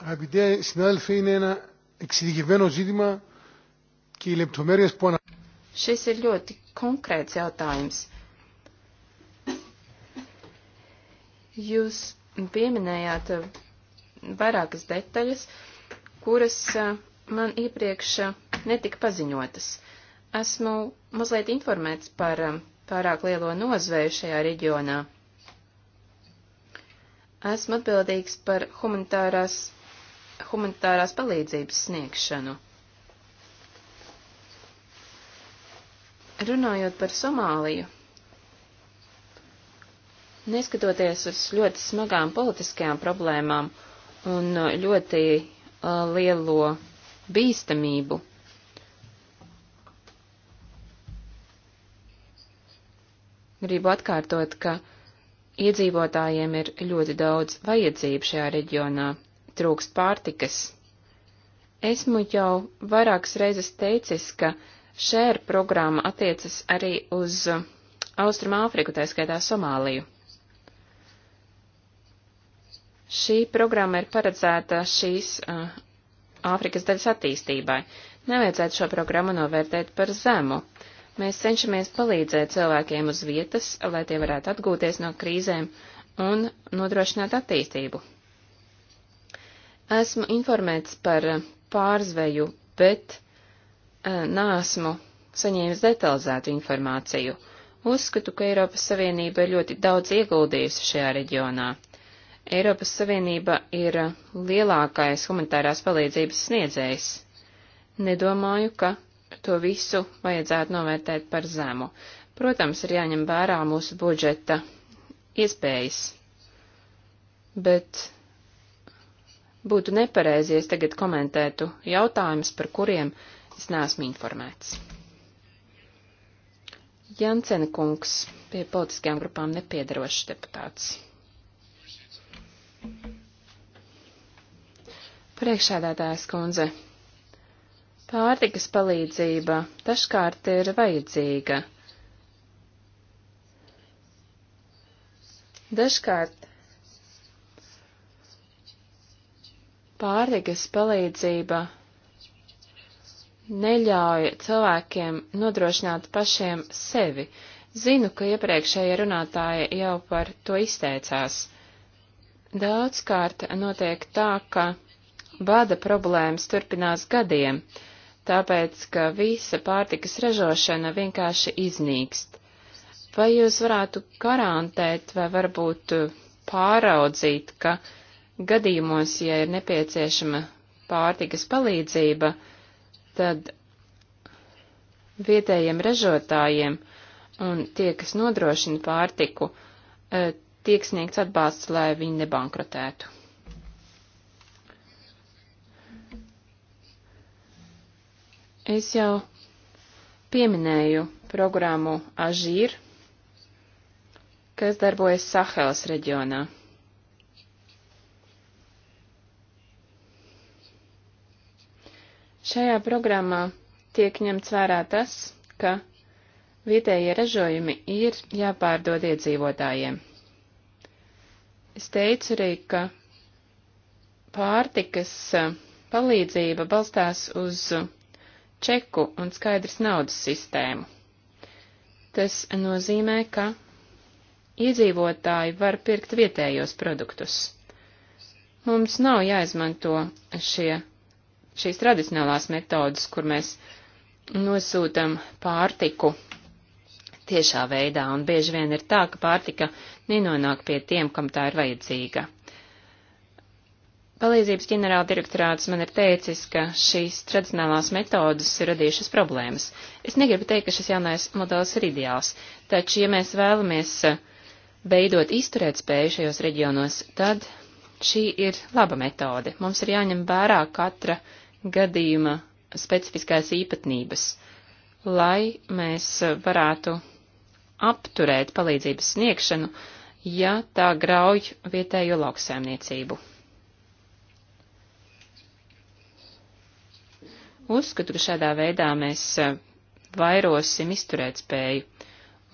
Αγαπητέ συνάδελφοι, είναι ένα εξειδικευμένο ζήτημα και οι λεπτομέρειες που ανα... Šis ir ļoti konkrēts jautājums. Jūs pieminējāt eh, vairākas detaļas, kuras eh, man iepriekš eh, netika paziņotas. Esmu mazliet informēts par pārāk lielo nozvēju šajā reģionā. Esmu atbildīgs par humanitārās, humanitārās palīdzības sniegšanu. Runājot par Somāliju, Neskatoties uz ļoti smagām politiskajām problēmām un uh, ļoti uh, lielo bīstamību, gribu atkārtot, ka iedzīvotājiem ir ļoti daudz vajadzību šajā reģionā, trūkst pārtikas. Esmu jau vairākas reizes teicis, ka šēra programma attiecas arī uz uh, Austrumāfriku, tā skaitā Somāliju. Šī programma ir paredzēta šīs uh, Āfrikas uh, daļas attīstībai. Nevajadzētu šo programmu novērtēt par zemu. Mēs cenšamies palīdzēt cilvēkiem uz vietas, lai tie varētu atgūties no krīzēm un nodrošināt attīstību. Esmu informēts par uh, pārzveju, bet uh, nāsmu saņēmis detalizētu informāciju. Uzskatu, ka Eiropas Savienība ir ļoti daudz ieguldījusi šajā reģionā. Eiropas Savienība ir lielākais humanitārās palīdzības sniedzējs. Nedomāju, ka to visu vajadzētu novērtēt par zemu. Protams, ir jāņem vērā mūsu budžeta iespējas, bet būtu nepareizi, ja es tagad komentētu jautājumus, par kuriem es neesmu informēts. Jansena kungs pie politiskajām grupām nepiedarošs deputāts. Priekšādātājs kundze, pārtikas palīdzība dažkārt ir vajadzīga. Dažkārt pārtikas palīdzība neļauj cilvēkiem nodrošināt pašiem sevi. Zinu, ka iepriekšējie runātāji jau par to izteicās. Daudzkārt notiek tā, ka bada problēmas turpinās gadiem, tāpēc, ka visa pārtikas ražošana vienkārši iznīkst. Vai jūs varētu garantēt vai varbūt pāraudzīt, ka gadījumos, ja ir nepieciešama pārtikas palīdzība, tad vietējiem ražotājiem un tie, kas nodrošina pārtiku, eh, tiek sniegts atbalsts, lai viņi nebankrotētu. Es jau pieminēju programmu Ažīr, kas darbojas Sahelas reģionā. Šajā programmā tiek ņemts vērā tas, ka vietējie ražojumi ir jāpārdod iedzīvotājiem. Es teicu arī, ka pārtikas eh, palīdzība balstās uz čeku un skaidrs naudas sistēmu. Tas nozīmē, ka iedzīvotāji var pirkt vietējos produktus. Mums nav jāizmanto šie, šīs tradicionālās metodas, kur mēs nosūtam pārtiku tiešā veidā, un bieži vien ir tā, ka pārtika nenonāk pie tiem, kam tā ir vajadzīga. Palīdzības ģenerāla direktorāts man ir teicis, ka šīs tradicionālās metodas ir radījušas problēmas. Es negribu teikt, ka šis jaunais modelis ir ideāls, taču, ja mēs vēlamies eh, beidot izturēt spēju šajos reģionos, tad šī ir laba metode. Mums ir jāņem vērā katra gadījuma specifiskās īpatnības, lai mēs eh, varētu apturēt palīdzības sniegšanu ja tā grauj vietējo lauksaimniecību. Uzskatu, ka šādā veidā mēs e, vairosim izturēt spēju,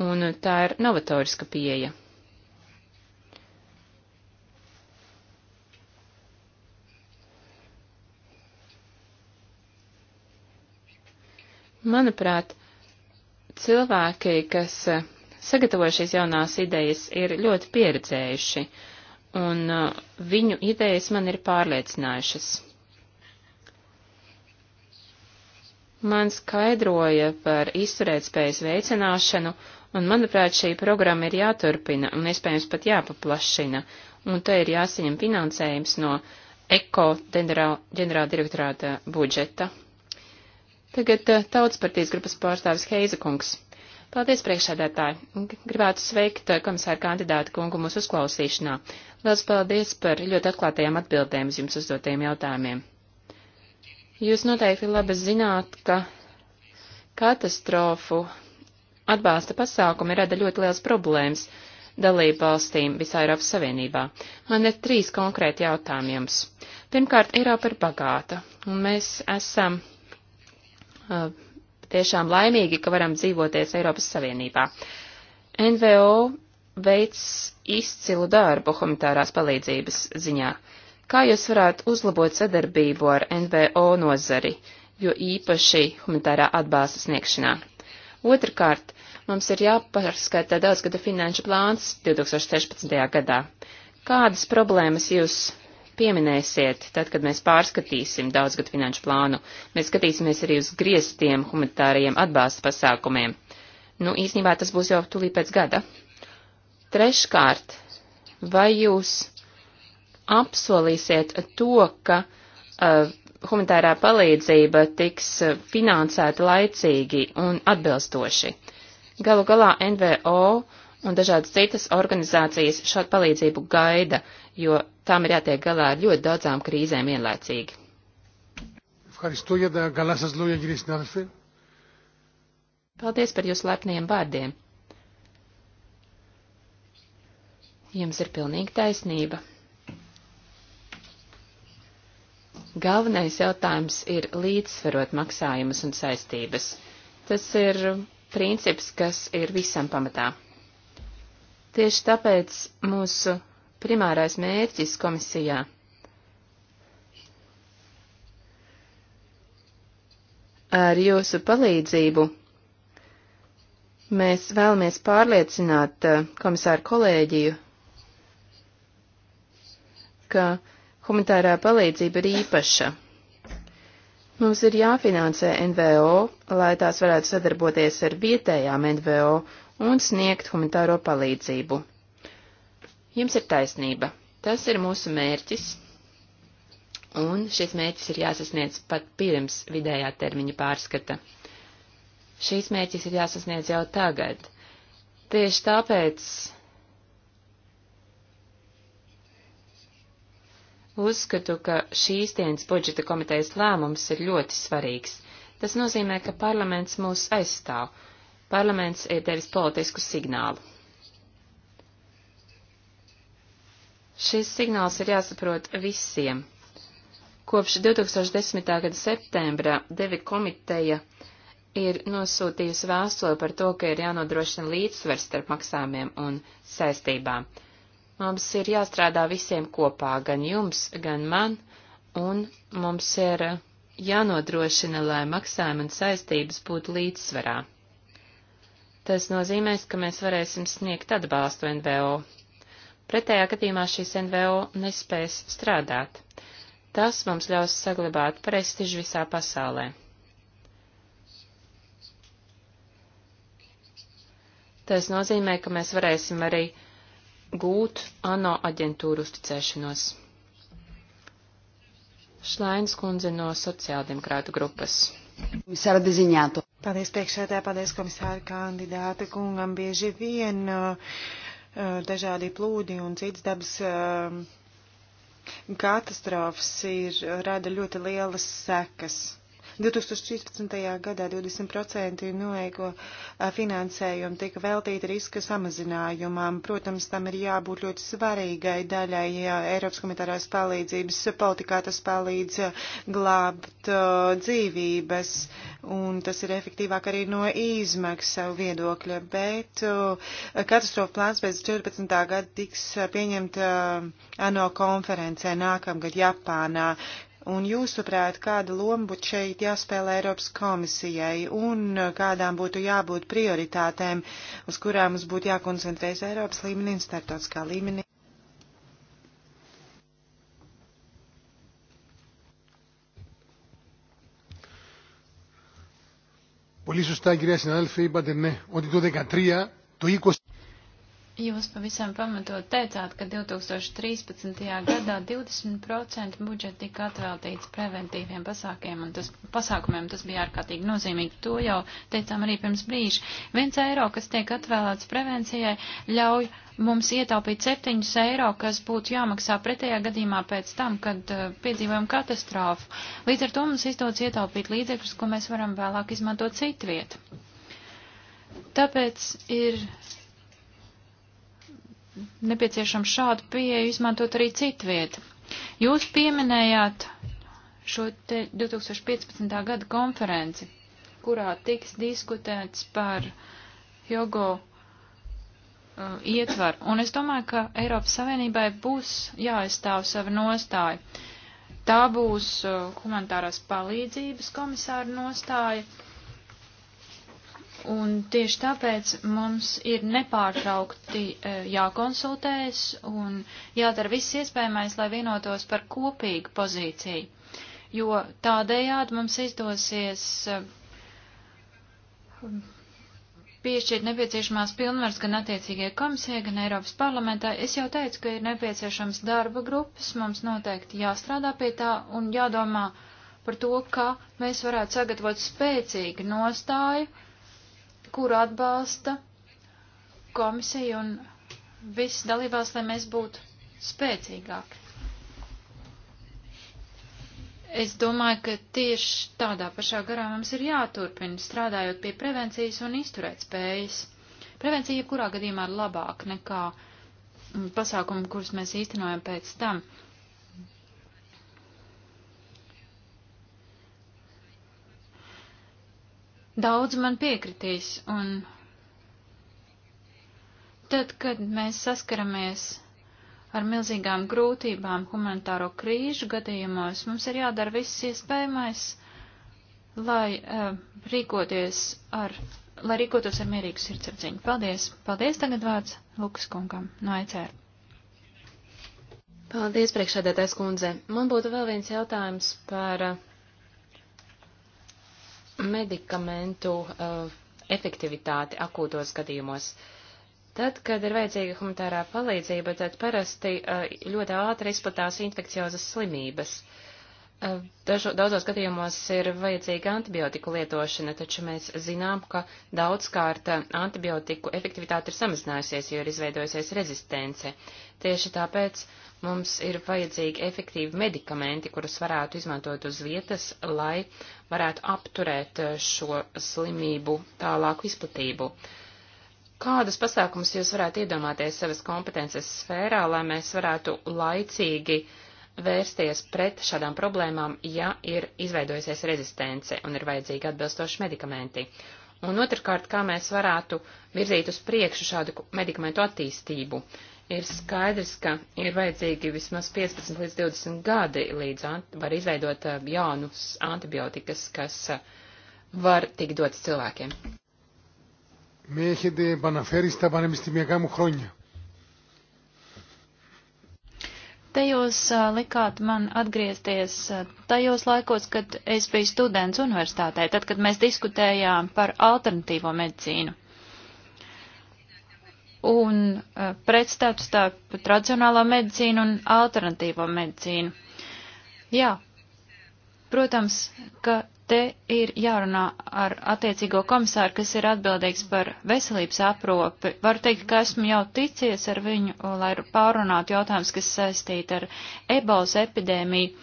un tā ir novatoriska pieeja. Manuprāt, cilvēki, kas e, sagatavoja šīs jaunās idejas, ir ļoti pieredzējuši, un uh, viņu idejas man ir pārliecinājušas. Man skaidroja par izturētspējas veicināšanu, un manuprāt, šī programma ir jāturpina un iespējams pat jāpaplašina, un te ir jāsaņem finansējums no ECO ģenerāldirektorāta budžeta. Tagad uh, tautas partijas grupas pārstāvis Heiza kungs. Paldies, priekšsēdētāji. Gribētu sveikt komisāru kandidātu kungu mūsu uzklausīšanā. Liels paldies par ļoti atklātajām atbildēm uz jums uzdotajiem jautājumiem. Jūs noteikti labi zināt, ka katastrofu atbalsta pasākumi rada ļoti liels problēmas dalību valstīm visā Eiropas Savienībā. Man ir trīs konkrēti jautājumi jums. Pirmkārt, Eiropa ir bagāta, un mēs esam uh, tiešām laimīgi, ka varam dzīvoties Eiropas Savienībā. NVO veic izcilu darbu humanitārās palīdzības ziņā. Kā jūs varētu uzlabot sadarbību ar NVO nozari, jo īpaši humanitārā atbalsta sniegšanā? Otrakārt, mums ir jāpārskata daudzgada finanšu plāns 2016. gadā. Kādas problēmas jūs pieminēsiet, tad, kad mēs pārskatīsim daudzgad finanšu plānu. Mēs skatīsimies arī uz grieztiem humanitārajiem atbalsta pasākumiem. Nu, īsnībā tas būs jau tulī pēc gada. Treškārt, vai jūs apsolīsiet to, ka uh, humanitārā palīdzība tiks uh, finansēta laicīgi un atbilstoši? Galu galā NVO uh, un dažādas citas organizācijas šādu palīdzību gaida, jo tām ir jātiek galā ar ļoti daudzām krīzēm vienlaicīgi. Paldies par jūsu lepniem vārdiem. Jums ir pilnīga taisnība. Galvenais jautājums ir līdzsvarot maksājumus un saistības. Tas ir princips, kas ir visam pamatā. Tieši tāpēc mūsu primārais mērķis komisijā ar jūsu palīdzību mēs vēlamies pārliecināt eh, komisāru kolēģiju, ka humanitārā palīdzība ir īpaša. Mums ir jāfinansē NVO, lai tās varētu sadarboties ar vietējām NVO un sniegt humanitāro palīdzību. Jums ir taisnība. Tas ir mūsu mērķis, un šis mērķis ir jāsasniedz pat pirms vidējā termiņa pārskata. Šīs mērķis ir jāsasniedz jau tagad. Tieši tāpēc uzskatu, ka šīs dienas budžeta komitejas lēmums ir ļoti svarīgs. Tas nozīmē, ka parlaments mūs aizstāv parlaments ir devis politisku signālu. Šis signāls ir jāsaprot visiem. Kopš 2010. gada septembra devi komiteja ir nosūtījusi vēstuli par to, ka ir jānodrošina līdzsvers starp maksājumiem un saistībām. Mums ir jāstrādā visiem kopā, gan jums, gan man, un mums ir jānodrošina, lai maksājumi un saistības būtu līdzsvarā. Tas nozīmēs, ka mēs varēsim sniegt atbalstu NVO. Pretējā gadījumā šīs NVO nespēs strādāt. Tas mums ļaus saglabāt prestižu visā pasaulē. Tas nozīmē, ka mēs varēsim arī gūt ANO aģentūru uzticēšanos. Šlains kundze no sociāldemokrātu grupas. Sara Deziņāto. Paldies priekšētā, paldies komisāra kandidāta kungam. Bieži vien uh, uh, dažādi plūdi un cits dabas uh, katastrofas ir, rada ļoti lielas sekas. 2013. gadā 20% noeiko finansējumu tika veltīta riska samazinājumam. Protams, tam ir jābūt ļoti svarīgai daļai ja Eiropas komitārās palīdzības politikā. Tas palīdz glābt dzīvības, un tas ir efektīvāk arī no izmaksu viedokļa. Bet katastrofa plāns pēc 14. gada tiks pieņemta ANO konferencē nākamgad Japānā Un jūsuprāt, kāda loma būtu šeit jāspēlē Eiropas komisijai un kādām būtu jābūt prioritātēm, uz kurām mums būtu jākoncentrējas Eiropas līmenī un starptautiskā līmenī? Πολύ σωστά κυρία συνάδελφε είπατε ναι, ότι το 2013 το 20... Jūs pavisam pamatot teicāt, ka 2013. gadā 20% budžeta tika atvēltīts preventīviem pasākiem, un tas, pasākumiem tas bija ārkārtīgi nozīmīgi. To jau teicām arī pirms brīža. Viens eiro, kas tiek atvēlēts prevencijai, ļauj mums ietaupīt 7 eiro, kas būtu jāmaksā pretējā gadījumā pēc tam, kad uh, piedzīvojam katastrofu. Līdz ar to mums izdodas ietaupīt līdzekļus, ko mēs varam vēlāk izmantot citviet. Tāpēc ir nepieciešams šādu pieeju izmantot arī citviet. Jūs pieminējāt šo 2015. gada konferenci, kurā tiks diskutēts par jogo uh, ietvaru. Un es domāju, ka Eiropas Savienībai būs jāaizstāv sava nostāja. Tā būs uh, humanitārās palīdzības komisāra nostāja. Uh, Un tieši tāpēc mums ir nepārtraukti e, jākonsultējas un jādara viss iespējamais, lai vienotos par kopīgu pozīciju, jo tādējādi mums izdosies e, piešķirt nepieciešamās pilnvaras gan attiecīgajai komisijai, gan Eiropas parlamentā. Es jau teicu, ka ir nepieciešams darba grupas, mums noteikti jāstrādā pie tā un jādomā par to, kā mēs varētu sagatavot spēcīgu nostāju, kur atbalsta komisija un visas dalībās, lai mēs būtu spēcīgāki. Es domāju, ka tieši tādā pašā garā mums ir jāturpina strādājot pie prevencijas un izturēt spējas. Prevencija jebkurā gadījumā ir labāka nekā pasākumi, kurus mēs īstenojam pēc tam. Uh, Daudz man piekritīs, un tad, kad mēs saskaramies ar milzīgām grūtībām humanitāro krīžu gadījumos, mums ir jādara viss iespējamais, lai uh, rīkoties ar, lai rīkotos ar mierīgu sirdsapziņu. Paldies! Paldies tagad vārds Lukas kungam no ECR. Paldies, priekšādētājs kundze. Man būtu vēl viens jautājums par uh, medikamentu uh, efektivitāti akūtos gadījumos. Tad, kad ir vajadzīga humanitārā palīdzība, tad parasti uh, ļoti ātri izplatās infekciozas slimības. Uh, Dažu, daudzos gadījumos ir vajadzīga antibiotiku lietošana, taču mēs zinām, ka daudzkārt antibiotiku efektivitāte ir samazinājusies, jo ir izveidojusies rezistence. Tieši tāpēc mums ir vajadzīgi efektīvi medikamenti, kurus varētu izmantot uz vietas, lai varētu apturēt šo slimību tālāku izplatību. Kādus pasākumus jūs varētu iedomāties savas kompetences sfērā, lai mēs varētu laicīgi uh, vērsties pret šādām problēmām, ja ir izveidojusies rezistence un ir vajadzīgi atbilstoši medikamenti. Un otrkārt, kā mēs varētu virzīt uz priekšu šādu medikamentu attīstību. Ir skaidrs, ka ir vajadzīgi vismaz 15 līdz 20 gadi, līdz var izveidot eh, jaunus antibiotikas, kas eh, var tikt dotas cilvēkiem. Με έχετε επαναφέρει στα πανεπιστημιακά μου χρόνια. Te jūs likāt man atgriezties tajos laikos, kad es biju students universitātē, tad, kad mēs diskutējām par alternatīvo medicīnu. Un pretstāps starp tradicionālā medicīnu un alternatīvo medicīnu. Jā, protams, ka Te ir jārunā ar attiecīgo komisāru, kas ir atbildīgs par veselības apropi. Varu teikt, ka esmu jau ticies ar viņu, lai pārunātu jautājumus, kas saistīti ar ebolas epidēmiju.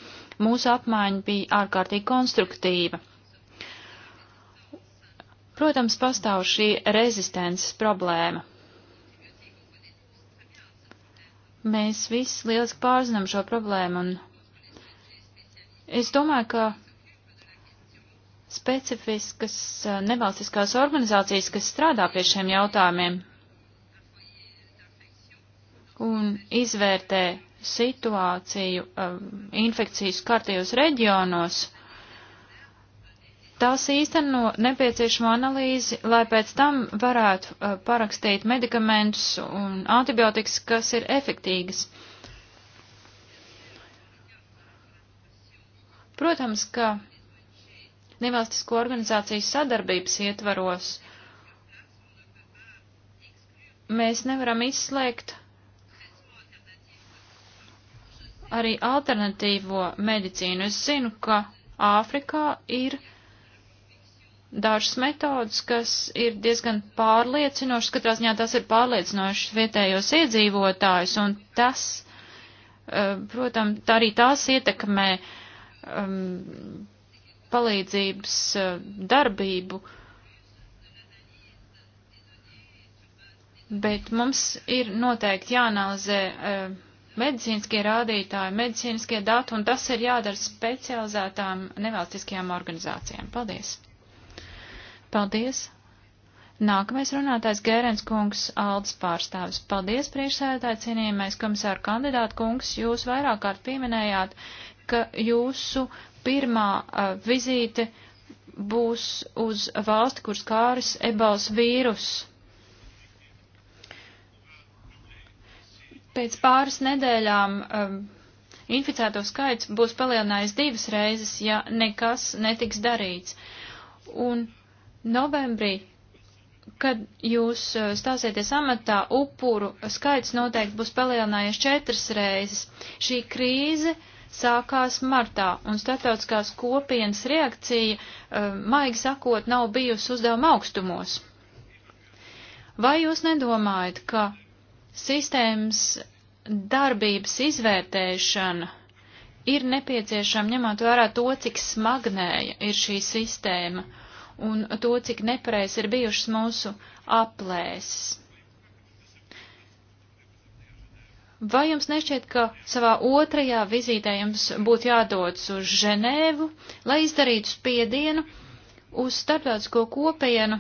Mūsu apmaiņa bija ārkārtīgi konstruktīva. Protams, pastāv šī rezistences problēma. Mēs visi lieliski pārzinām šo problēmu, un es domāju, ka specifiskas eh, nevalstiskās organizācijas, kas strādā pie šiem jautājumiem un izvērtē situāciju um, infekcijas kārtījos reģionos, tās īsteno nepieciešamo analīzi, lai pēc tam varētu uh, parakstīt medikamentus un antibiotikas, kas ir efektīgas. Protams, ka nevalstisko organizāciju sadarbības ietvaros. Mēs nevaram izslēgt arī alternatīvo medicīnu. Es zinu, ka Āfrikā ir dažas metodas, kas ir diezgan pārliecinošas, katrā ziņā tas ir pārliecinošas vietējos iedzīvotājus, un tas, eh, protams, tā arī tās ietekmē um, palīdzības eh, darbību, bet mums ir noteikti jāanalizē eh, medicīniskie rādītāji, medicīniskie dati, un tas ir jādara specializētām nevalstiskajām organizācijām. Paldies! Paldies! Nākamais runātājs Gērens kungs, Aldis pārstāvis. Paldies, priekšsēdētāji, cienījamais komisāru kandidātu kungs, jūs vairāk kārt pieminējāt, ka jūsu pirmā uh, vizīte būs uz valsti, kur skāris ebals vīrus. Pēc pāris nedēļām um, inficēto skaits būs palielinājies divas reizes, ja nekas netiks darīts. Un novembrī, kad jūs uh, stāsieties amatā, upuru skaits noteikti būs palielinājies četras reizes. Šī krīze uh, sākās martā, un starptautiskās kopienas reakcija, eh, maigi sakot, nav bijusi uzdevuma augstumos. Vai jūs nedomājat, ka sistēmas darbības izvērtēšana ir nepieciešama ņemot vērā to, cik smagnēja ir šī sistēma un to, cik nepareiz ir bijušas mūsu aplēses. Vai jums nešķiet, ka savā otrajā vizītē jums būtu jādodas uz Ženēvu, lai izdarītu spiedienu uz starptautisko kopienu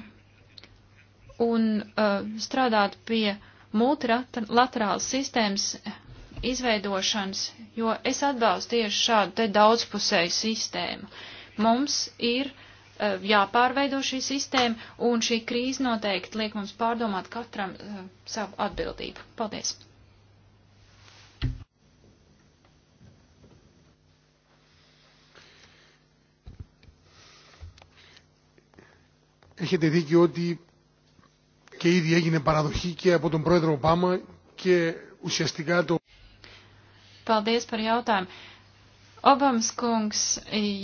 un uh, strādāt pie multilaterālas sistēmas izveidošanas, jo es atbalstu tieši šādu te daudzpusēju sistēmu. Mums ir uh, jāpārveido šī sistēma, un šī krīze noteikti liek mums pārdomāt katram uh, savu atbildību. Paldies! έχετε δίκιο ότι και ήδη έγινε παραδοχή και από τον πρόεδρο Ομπάμα και ουσιαστικά το... Paldies par jautājumu. Obams kungs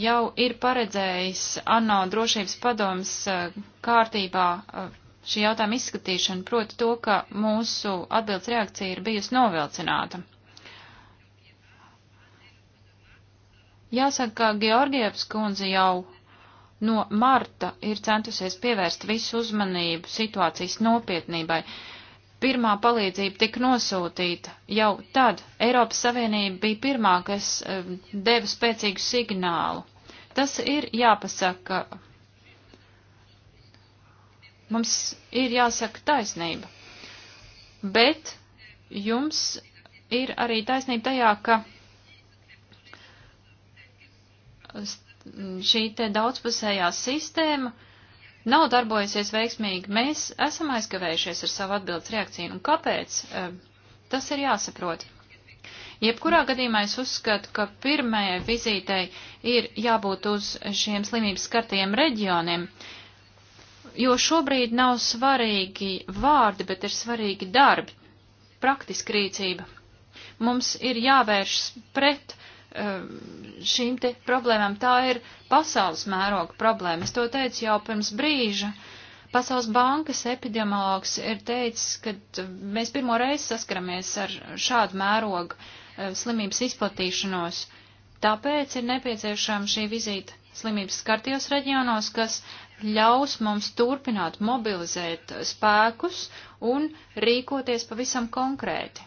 jau ir paredzējis ANO drošības padomas eh, kārtībā eh, šī jautājuma izskatīšanu, proti to, ka mūsu atbildes reakcija ir bijusi novilcināta. Jāsaka, ka Georgievs kundze jau no marta ir centusies pievērst visu uzmanību situācijas nopietnībai. Pirmā palīdzība tika nosūtīta jau tad. Eiropas Savienība bija pirmā, kas um, deva spēcīgu signālu. Tas ir jāpasaka. Mums ir jāsaka taisnība. Bet jums ir arī taisnība tajā, ka šī te daudzpusējā sistēma nav darbojusies veiksmīgi. Mēs esam aizkavējušies ar savu atbildes reakciju. Un kāpēc? E, tas ir jāsaprot. Jebkurā gadījumā es uzskatu, ka pirmajai vizītei ir jābūt uz šiem slimības skartajiem reģioniem, jo šobrīd nav svarīgi vārdi, bet ir svarīgi darbi, praktiska rīcība. Mums ir jāvēršas pret uh, Um, šīm te problēmām. Tā ir pasaules mēroga problēma. Es to teicu jau pirms brīža. Pasaules bankas epidemiologs ir teicis, ka uh, mēs pirmo reizi saskaramies ar šādu mērogu uh, slimības izplatīšanos. Tāpēc ir nepieciešama šī vizīte slimības skartajos reģionos, kas ļaus mums turpināt mobilizēt spēkus un rīkoties pavisam konkrēti.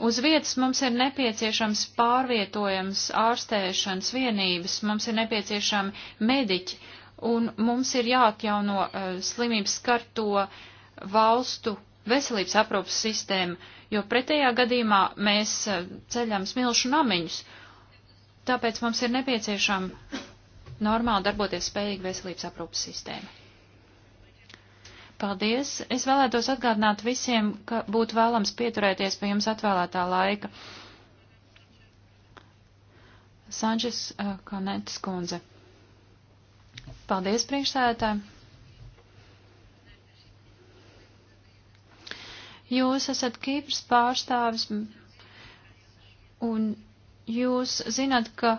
Uz vietas mums ir nepieciešams pārvietojams ārstēšanas vienības, mums ir nepieciešami mediķi, un mums ir jāatjauno uh, slimības skarto valstu veselības aprūpas sistēmu, jo pretējā gadījumā mēs uh, ceļam smilšu namiņus. Tāpēc mums ir nepieciešama normāli darboties spējīga veselības aprūpas sistēma. Paldies! Es vēlētos atgādināt visiem, ka būtu vēlams pieturēties pie jums atvēlētā laika. Sančes uh, Kanetes kundze. Paldies, priekšsēdētāji! Jūs esat Kīpras pārstāvis un jūs zināt, ka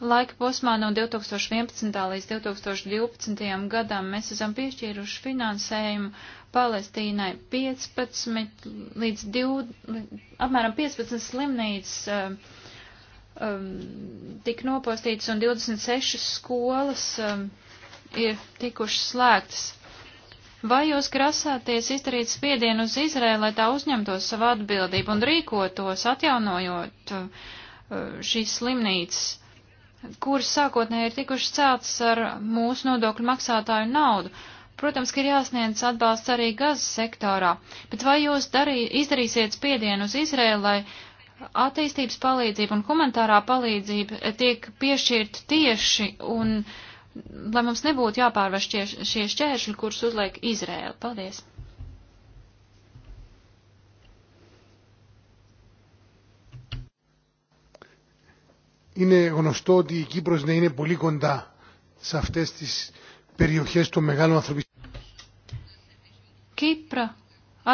Laika posmā no 2011. līdz 2012. gadam mēs esam piešķīruši finansējumu Palestīnai 15 līdz 20, apmēram 15 slimnīcas um, um, tik nopostītas un 26 skolas um, ir tikušas slēgtas. Vai jūs grasāties izdarīt spiedienu uz Izrēlu, lai tā uzņemtos savu atbildību un rīkotos, atjaunojot uh, šīs slimnīcas? kuras sākotnēji ir tikušas celtas ar mūsu nodokļu maksātāju naudu. Protams, ka ir jāsniedz atbalsts arī gazas sektorā, bet vai jūs darī, izdarīsiet spiedienu uz Izrēlu, lai attīstības palīdzība un humanitārā palīdzība tiek piešķirta tieši un lai mums nebūtu jāpārvar šie šķēršļi, kurus uzliek Izrēla? Paldies! είναι γνωστό ότι η Κύπρος να είναι πολύ κοντά σε αυτές τις περιοχές των μεγάλων ανθρωπιστικών. Kipra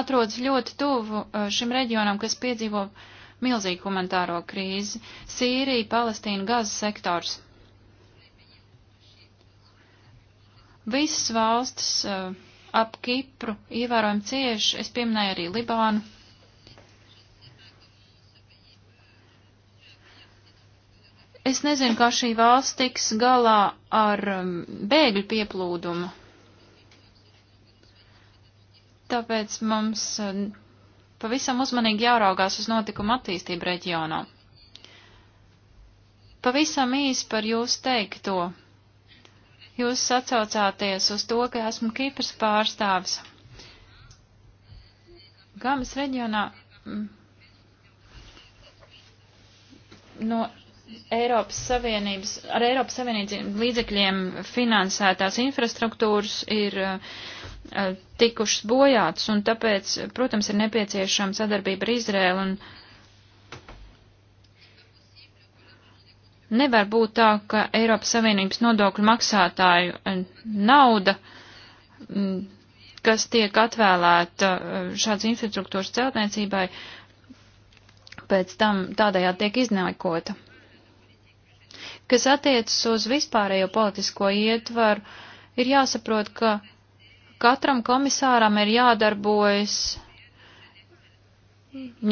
atrodas ļoti tuvu uh, šim reģionam, kas piedzīvo milzīgu humanitāro krīzi - Sīrija, Palestīna, Gazas sektors. Visas valstis uh, ap Kipru ievērojami cieši, es pieminēju arī Libānu. Es nezinu, kā šī valsts tiks galā ar um, bēgļu pieplūdumu. Tāpēc mums um, pavisam uzmanīgi jāraugās uz notikumu attīstību reģionā. Pavisam īsi par jūsu teikto. Jūs sacaucāties uz to, ka esmu Kipras pārstāvis. Gamas reģionā mm, no Eiropas Savienības, ar Eiropas Savienības līdzekļiem finansētās infrastruktūras ir uh, tikušas bojātas, un tāpēc, protams, ir nepieciešama sadarbība ar Izrēlu, un nevar būt tā, ka Eiropas Savienības nodokļu maksātāju eh, nauda, mm, kas tiek atvēlēta šādas infrastruktūras celtniecībai, pēc tam tādējādi tiek iznaikota. Kas attiecas uz vispārējo politisko ietvaru, ir jāsaprot, ka katram komisāram ir jādarbojas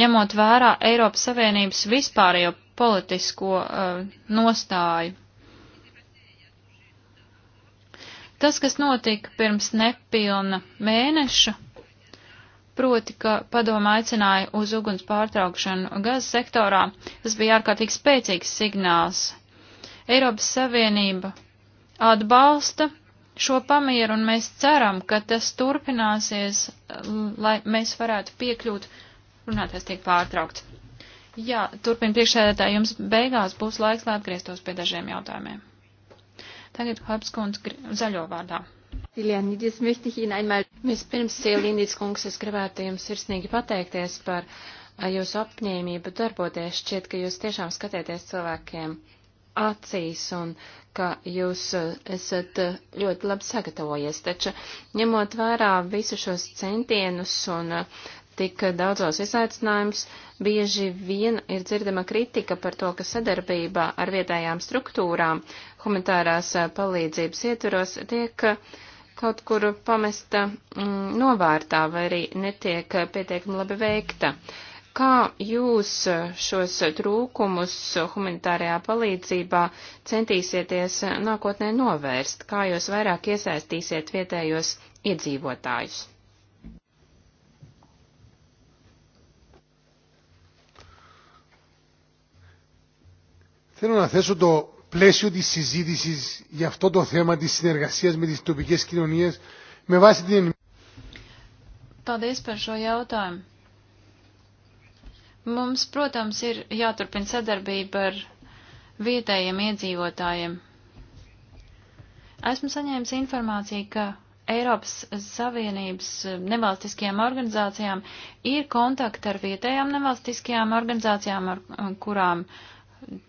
ņemot vērā Eiropas Savienības vispārējo politisko uh, nostāju. Tas, kas notika pirms nepilna mēneša, proti, ka padoma aicināja uz uguns pārtraukšanu gazas sektorā, tas bija ārkārtīgi spēcīgs signāls Eiropas Savienība atbalsta šo pamieru un mēs ceram, ka tas turpināsies, lai mēs varētu piekļūt, runātais tiek pārtraukts. Jā, turpin priekšsēdētāji, jums beigās būs laiks, lai atgrieztos pie dažiem jautājumiem. Tagad Habskunds zaļo vārdā. Siljanīdis, möchte ich Ihnen einmal. Vispirms, Siljanīdis kungs, es gribētu jums sirsnīgi pateikties par jūsu apņēmību darboties. Šķiet, ka jūs tiešām skatieties cilvēkiem acīs un ka jūs eh, esat eh, ļoti labi sagatavojies, taču ņemot vērā visu šos centienus un eh, tik daudzos izaicinājumus, bieži vien ir dzirdama kritika par to, ka sadarbība ar vietējām struktūrām humanitārās palīdzības ietveros tiek kaut kur pamesta mm, novārtā vai arī netiek pietiekami labi veikta. Uh, Kā jūs šos trūkumus humanitārajā palīdzībā centīsieties nākotnē novērst? Kā jūs vairāk iesaistīsiet vietējos iedzīvotājus? Θέλω να θέσω το πλαίσιο της συζήτησης για αυτό το θέμα της συνεργασίας με τις τοπικές κοινωνίες με βάση την... Paldies par šo jautājumu. Mums, protams, ir jāturpina sadarbība ar vietējiem iedzīvotājiem. Esmu saņēmis informāciju, ka Eiropas Savienības nevalstiskajām organizācijām ir kontakti ar vietējām nevalstiskajām organizācijām, ar kurām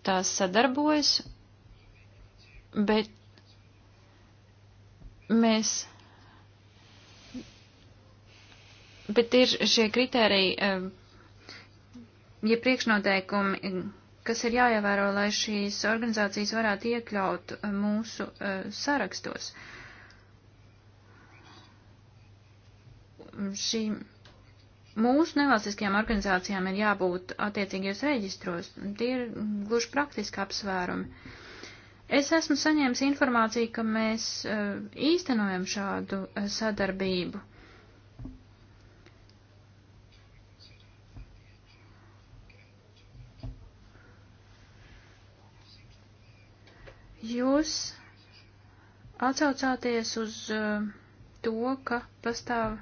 tās sadarbojas, bet mēs bet ir šie kriteriji eh, ja priekšnoteikumi, kas ir jāievēro, lai šīs organizācijas varētu iekļaut eh, mūsu uh, sarakstos. Šī mūsu nevalstiskajām organizācijām ir jābūt attiecīgajos reģistros. Tie ir gluži praktiski apsvērumi. Es esmu saņēmis informāciju, ka mēs uh, īstenojam šādu uh, sadarbību. Jūs atsaucāties uz eh, to, ka pastāv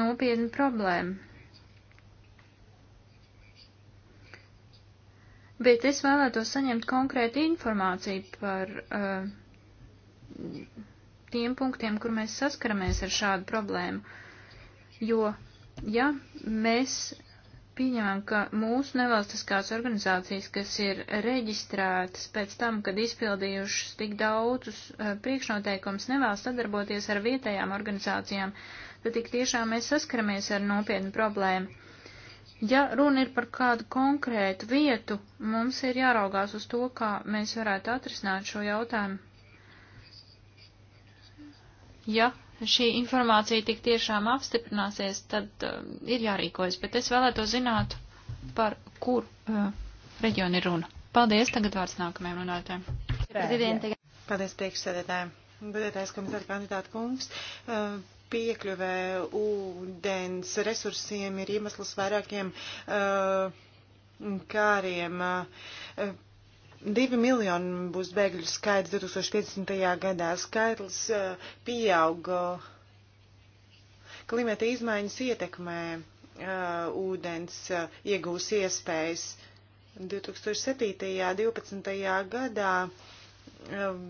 nopietna problēma. Bet es vēlētos saņemt konkrētu informāciju par uh, tiem punktiem, kur mēs saskaramies ar šādu problēmu. Jo, ja mēs pieņemam, ka mūsu nevalstiskās organizācijas, kas ir reģistrētas pēc tam, kad izpildījušas tik daudzus uh, eh, priekšnoteikums, nevēlas sadarboties ar vietējām organizācijām, tad tik tiešām mēs saskaramies ar nopietnu problēmu. Ja runa ir par kādu konkrētu vietu, mums ir jāraugās uz to, kā mēs varētu atrisināt šo jautājumu. Ja šī informācija tik tiešām apstiprināsies, tad uh, ir jārīkojas, bet es vēlētos zināt, par kur uh, reģionu ir runa. Paldies, tagad vārds nākamajam runātājiem. Paldies, priekšsēdētājiem. Budētājs komisāra kandidāta kungs. Uh, piekļuvē ūdens resursiem ir iemesls vairākiem uh, kāriem. Uh, Divi miljoni būs bēgļu skaits 2050. gadā. Skaitlis eh, pieauga eh, klimata izmaiņas ietekmē uh, ūdens uh, iegūs iespējas. 2007. 12. gadā um,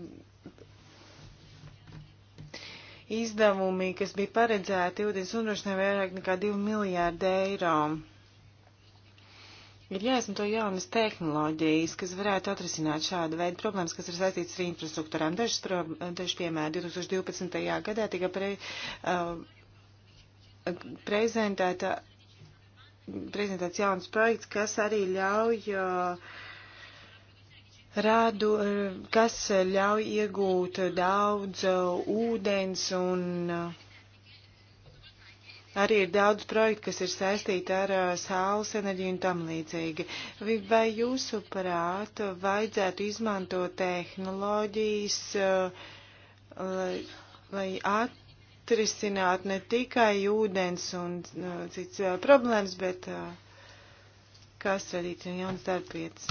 izdevumi, kas bija paredzēti ūdens nodrošināja vairāk nekā 2 miljārdi eiro. Ir jāizmanto jaunas tehnoloģijas, kas varētu atrisināt šādu veidu problēmas, kas ir saistītas ar infrastruktūrām. Dažas, pro, dažas piemēra 2012. gadā tika pre, uh, prezentēta, prezentēts jauns projekts, kas arī ļauj uh, rādu, uh, kas ļauj iegūt daudz uh, ūdens un uh, Arī ir daudz projektu, kas ir saistīti ar uh, saules enerģiju un tam līdzīgi. Vai jūsuprāt vajadzētu izmantot tehnoloģijas, uh, lai, lai atrisināt ne tikai ūdens un uh, cits uh, problēmas, bet uh, kas radīt jaunas darbvietas?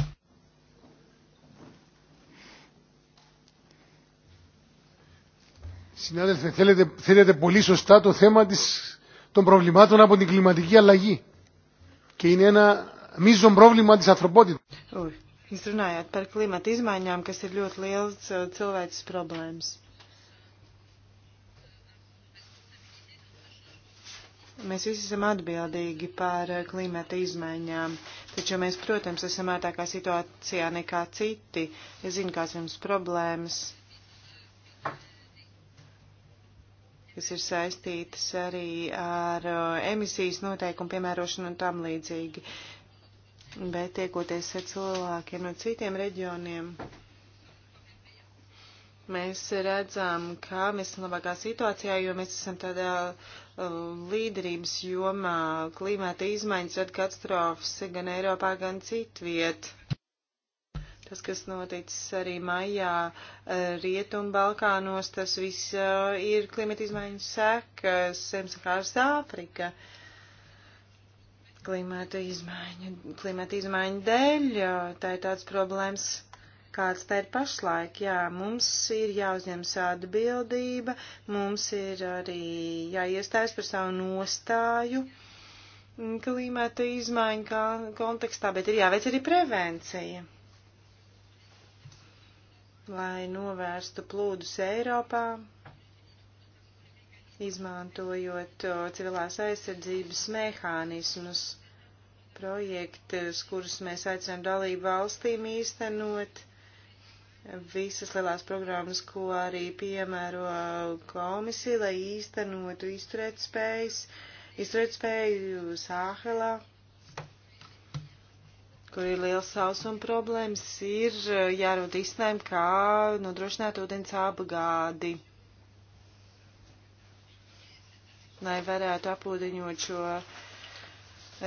Συνάδελφε, θέλετε, θέλετε πολύ σωστά το θέμα της των προβλημάτων από την κλιματική αλλαγή. Και είναι ένα μείζον πρόβλημα της ανθρωπότητας. Jūs runājāt par klimata izmaiņām, kas ir ļoti liels uh, cilvēks problēmas. Mēs visi esam atbildīgi par uh, klimata izmaiņām, taču mēs, protams, esam ārtākā situācijā nekā citi. Es zinu, kāds jums problēmas kas ir saistītas arī ar uh, emisijas noteikumu piemērošanu un tam līdzīgi. Bet tiekoties ar cilvēkiem no citiem reģioniem, mēs redzam, kā mēs esam labākā situācijā, jo mēs esam tādā uh, līderības jomā klimata izmaiņas rada katastrofas gan Eiropā, gan citviet. Tas, kas noticis arī maijā eh, Rietumbalkānos, tas viss eh, ir klimata izmaiņu sekas, Zemsakārs Āfrika. Klimata izmaiņu, klimata izmaiņu dēļ, eh, tā ir tāds problēmas, kāds tā ir pašlaik. Jā, mums ir jāuzņems atbildība, mums ir arī jāiestājas par savu nostāju klimata izmaiņu kontekstā, bet ir jāveic arī prevencija lai novērstu plūdus Eiropā, izmantojot civilās aizsardzības mehānismus, projektus, kurus mēs aicinām dalību valstīm īstenot, visas lielās programmas, ko arī piemēro komisija, lai īstenotu izturēt spējas, izturēt spēju Sāhelā kur ir liels sausuma problēmas, ir eh, jārod izsnēm, kā nodrošināt ūdens apgādi, lai varētu apūdeņot šo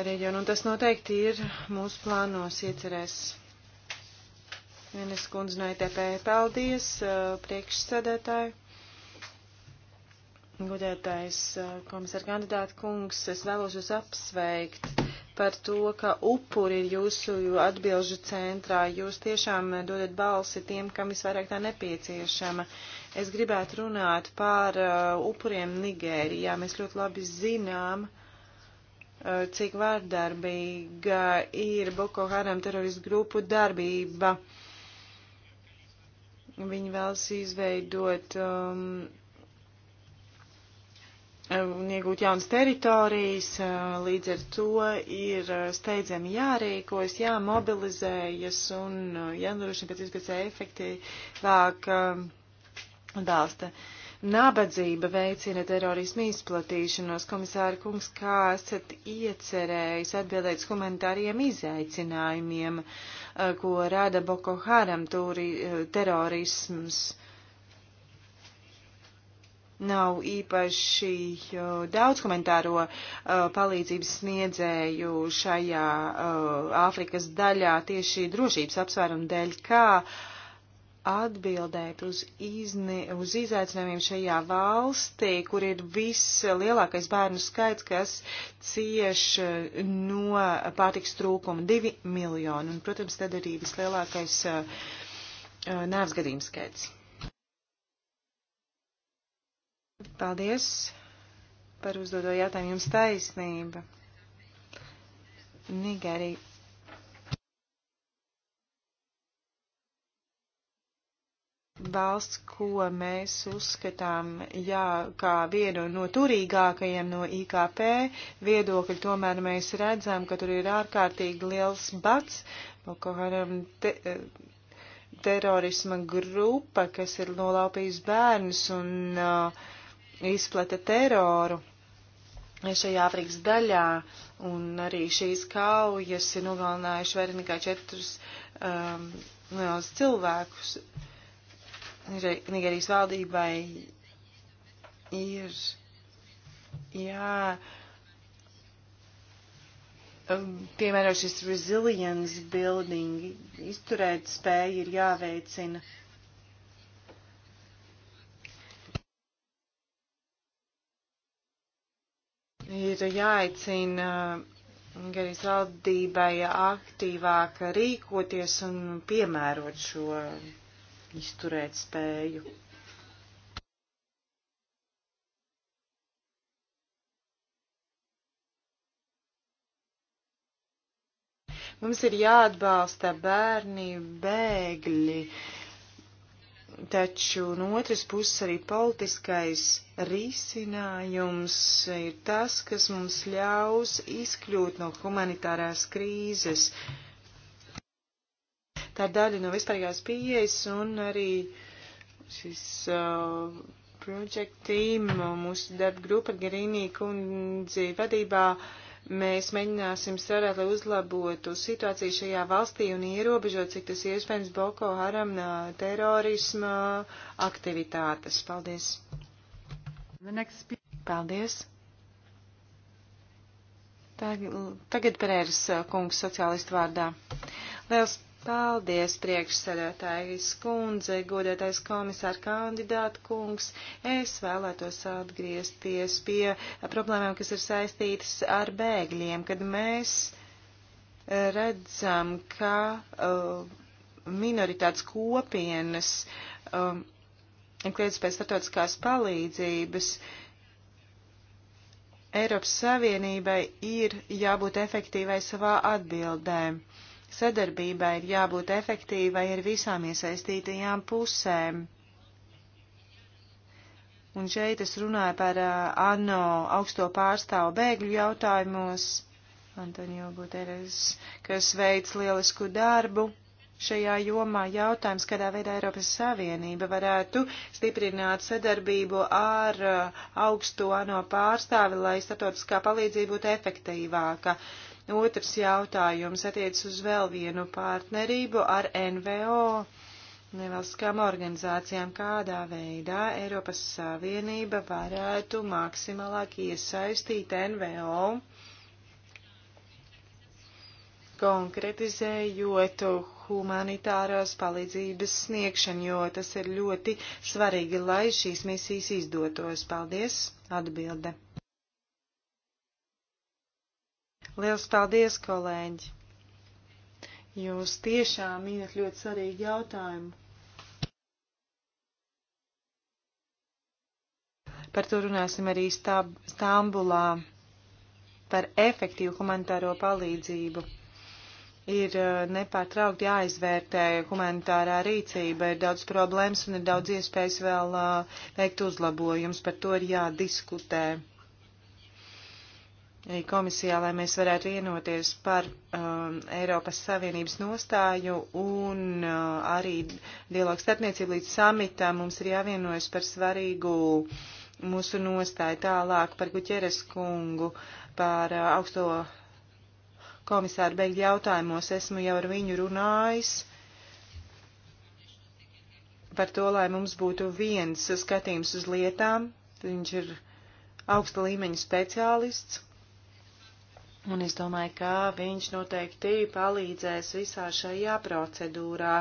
reģionu. Un tas noteikti ir mūsu plānos iecerēs. Vienas kundze no ITP, paldies, eh, priekšsēdētāji. Gudētais eh, komisāra kandidāta kungs, es vēlos jūs apsveikt par to, ka upuri ir jūsu atbilžu centrā. Jūs tiešām dodat balsi tiem, kam visvairāk tā nepieciešama. Es gribētu runāt par uh, upuriem Nigērijā. Mēs ļoti labi zinām, uh, cik vārdarbīga ir Boko Haram teroristu grupu darbība. Viņi vēlas izveidot um, Ehm, un iegūt jaunas teritorijas, ehm, līdz ar to ir ehm, steidzami jārīkojas, jāmobilizējas un jānodrošina pēc iespējas efektīvāk dāsta. Nabadzība veicina terorismu izplatīšanos. Komisāra kungs, kā esat iecerējis atbildēt uz humanitāriem izaicinājumiem, ko rada Boko Haram turi, terorisms? nav īpaši daudz komentāro uh, palīdzības sniedzēju šajā uh, Āfrikas daļā tieši drošības apsvērumu dēļ, kā atbildēt uz, izni, uz izaicinājumiem šajā valstī, kur ir vislielākais bērnu skaits, kas cieš uh, no pārtiks trūkuma - divi miljoni. Un, protams, tad arī vislielākais nāves gadījums skaits. Paldies par uzdodo jautājumu. Jums taisnība. Nigērija. Valsts, ko mēs uzskatām, jā, kā vienu no turīgākajiem no IKP viedokļa, tomēr mēs redzam, ka tur ir ārkārtīgi liels bats, Boko Haram te, eh, terorisma grupa, kas ir nolaupījis bērnus un uh, izplata teroru šajā Āfrikas daļā, un arī šīs kaujas ir nogalinājuši vairāk nekā četrus um, liels cilvēkus. Nigērijas valdībai ir, jā, um, piemēram, šis resilience building, izturēt spēju ir jāveicina. Uh, ir jāaicina Ungarijas uh, valdībai aktīvāk rīkoties un piemērot šo izturēt spēju. Mums ir jāatbalsta bērni, bēgļi. Uh, Taču no otras puses arī politiskais risinājums ir tas, kas mums ļaus izkļūt no humanitārās krīzes. Tā ir daļa no vispārīgās pieejas un arī šis uh, project team, mūsu darba grupa Garīnī kundzi vadībā uh, Mēs mēģināsim strādāt, lai uzlabotu situāciju šajā valstī un ierobežot, cik tas iespējams, Boko Haram terorisma aktivitātes. Paldies! Paldies! Tagad Pērērs kungs sociālistu vārdā. Liels Paldies, priekšsēdētājs kundze, godētais komisāra kandidāta kungs. Es vēlētos atgriezties pie problēmām, kas ir saistītas ar bēgļiem, kad mēs eh, redzam, ka uh, minoritātes kopienas uh, kliedz pēc startautiskās palīdzības. Eiropas Savienībai ir jābūt efektīvai savā atbildēm Sadarbībai ir jābūt efektīvai ar visām iesaistītajām pusēm. Un šeit es runāju par uh, ANO augsto pārstāvu bēgļu jautājumos, Antonio Guterres, kas veids lielisku darbu šajā jomā. Jautājums, kādā veidā Eiropas Savienība varētu stiprināt sadarbību ar uh, augsto ANO pārstāvi, lai statotiskā palīdzība būtu efektīvāka. Uh, Otrs jautājums attiec uz vēl vienu partnerību ar NVO nevalstiskām organizācijām, kādā veidā Eiropas Savienība varētu maksimālāk iesaistīt NVO, konkretizējot humanitāros palīdzības sniegšanu, jo tas ir ļoti svarīgi, lai šīs misijas izdotos. Paldies! Atbilde. Liels paldies, kolēģi! Jūs tiešām minat ļoti svarīgu jautājumu. Par to runāsim arī Stāb Stambulā, par efektīvu humanitāro palīdzību ir eh, nepārtraukti jāizvērtē humanitārā rīcība, ir daudz problēmas un ir daudz iespējas vēl eh, veikt uzlabojumus, par to ir jādiskutē komisijā, lai mēs varētu vienoties par um, Eiropas Savienības nostāju un uh, arī dialogu starpniecību līdz samitā mums ir jāvienojas par svarīgu mūsu nostāju tālāk par Guķeres kungu, par uh, augsto komisāru beigļu jautājumos. Esmu jau ar viņu runājis par to, lai mums būtu viens skatījums uz lietām. Viņš ir augsta līmeņa speciālists, Un es domāju, ka viņš noteikti palīdzēs visā šajā procedūrā,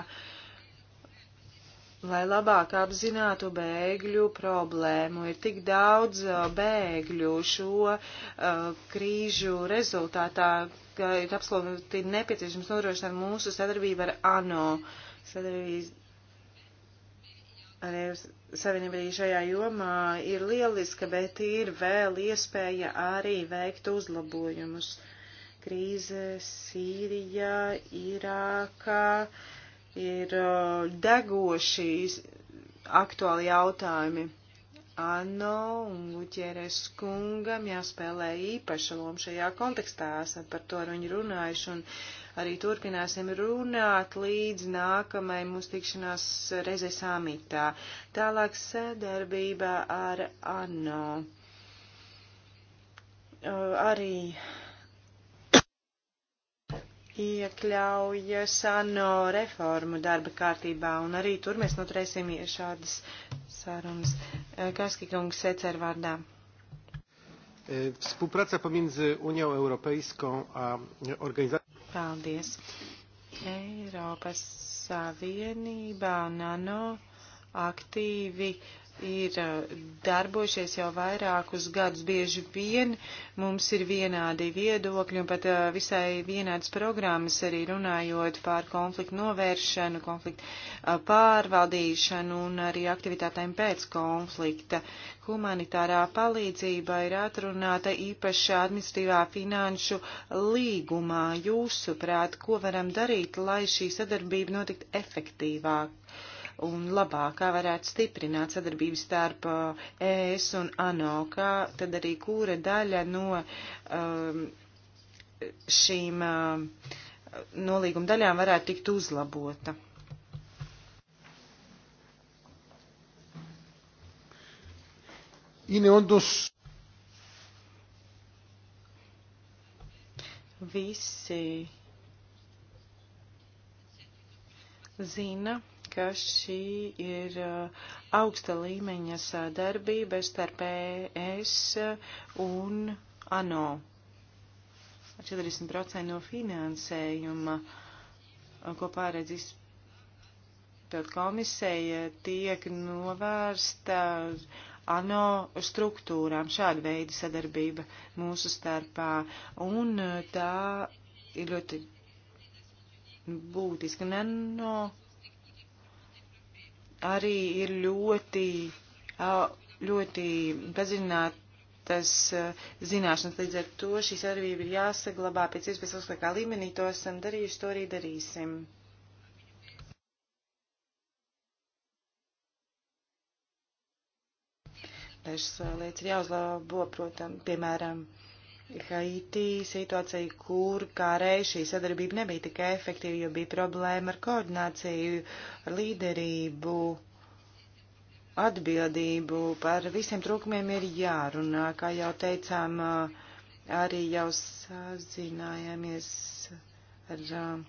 lai labāk apzinātu bēgļu problēmu. Ir tik daudz uh, bēgļu šo uh, krīžu rezultātā, ka ir absolūti nepieciešams nodrošināt mūsu sadarbību ar ANO. Sadarbības Eiropas Savienība arī šajā jomā ir lieliska, bet ir vēl iespēja arī veikt uzlabojumus. Krīze Sīrijā, Irākā ir degoši aktuāli jautājumi. Ano un Luķieres kungam jāspēlē īpaša loma šajā kontekstā, esam par to ar viņu runājuši, un arī turpināsim runāt līdz nākamai mūsu tikšanās reizē samitā. Tālāk sadarbībā ar ANO. Arī iekļaujas ANO reformu darba kārtībā, un arī tur mēs noturēsim šādas sarunas. Kaskikungs secer vārdā. Współpraca pomiędzy Unią Europejską a organizacją Paldies. Eiropas Savienībā nano aktīvi ir uh, darbojušies jau vairākus gadus. Bieži vien mums ir vienādi viedokļi un pat uh, visai vienādas programmas arī runājot pār konfliktu novēršanu, konfliktu uh, pārvaldīšanu un arī aktivitātēm pēc konflikta. Humanitārā palīdzība ir atrunāta īpašā administratīvā finanšu līgumā. Jūsuprāt, ko varam darīt, lai šī sadarbība notikt efektīvāk? un labāk, kā varētu stiprināt sadarbību starp uh, ES un ANO, kā tad arī kura daļa no um, šīm um, nolīguma daļām varētu tikt uzlabota. Είναι όντως visi zina, ka šī ir uh, augsta līmeņa sadarbība starp ES un ANO. 40% no finansējuma, uh, ko pārēdz izpildu komisija, tiek novērsta ANO struktūrām, šāda veida sadarbība mūsu starpā, un uh, tā ir ļoti būtiska. Un ANO arī ir ļoti, ļoti padziļinātas zināšanas. Līdz ar to šī sadarbība ir jāsaglabā pēc iespējas augstākā līmenī. To esam darījuši, to arī darīsim. Dažas lietas ir jāuzlabo, protams, piemēram, Haiti situācija, kur kā reiz šī sadarbība nebija tik efektīva, jo bija problēma ar koordināciju, ar līderību, atbildību. Par visiem trūkumiem ir jārunā, kā jau teicām, arī jau sazinājāmies ar um,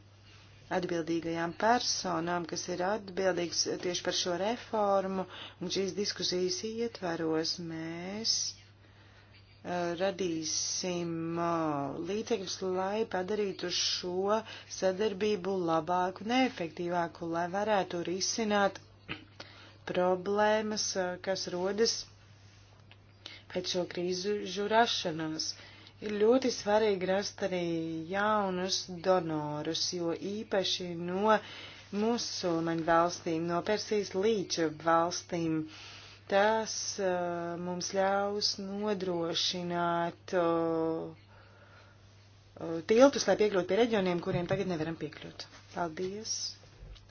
atbildīgajām personām, kas ir atbildīgs tieši par šo reformu, un šīs diskusijas ietveros mēs radīsim uh, līdzekļus, lai padarītu šo sadarbību labāku, neefektīvāku, lai varētu risināt problēmas, uh, kas rodas pēc šo krīžu rašanās. Ir ļoti svarīgi rast arī jaunus donorus, jo īpaši no musulmaņu valstīm, no Persijas līča valstīm. Uh, Tas uh, mums ļaus nodrošināt uh, tiltus, lai piekļūtu pie reģioniem, kuriem tagad nevaram piekļūt. Paldies.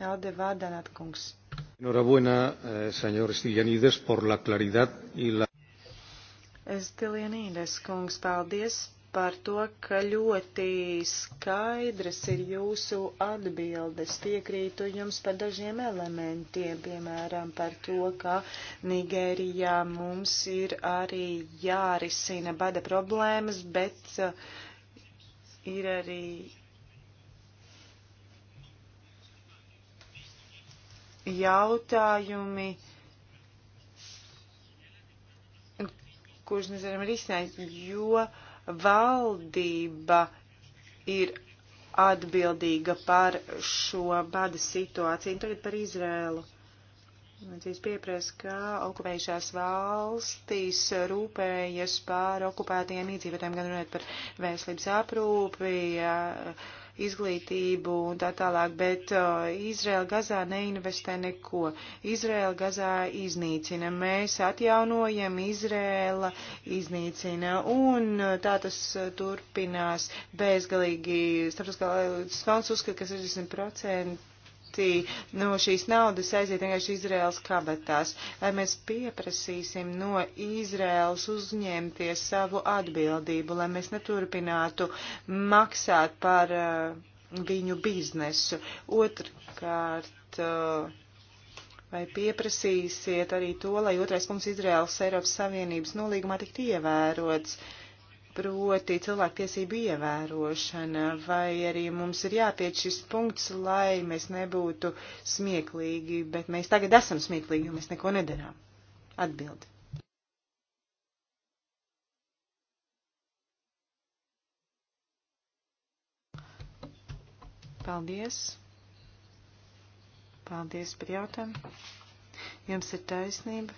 Alde Vādanāt kungs. Enhorabuena, senor Stilianides, por la claridad y la. Stilianides kungs, paldies par to, ka ļoti skaidras ir jūsu atbildes. Piekrītu jums par dažiem elementiem, piemēram, par to, ka Nigērijā mums ir arī jārisina bada problēmas, bet uh, ir arī jautājumi. kurus mēs varam risināt, jo uh, valdība ir atbildīga par šo bada situāciju. Un tagad par Izrēlu. Mēs pieprasa, ka okupējušās valstīs rūpējas par okupētajiem iedzīvotājiem, gan runājot par veselības aprūpi, izglītību un tā tālāk, bet uh, Izraela Gazā neinvestē neko. Izraela Gazā iznīcina, mēs atjaunojam, Izraela iznīcina un uh, tā tas uh, turpinās bezgalīgi. Starptautiskā valsts uh, uzskata, ka 60% pati no šīs naudas aiziet vienkārši Izraels kabatās, vai mēs pieprasīsim no Izraels uzņemties savu atbildību, lai mēs neturpinātu maksāt par uh, viņu biznesu. Otrkārt, uh, vai pieprasīsiet arī to, lai otrais punkts Izraels Eiropas Savienības nolīgumā tiktu ievērots? Uh, proti cilvēktiesību ievērošana, vai arī mums ir jātiek šis punkts, lai mēs nebūtu smieklīgi, bet mēs tagad esam smieklīgi, jo mēs neko nedarām. Atbildi. Paldies. Paldies par jautājumu. Jums ir taisnība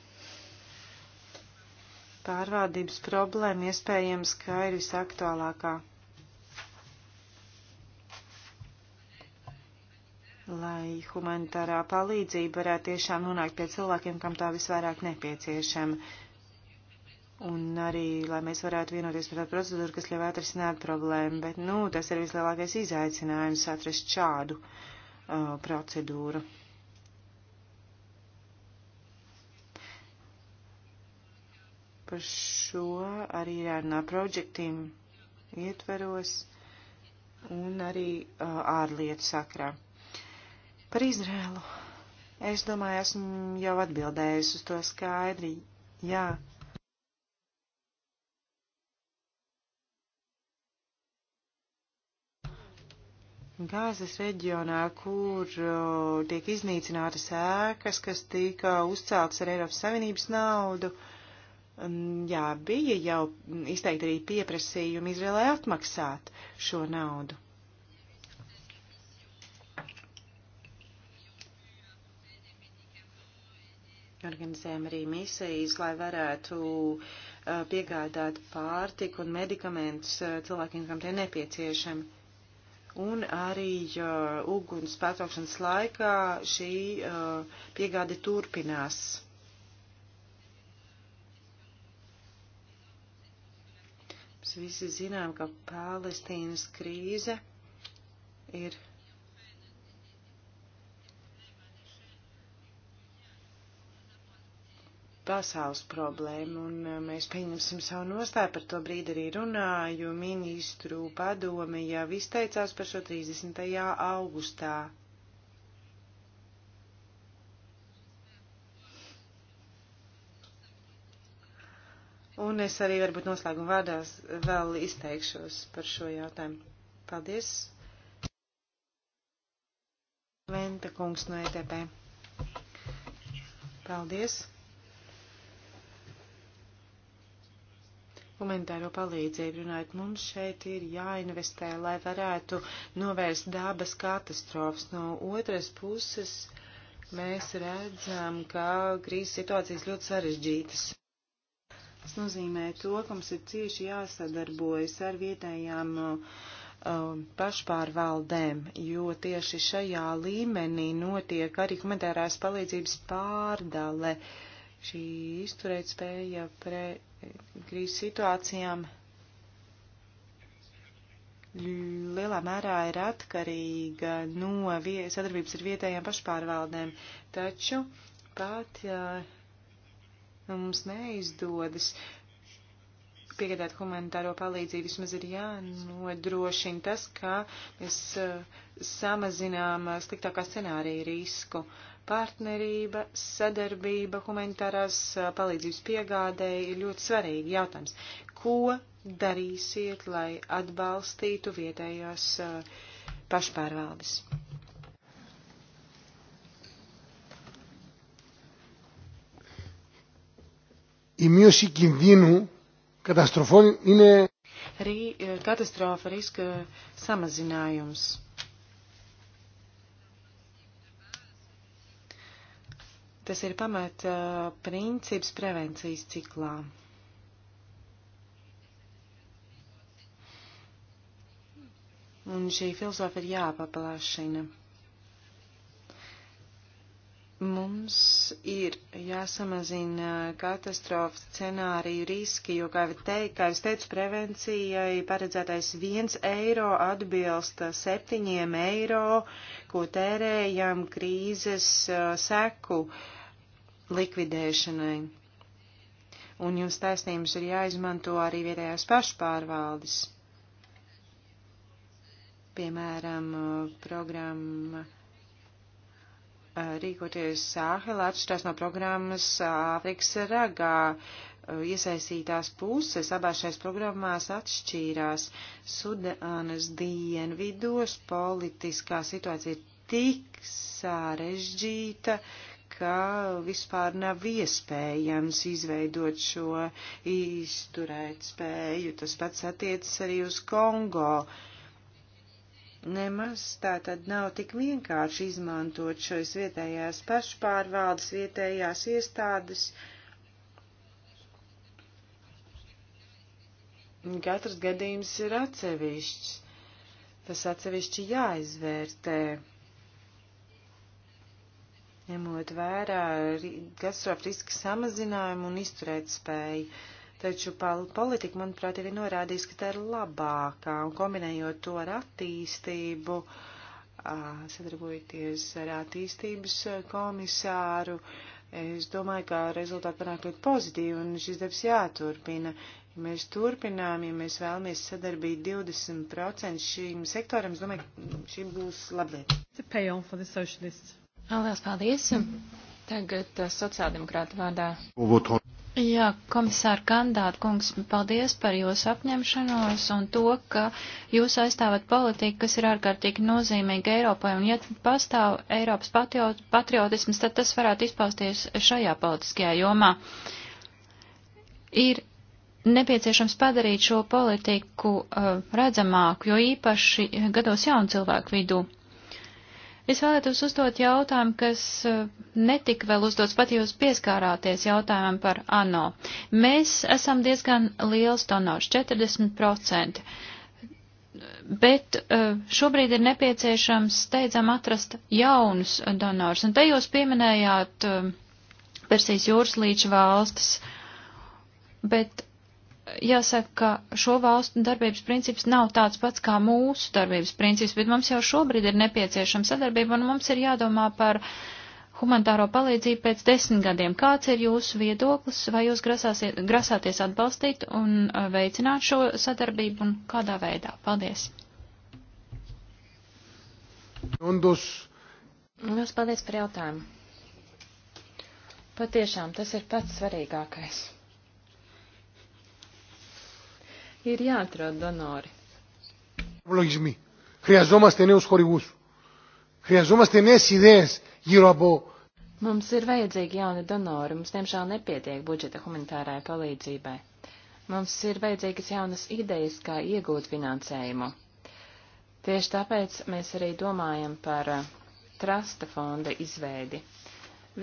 pārvaldības problēma iespējams, ka ir visaktuālākā. Lai humanitārā palīdzība varētu tiešām nonākt pie cilvēkiem, kam tā visvairāk nepieciešama. Un arī, lai mēs varētu vienoties par tādu procedūru, kas ļauj atrisināt problēmu, bet, nu, tas ir vislielākais izaicinājums atrast šādu uh, procedūru. par šo arī jārunā projektiem ietveros un arī uh, ārlietu sakrā. Par Izrēlu. Es domāju, esmu jau atbildējusi uz to skaidri. Jā. Gāzes reģionā, kur uh, tiek iznīcinātas ēkas, kas tika uzceltas ar Eiropas Savienības naudu, uh, Mm, jā, bija jau izteikti arī pieprasījumi Izrēlē atmaksāt šo naudu. Organizējam arī misijas, lai varētu uh, piegādāt pārtiku un medikamentus uh, cilvēkiem, kam tie nepieciešami. Un arī uh, uguns pārtraukšanas laikā šī uh, piegāde turpinās. Mēs visi zinām, ka Palestīnas krīze ir pasaules problēma, un uh, mēs pieņemsim savu nostāju par to brīdi arī runāju. Ministru padome jau izteicās par šo 30. augustā. Un es arī varbūt noslēguma vārdās vēl izteikšos par šo jautājumu. Paldies! Venta kungs no ETP. Paldies! Humanitāro palīdzību runājot, mums šeit ir jāinvestē, lai varētu novērst dabas katastrofas. No otras puses, mēs redzam, ka krīzes situācijas ļoti sarežģītas Tas nozīmē to, ka mums ir cieši jāsadarbojas ar vietējām um, pašpārvaldēm, jo tieši šajā līmenī notiek arī humanitārās palīdzības pārdale. Šī izturētspēja pre krīzes situācijām lielā mērā ir atkarīga no sadarbības ar vietējām pašpārvaldēm, taču pat uh, mums neizdodas piegādāt humanitāro palīdzību, vismaz ir jānodrošina tas, ka mēs eh, samazinām eh, sliktākā scenārija risku. Partnerība, sadarbība, humanitārās eh, palīdzības piegādēji ir ļoti svarīgi jautājums. Ko darīsiet, lai atbalstītu vietējās pašpārvaldes? η μείωση κινδύνου καταστροφών είναι. Arī katastrofa riska samazinājums. Tas ir pamat princips prevencijas ciklā. Un šī filozofija ir jāpaplašina. Mums ir jāsamazina katastrofu scenāriju riski, jo, kā jau teicu, kā es teicu, prevencijai paredzētais viens eiro atbilst septiņiem eiro, ko tērējam krīzes seku likvidēšanai. Un jums taisnības ir jāizmanto arī vietējās pašpārvaldes. Piemēram, programma rīkoties Sāhela atšķirās no programmas Āfrikas ragā. Iesaistītās puses abās šais programmās atšķīrās. Sudānas dienvidos politiskā situācija ir tik sarežģīta, ka vispār nav iespējams izveidot šo izturēt spēju. Tas pats attiecas arī uz Kongo. Uh, nemaz tā tad nav tik vienkārši izmantot šīs vietējās pašpārvaldes, vietējās iestādes. Katrs gadījums ir atsevišķs. Tas atsevišķi jāizvērtē. Ņemot vērā katastrofa riska samazinājumu un izturēt spēju. Uh, Taču politika, manuprāt, ir norādījusi, ka tā ir labākā un kombinējot to ar attīstību, sadarbojoties ar attīstības komisāru, es domāju, ka rezultāti panāk ļoti pozitīvi un šis darbs jāturpina. Ja mēs turpinām, ja mēs vēlamies sadarbīt 20% šīm sektoram, es domāju, šī būs lablieta. Lielas paldies! Tagad sociāldemokrāta vārdā. Jā, komisāra kandāta kungs, paldies par jūsu apņemšanos un to, ka jūs aizstāvat politiku, kas ir ārkārtīgi nozīmīga Eiropai. Un ja pastāv Eiropas patriotisms, tad tas varētu izpausties šajā politiskajā jomā. Ir nepieciešams padarīt šo politiku uh, redzamāku, jo īpaši gados jaunu cilvēku vidū. Es vēlētos uzdot jautājumu, kas eh, netika vēl uzdots, pat jūs pieskārāties jautājumam par ANO. Mēs esam diezgan liels tonošs, 40%, bet eh, šobrīd ir nepieciešams steidzam atrast jaunus donors. Un te jūs pieminējāt eh, Persijas jūras līča valstis, bet jāsaka, ka šo valstu darbības princips nav tāds pats kā mūsu darbības princips, bet mums jau šobrīd ir nepieciešama sadarbība un mums ir jādomā par humanitāro palīdzību pēc desmit gadiem. Kāds ir jūsu viedoklis, vai jūs grasāties atbalstīt un veicināt šo sadarbību un kādā veidā? Paldies! Undus. Mums paldies par jautājumu. Patiešām tas ir pats svarīgākais. Ir jāatrod donori. Λογισμοί. Χρειαζόμαστε νέους χορηγούς. Χρειαζόμαστε νέες ιδέες γύρω από... Mums ir vajadzīgi jauni donori, mums diemžēl nepietiek budžeta humanitārai palīdzībai. Mums ir vajadzīgas jaunas idejas, kā iegūt finansējumu. Tieši tāpēc mēs arī domājam par eh, trasta fonda izveidi.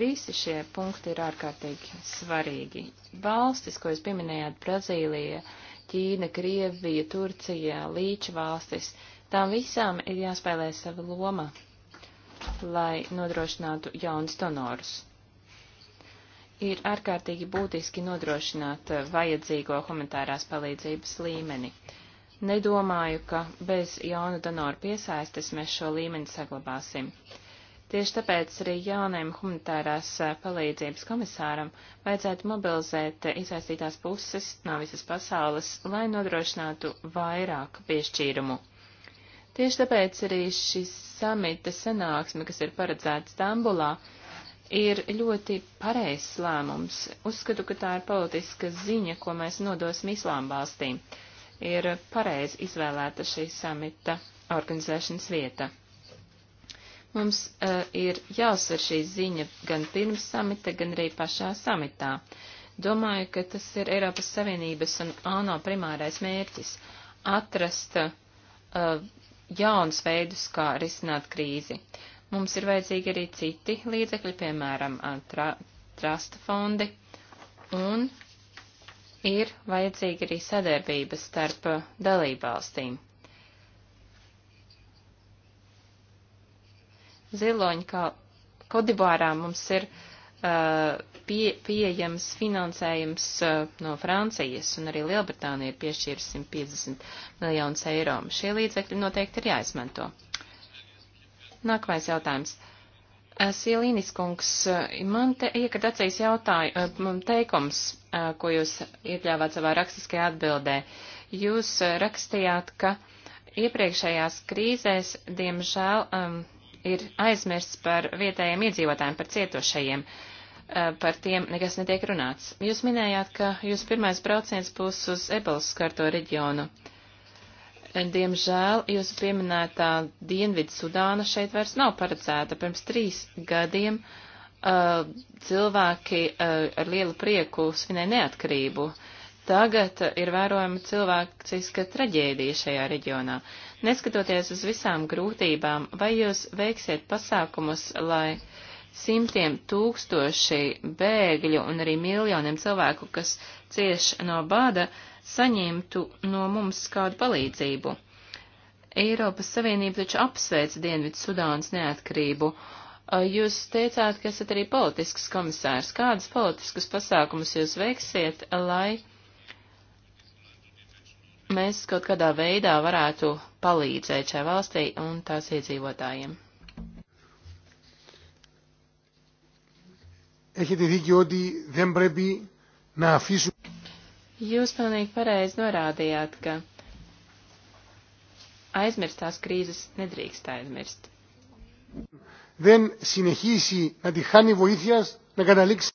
Visi šie punkti ir ārkārtīgi svarīgi. Valstis, ko jūs pieminējāt, Brazīlija, Ķīna, Krievija, Turcija, līča valstis, tām visām ir jāspēlē sava loma, lai nodrošinātu jaunus donorus. Ir ārkārtīgi būtiski nodrošināt eh, vajadzīgo humanitārās palīdzības līmeni. Nedomāju, ka bez jaunu donoru piesaistes mēs šo līmeni saglabāsim. Uh, Tieši tāpēc arī jaunajam humanitārās eh, palīdzības komisāram vajadzētu mobilizēt eh, iesaistītās puses no visas pasaules, lai nodrošinātu vairāk piešķīrumu. Tieši tāpēc arī šis samita sanāksme, kas ir paredzēta Stambulā, ir ļoti pareizs lēmums. Uzskatu, ka tā ir politiska ziņa, ko mēs nodosim islām valstīm. Ir pareizi izvēlēta šī samita organizēšanas vieta. Mums uh, ir jāuzsver šī ziņa gan pirms samita, gan arī pašā samitā. Domāju, ka tas ir Eiropas Savienības un ANO primārais mērķis - atrast uh, jaunus veidus, kā risināt krīzi. Mums ir vajadzīgi arī citi līdzekļi, piemēram, eh, tra trasta fondi, un ir vajadzīga arī sadarbība starp dalībvalstīm. ziloņi, kā Kodibārā mums ir uh, pie, pieejams finansējums uh, no Francijas, un arī Lielbritānija ir piešķīrusi 150 miljonus eiro. Šie līdzekļi noteikti ir jāizmanto. Nākamais jautājums. Uh, Sielīnis kungs, uh, man te iekat acīs jautāju, uh, man teikums, ko jūs iekļāvāt savā rakstiskajā atbildē. Jūs rakstījāt, ka iepriekšējās krīzēs, diemžēl, um, ir aizmirsts par vietējiem iedzīvotājiem, par cietošajiem, eh, par tiem nekas netiek runāts. Jūs minējāt, ka jūs pirmais brauciens būs uz Ebolas skarto reģionu. Diemžēl jūsu pieminētā Dienvidu Sudāna šeit vairs nav paredzēta. Pirms trīs gadiem uh, cilvēki uh, ar lielu prieku svinēja neatkarību. Tagad ir vērojama cilvēciska traģēdija šajā reģionā. Uh, Neskatoties uz visām grūtībām, vai jūs veiksiet pasākumus, lai simtiem tūkstoši bēgļu un arī miljoniem cilvēku, kas cieš no bada, saņemtu no mums kādu palīdzību? Eiropas Savienība taču apsveic Dienvidu Sudānas neatkarību. Jūs teicāt, ka esat arī politisks komisārs. Kādas politiskas pasākumus jūs veiksiet, lai mēs kaut kādā veidā varētu palīdzēt šai valstī un tās iedzīvotājiem. Έχετε δίκιο ότι δεν πρέπει να αφήσουμε. Jūs pilnīgi pareizi norādījāt, ka aizmirstās krīzes nedrīkst aizmirst. Δεν συνεχίσει να τη χάνει βοήθειας, να καταλήξει.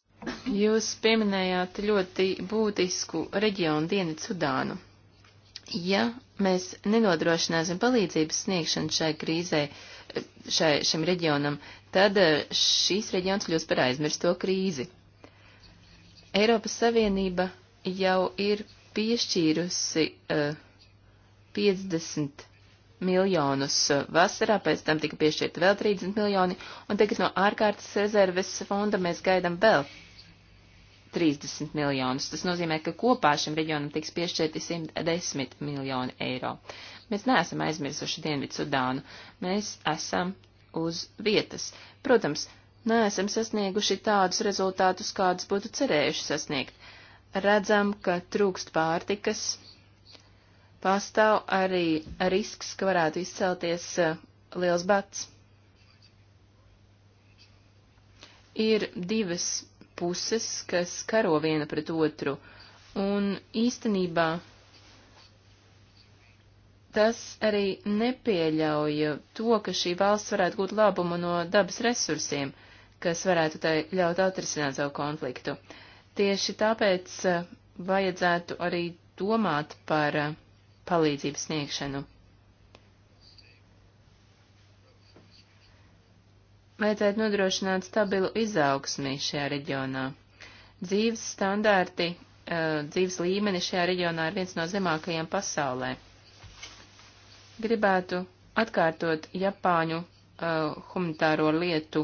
Jūs pieminējāt ļoti būtisku reģionu Dienvidu Sudānu ja mēs nenodrošināsim palīdzības sniegšanu šai krīzē, šai, šim reģionam, tad eh, šīs reģions kļūs par aizmirsto krīzi. Eiropas Savienība jau ir piešķīrusi uh, eh, 50 miljonus vasarā, pēc tam tika piešķirta vēl 30 miljoni, un tagad no ārkārtas rezerves fonda mēs gaidam vēl 130 miljonus. Tas nozīmē, ka kopā šim reģionam tiks piešķirti 110 miljoni eiro. Mēs neesam aizmirsuši Dienvidu Sudānu. Mēs esam uz vietas. Protams, neesam sasnieguši tādus rezultātus, kādus būtu cerējuši sasniegt. Redzam, ka trūkst pārtikas. Pastāv arī risks, ka varētu izcelties uh, liels bats. Ir divas puses, kas karo viena pret otru. Un īstenībā tas arī nepieļauj to, ka šī valsts varētu gūt labumu no dabas resursiem, kas varētu tai ļaut atrisināt savu konfliktu. Tieši tāpēc eh, vajadzētu arī domāt par eh, palīdzības sniegšanu. vajadzētu nodrošināt stabilu izaugsmi šajā reģionā. Dzīves standārti, eh, dzīves līmeni šajā reģionā ir viens no zemākajiem pasaulē. Gribētu atkārtot Japāņu eh, humanitāro lietu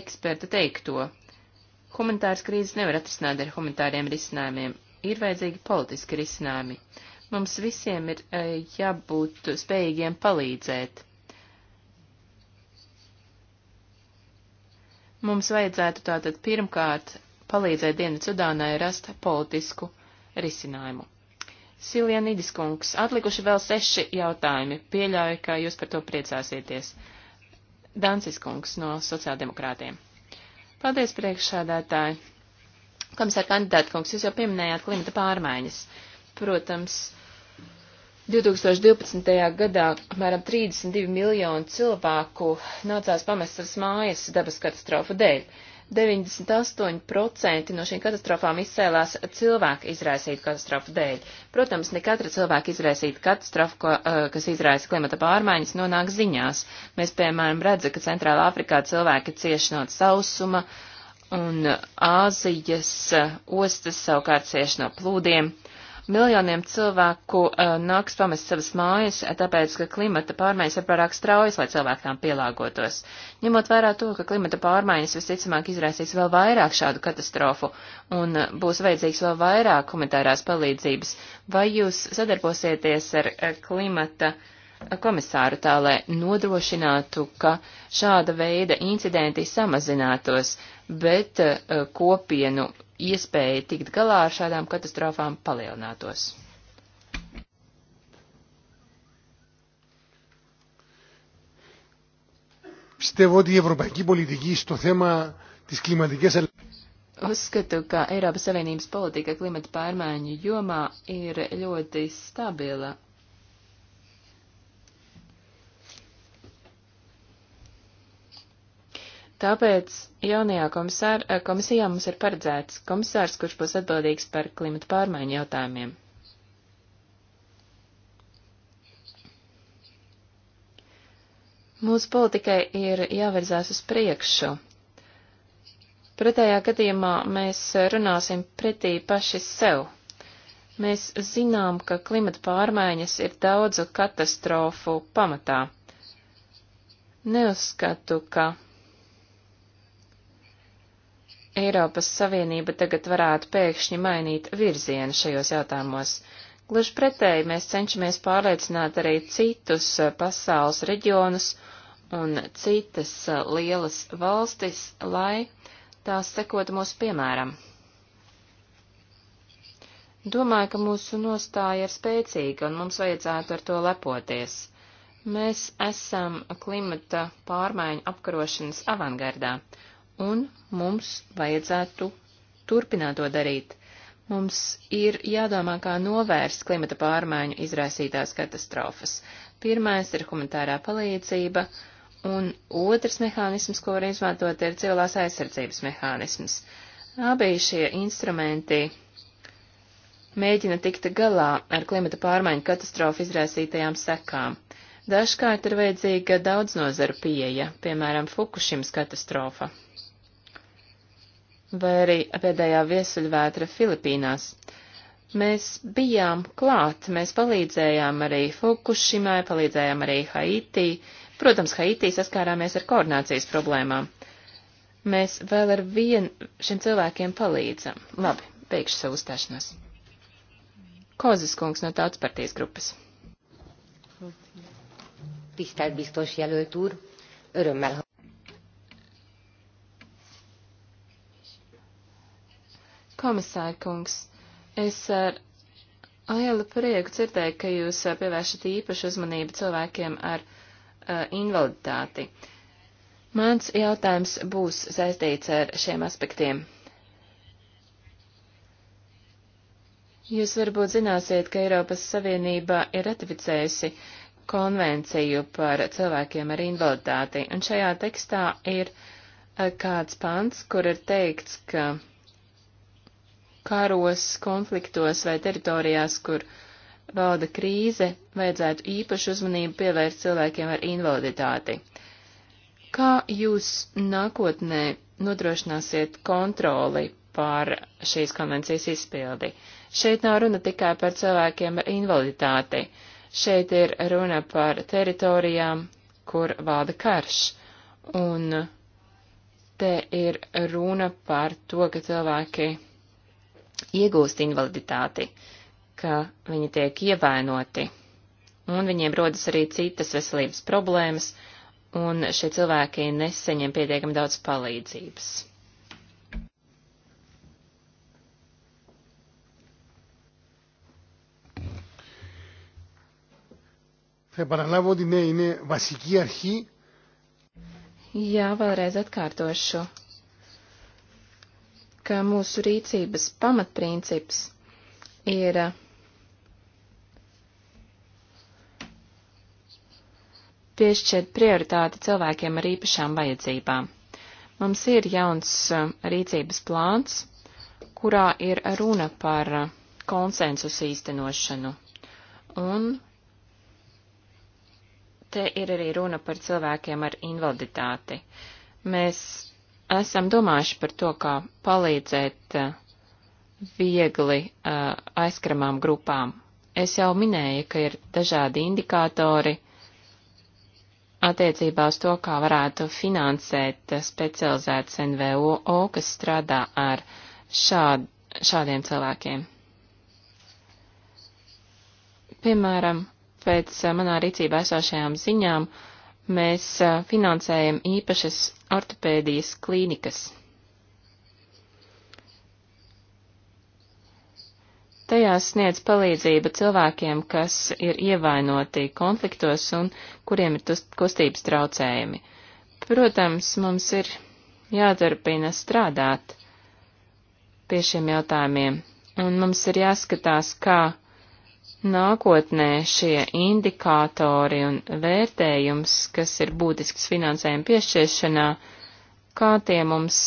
eksperta teikto. Humanitāras krīzes nevar atrisināt ar humanitāriem risinājumiem. Ir vajadzīgi politiski risinājumi. Mums visiem ir eh, jābūt spējīgiem palīdzēt. Mums vajadzētu tātad pirmkārt palīdzēt Dienvidu Sudānai rast politisku risinājumu. Silienīdis kungs, atlikuši vēl seši jautājumi. Pieļauju, ka jūs par to priecāsieties. Dancis kungs no sociāldemokrātiem. Paldies, priekšsādātāji. Komisāra kandidāta kungs, jūs jau pieminējāt klimata pārmaiņas. Protams, uh, 2012. gadā apmēram 32 miljonu cilvēku nācās pamest savas mājas dabas katastrofu dēļ. 98% no šīm katastrofām izcēlās cilvēku izraisītu katastrofu dēļ. Protams, ne katra cilvēka izraisīta katastrofa, ko, eh, kas izraisa klimata pārmaiņas, nonāk ziņās. Mēs, piemēram, redzam, ka Centrālā Afrikā cilvēki cieši no sausuma, un Āzijas ostas savukārt cieši no plūdiem. Miljoniem cilvēku uh, nāks pamest savas mājas, eh, tāpēc, ka klimata pārmaiņas ir pārāk straujas, lai cilvēki tām pielāgotos. Ņemot vērā to, ka klimata pārmaiņas visticamāk izraisīs vēl vairāk šādu katastrofu un uh, būs vajadzīgs vēl vairāk humanitārās palīdzības, vai jūs sadarbosieties ar uh, klimata eh, komisāru tā, lai nodrošinātu, ka šāda veida incidenti samazinātos, bet uh, kopienu iespēja tikt galā ar šādām katastrofām palielinātos. Πιστεύω ότι η ευρωπαϊκή πολιτική στο θέμα της κλιματικής αλλαγής Uzskatu, ka Eiropas Savienības politika klimata pārmaiņu jomā ir ļoti stabila Tāpēc jaunajā komisār, eh, komisijā mums ir paredzēts komisārs, kurš būs atbildīgs par klimatu pārmaiņu jautājumiem. Mūsu politikai ir jāvirzās uz priekšu. Pretējā gadījumā mēs runāsim pretī paši sev. Mēs zinām, ka klimata pārmaiņas ir daudzu katastrofu pamatā. Neuzskatu, ka Eiropas Savienība tagad varētu pēkšņi mainīt virzienu šajos jautājumos. Gluži pretēji mēs cenšamies pārliecināt arī citus eh, pasaules reģionus un citas eh, lielas valstis, lai tās sekotu mūsu piemēram. Domāju, ka mūsu nostāja ir spēcīga un mums vajadzētu ar to lepoties. Mēs esam klimata pārmaiņu apkarošanas avangardā, un mums vajadzētu turpināt to darīt. Mums ir jādomā, kā novērst klimata pārmaiņu izraisītās katastrofas. Pirmais ir humanitārā palīdzība, un otrs mehānisms, ko var izmantot, ir civilās aizsardzības mehānisms. Abi šie instrumenti mēģina tikt galā ar klimata pārmaiņu katastrofu izraisītajām sekām. Dažkārt ir vajadzīga daudz nozaru pieeja, piemēram, Fukušims katastrofa vai arī pēdējā viesuļvētra Filipīnās. Mēs bijām klāt, mēs palīdzējām arī Fukushimai, palīdzējām arī Haitī. Protams, Haitī saskārāmies ar koordinācijas problēmām. Mēs vēl ar vienu šiem cilvēkiem palīdzam. Labi, beigšu savu uzstāšanos. Kozis kungs no tautas partijas grupas. Tisztelt biztos jelölt úr, örömmel Komisāra kungs, es ar lielu prieku dzirdēju, ka jūs eh, pievēršat īpašu uzmanību cilvēkiem ar uh, invaliditāti. Mans jautājums būs saistīts ar šiem aspektiem. Jūs varbūt zināsiet, ka Eiropas Savienība ir ratificējusi konvenciju par cilvēkiem ar invaliditāti, un šajā tekstā ir eh, kāds pants, kur ir teikts, ka karos, konfliktos vai teritorijās, kur valda krīze, vajadzētu īpašu uzmanību pievērst cilvēkiem ar invaliditāti. Kā jūs nākotnē nodrošināsiet kontroli pār šīs konvencijas izpildi? Šeit nav runa tikai par cilvēkiem ar invaliditāti. Šeit ir runa par teritorijām, kur valda karš. Un te ir runa par to, ka cilvēki iegūst invaliditāti, ka viņi tiek ievainoti, un viņiem rodas arī citas veselības problēmas, un šie cilvēki nesaņem pietiekami daudz palīdzības. Θα επαναλάβω ότι ναι, είναι βασική αρχή. Jā, vēlreiz atkārtošu ka mūsu rīcības pamatprincips ir uh, piešķirt prioritāti cilvēkiem ar īpašām vajadzībām. Mums ir jauns uh, rīcības plāns, kurā ir runa par uh, konsensus īstenošanu. Un te ir arī runa par cilvēkiem ar invaliditāti. Mēs esam domājuši par to, kā palīdzēt eh, viegli eh, aizskramām grupām. Es jau minēju, ka ir dažādi indikātori attiecībā uz to, kā varētu finansēt eh, specializētas NVO, kas strādā ar šād, šādiem cilvēkiem. Piemēram, pēc manā rīcībā esošajām ziņām uh, mēs finansējam īpašas ortopēdijas klīnikas. Tajās sniedz palīdzību cilvēkiem, kas ir ievainoti konfliktos un kuriem ir kustības traucējumi. Protams, mums ir jāturpina strādāt pie šiem jautājumiem, un mums ir jāskatās, kā nākotnē šie indikātori un vērtējums, kas ir būtisks finansējuma piešķiršanā, kā tie mums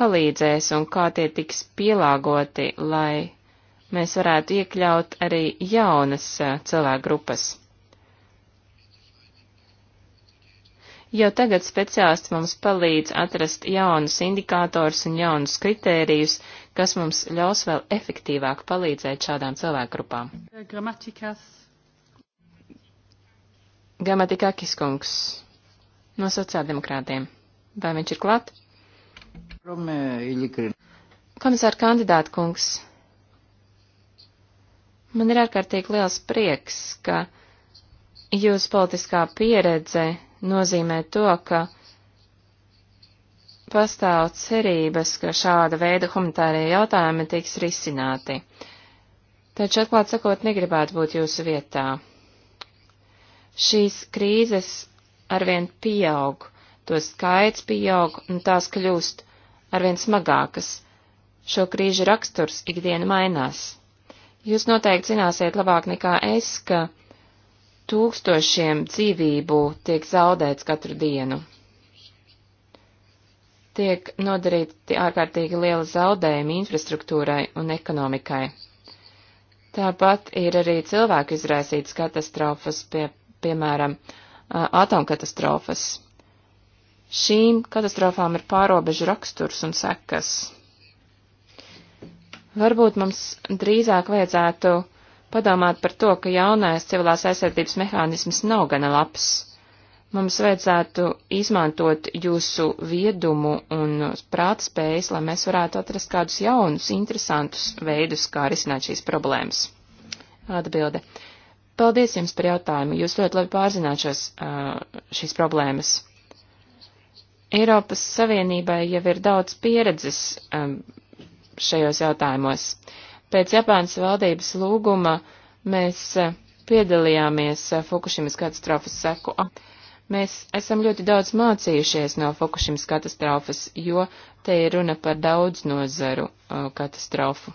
palīdzēs un kā tie tiks pielāgoti, lai mēs varētu iekļaut arī jaunas eh, cilvēku grupas. Jau tagad speciālisti mums palīdz atrast jaunus indikātors un jaunus kritērijus, kas mums ļaus vēl efektīvāk palīdzēt šādām cilvēkgrupām. Gramatikas. Gramatikakis kungs no sociāldemokrātiem. Vai viņš ir klāt? Komisāra kandidāta kungs. Man ir ārkārtīgi liels prieks, ka jūsu politiskā pieredze nozīmē to, ka pastāv cerības, ka šāda veida humanitārie jautājumi tiks risināti. Taču, atklāt sakot, negribētu būt jūsu vietā. Šīs krīzes arvien pieaug, to skaits pieaug, un tās kļūst arvien smagākas. Šo krīžu raksturs ikdiena mainās. Jūs noteikti zināsiet labāk nekā es, ka tūkstošiem dzīvību tiek zaudēts katru dienu. Tiek nodarīti ārkārtīgi liela zaudējuma infrastruktūrai un ekonomikai. Tāpat ir arī cilvēku izraisītas katastrofas, pie, piemēram, atomkatastrofas. Šīm katastrofām ir pārobežu raksturs un sekas. Varbūt mums drīzāk vajadzētu padomāt par to, ka jaunais civilās aizsardzības mehānisms nav gana labs. Mums vajadzētu izmantot jūsu viedumu un prātspējas, lai mēs varētu atrast kādus jaunus, interesantus veidus, kā risināt šīs problēmas. Atbilde. Paldies jums par jautājumu. Jūs ļoti labi pārzināt šos, šīs problēmas. Eiropas Savienībai jau ir daudz pieredzes šajos jautājumos. Pēc Japānas valdības lūguma mēs e, piedalījāmies e, Fukushimas katastrofas seku. Mēs esam ļoti daudz mācījušies no Fukushimas katastrofas, jo te ir runa par daudz nozaru e, katastrofu.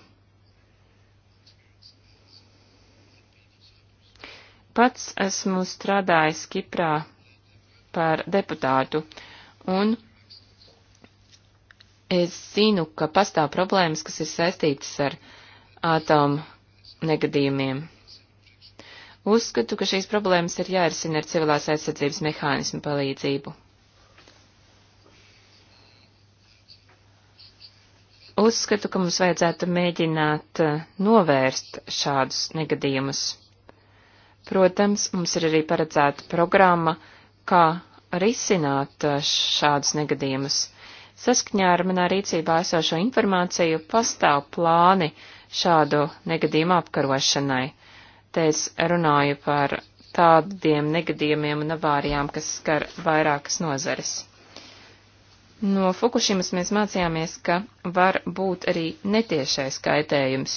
Pats esmu strādājis Kiprā par deputātu, un es zinu, ka pastāv problēmas, kas ir saistītas ar uh, ātomu negadījumiem. Uzskatu, ka šīs problēmas ir jārisina ar civilās aizsardzības mehānismu palīdzību. Uzskatu, ka mums vajadzētu mēģināt eh, novērst šādus negadījumus. Protams, mums ir arī paredzēta programma, kā risināt eh, šādus negadījumus. Saskaņā ar manā rīcībā esošo informāciju pastāv plāni, šādu negadījumu apkarošanai. Te es runāju par tādiem negadījumiem un avārijām, kas skar vairākas nozares. No Fukushimas mēs mācījāmies, ka var būt arī netiešais kaitējums.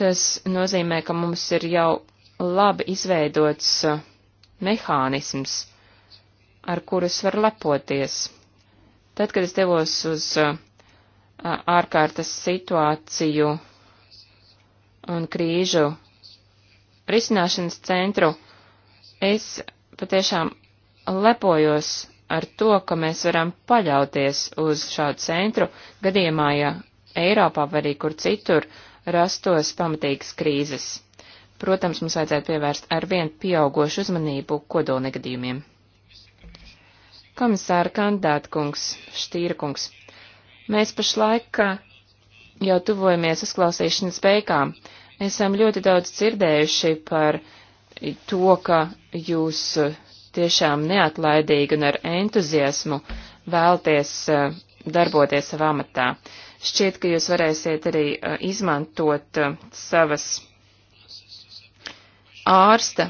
Tas nozīmē, ka mums ir jau labi izveidots uh, mehānisms, ar kurus var lepoties. Tad, kad es devos uz uh, ārkārtas situāciju un krīžu risināšanas centru, es patiešām lepojos ar to, ka mēs varam paļauties uz šādu centru gadījumā, ja Eiropā vai arī kur citur rastos pamatīgas krīzes. Protams, mums vajadzētu pievērst arvien pieaugošu uzmanību kodolnegadījumiem. Komisāra kandidātkungs, štīrkungs. Mēs pašlaik jau tuvojamies uzklausīšanas beigām. Esam ļoti daudz dzirdējuši par to, ka jūs tiešām neatlaidīgi un ar entuziasmu vēlties darboties savā matā. Šķiet, ka jūs varēsiet arī izmantot savas ārsta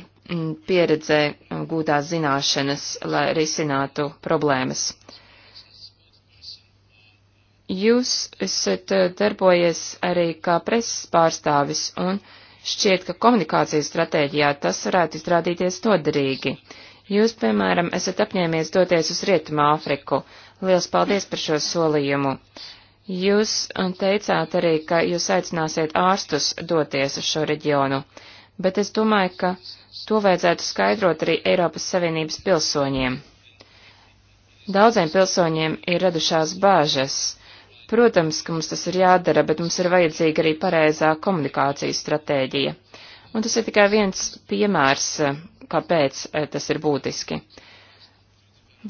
pieredzē gūtās zināšanas, lai risinātu problēmas. Jūs esat eh, darbojies arī kā preses pārstāvis, un šķiet, ka komunikācijas stratēģijā tas varētu izrādīties noderīgi. Jūs, piemēram, esat apņēmies doties uz Rietumu Āfriku. Liels paldies par šo solījumu. Jūs eh, teicāt arī, ka jūs aicināsiet ārstus doties uz šo reģionu, bet es domāju, ka to vajadzētu skaidrot arī Eiropas Savienības pilsoņiem. Daudziem pilsoņiem ir radušās bāžas Protams, ka mums tas ir jādara, bet mums ir vajadzīga arī pareizā komunikācijas stratēģija. Un tas ir tikai viens piemērs, kāpēc eh, tas ir būtiski.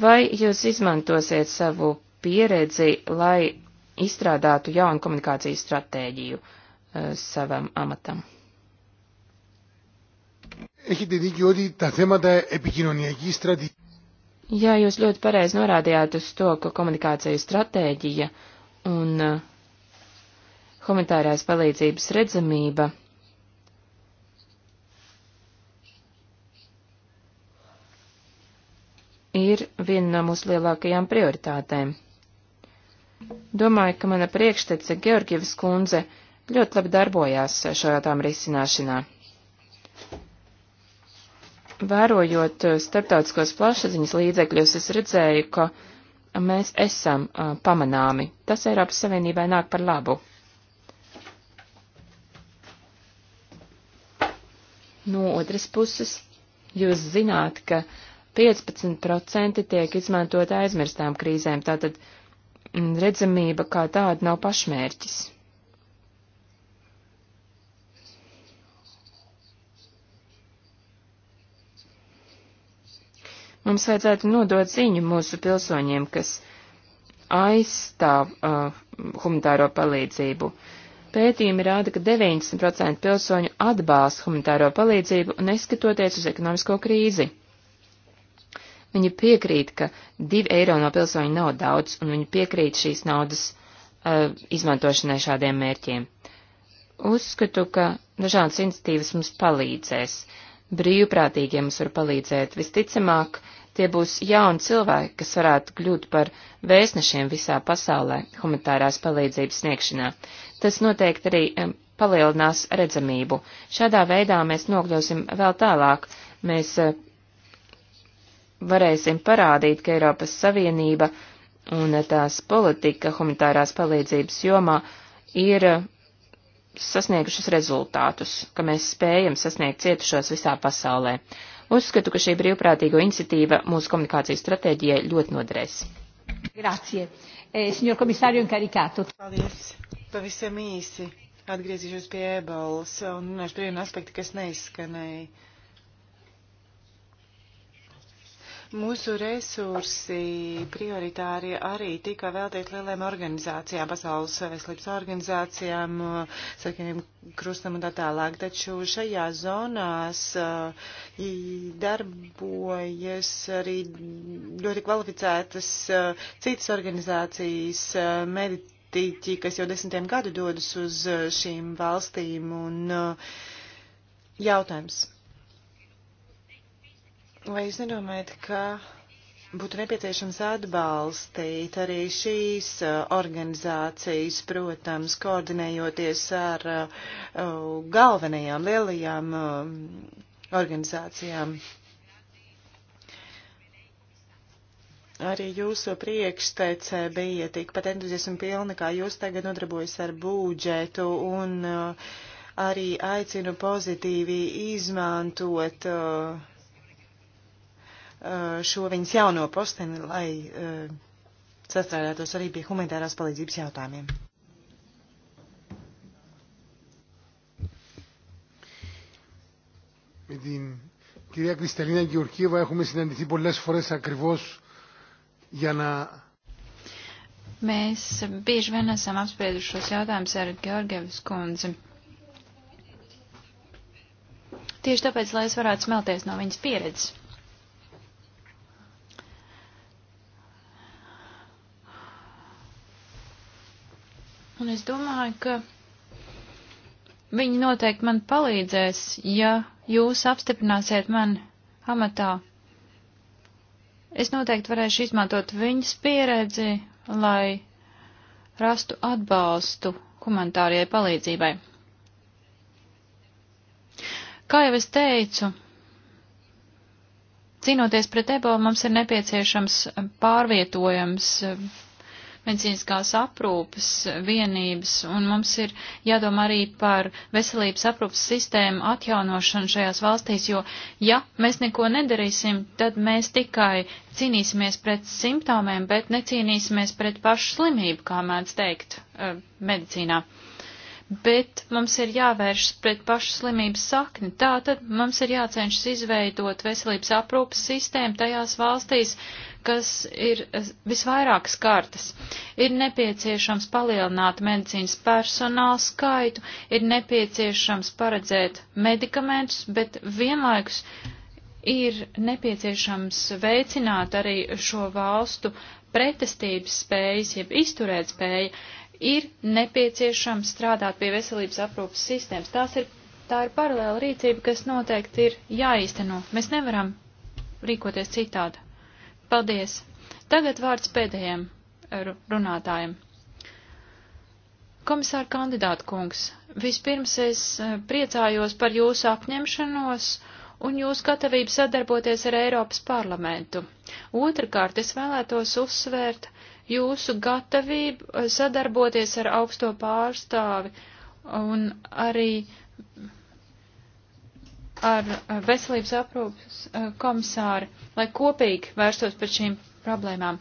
Vai jūs izmantosiet savu pieredzi, lai izstrādātu jaunu komunikācijas stratēģiju uh, savam amatam? Jā, jūs ļoti pareizi norādījāt uz to, ka komunikācijas stratēģija uh, un uh, humanitārās palīdzības redzamība ir viena no mūsu lielākajām prioritātēm. Domāju, ka mana priekštece Georgievas kundze ļoti labi darbojās šo jautājumu risināšanā. Vērojot starptautiskos plašsaziņas līdzekļus, es redzēju, ka mēs esam uh, pamanāmi. Tas Eiropas Savienībai nāk par labu. No otras puses, jūs zināt, ka 15% tiek izmantot aizmirstām krīzēm, tātad mm, redzamība kā tāda nav pašmērķis. Mums vajadzētu nodot ziņu mūsu pilsoņiem, kas aizstāv uh, humanitāro palīdzību. Pētījumi rāda, ka 90% pilsoņu atbalsta humanitāro palīdzību, neskatoties uz ekonomisko krīzi. Viņi piekrīt, ka 2 eiro no pilsoņa nav daudz, un viņi piekrīt šīs naudas uh, izmantošanai šādiem mērķiem. Uzskatu, ka dažādas iniciatīvas mums palīdzēs. Uh, brīvprātīgie mums var palīdzēt. Visticamāk, tie būs jauni cilvēki, kas varētu kļūt par vēstnešiem visā pasaulē humanitārās palīdzības sniegšanā. Tas noteikti arī palielinās redzamību. Šādā veidā mēs nokļūsim vēl tālāk. Mēs eh, varēsim parādīt, ka Eiropas Savienība un eh, tās politika humanitārās palīdzības jomā ir sasniegušas rezultātus, ka mēs spējam sasniegt cietušos visā pasaulē. Uzskatu, ka šī brīvprātīgo iniciatīva mūsu komunikācijas stratēģijai ļoti noderēs. Grācie. E, eh, signor komisārio inkarikātu. Paldies. Pavisam īsi atgriezīšos pie ebolas un runāšu par vienu aspektu, kas neizskanēja Mūsu resursi prioritāri arī tika veltīti lieliem organizācijām, pasaules veselības organizācijām, sarkaniem krustam un tā tālāk. Taču šajā zonās uh, darbojas arī ļoti kvalificētas uh, citas organizācijas uh, meditiķi, kas jau desmitiem gadu dodas uz šīm valstīm. Un jautājums Vai jūs nedomājat, ka būtu nepieciešams atbalstīt arī šīs uh, organizācijas, protams, koordinējoties ar uh, uh, galvenajām lielajām um, organizācijām. Arī jūsu priekštece bija tikpat entuziasma pilna, kā jūs tagad nodarbojas ar būdžetu un arī aicinu pozitīvi izmantot uh, Eh, šo viņas jauno posteni, lai eh, sastrādātos arī pie humanitārās palīdzības jautājumiem. Με την κυρία Κρυσταλίνα Γεωργίευα έχουμε συναντηθεί πολλές φορές ακριβώς για να... Mēs bieži vien esam apsprieduši šos jautājumus ar Georgievas kundzi. Tieši tāpēc, lai es varētu smelties no viņas pieredzes. Un es domāju, ka viņi noteikti man palīdzēs, ja jūs apstiprināsiet mani amatā. Es noteikti varēšu izmantot viņas pieredzi, lai rastu atbalstu humanitārijai palīdzībai. Kā jau es teicu, cīnoties pret ebolu, mums ir nepieciešams pārvietojams medicīniskās aprūpes vienības, un mums ir jādomā arī par veselības aprūpes sistēmu atjaunošanu šajās valstīs, jo ja mēs neko nedarīsim, tad mēs tikai cīnīsimies pret simptomiem, bet necīnīsimies pret pašu slimību, kā mēdz teikt, e, medicīnā bet mums ir jāvēršas pret pašu slimības sakni. Tātad mums ir jācenšas izveidot veselības aprūpas sistēmu tajās valstīs, kas ir visvairāk skartas. Ir nepieciešams palielināt medicīnas personāla skaitu, ir nepieciešams paredzēt medikamentus, bet vienlaikus ir nepieciešams veicināt arī šo valstu pretestības spējas, jeb izturēt spēju, ir nepieciešams strādāt pie veselības aprūpas sistēmas. Tās ir, tā ir paralēla rīcība, kas noteikti ir jāīsteno. Mēs nevaram rīkoties citādi. Paldies! Tagad vārds pēdējiem eh, runātājiem. Komisāra kandidāta kungs, vispirms es eh, priecājos par jūsu apņemšanos un jūsu gatavību sadarboties ar Eiropas parlamentu. Otrakārt, es vēlētos uzsvērt jūsu gatavību eh, sadarboties ar augsto pārstāvi un arī ar veselības aprūpas eh, komisāri, lai kopīgi vērstos pret šīm problēmām.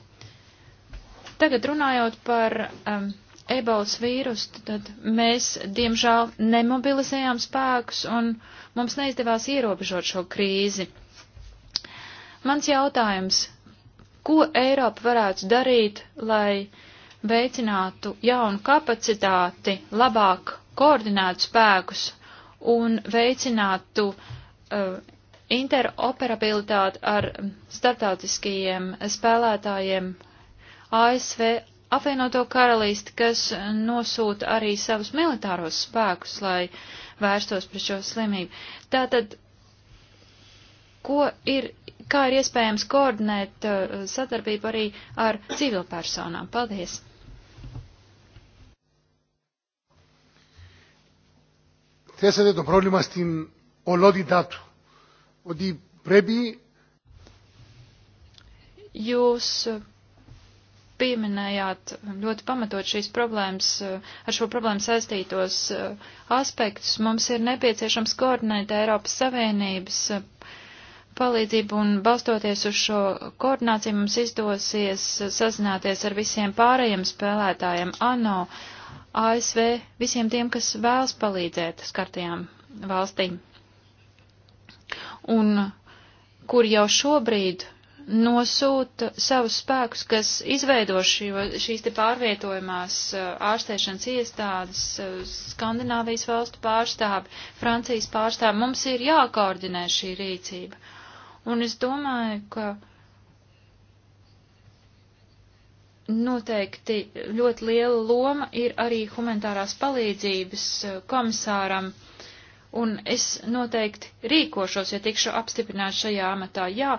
Tagad runājot par um, ebolas vīrusu, tad mēs, diemžēl, nemobilizējām spēkus un mums neizdevās ierobežot šo krīzi. Mans jautājums, ko Eiropa varētu darīt, lai veicinātu jaunu kapacitāti, labāk koordinētu spēkus un veicinātu uh, interoperabilitāti ar starptautiskajiem spēlētājiem ASV, apvienoto karalisti, kas nosūta arī savus militāros spēkus, lai vērstos pret šo slimību. Tātad, ko ir, kā ir iespējams koordinēt uh, sadarbību arī ar civilpersonām? Paldies! θέσατε το πρόβλημα στην ολότητά του. Ότι πρέπει... Jūs pieminējāt ļoti pamatot šīs problēmas, ar šo problēmu saistītos aspektus. Mums ir nepieciešams koordinēt Eiropas Savienības eh, palīdzību un balstoties uz šo koordināciju mums izdosies sazināties ar visiem pārējiem spēlētājiem ANO. Uh, ASV visiem tiem, kas vēlas palīdzēt skartajām valstīm, un kur jau šobrīd nosūta savus spēkus, kas izveido šī, šīs te pārvietojumās uh, ārstēšanas iestādes, uh, Skandināvijas valstu pārstāvi, Francijas pārstāvi. Mums ir jākoordinē šī rīcība. Un es domāju, ka Noteikti ļoti liela loma ir arī humanitārās palīdzības eh, komisāram, un es noteikti rīkošos, ja tikšu apstiprināts šajā amatā. Jā,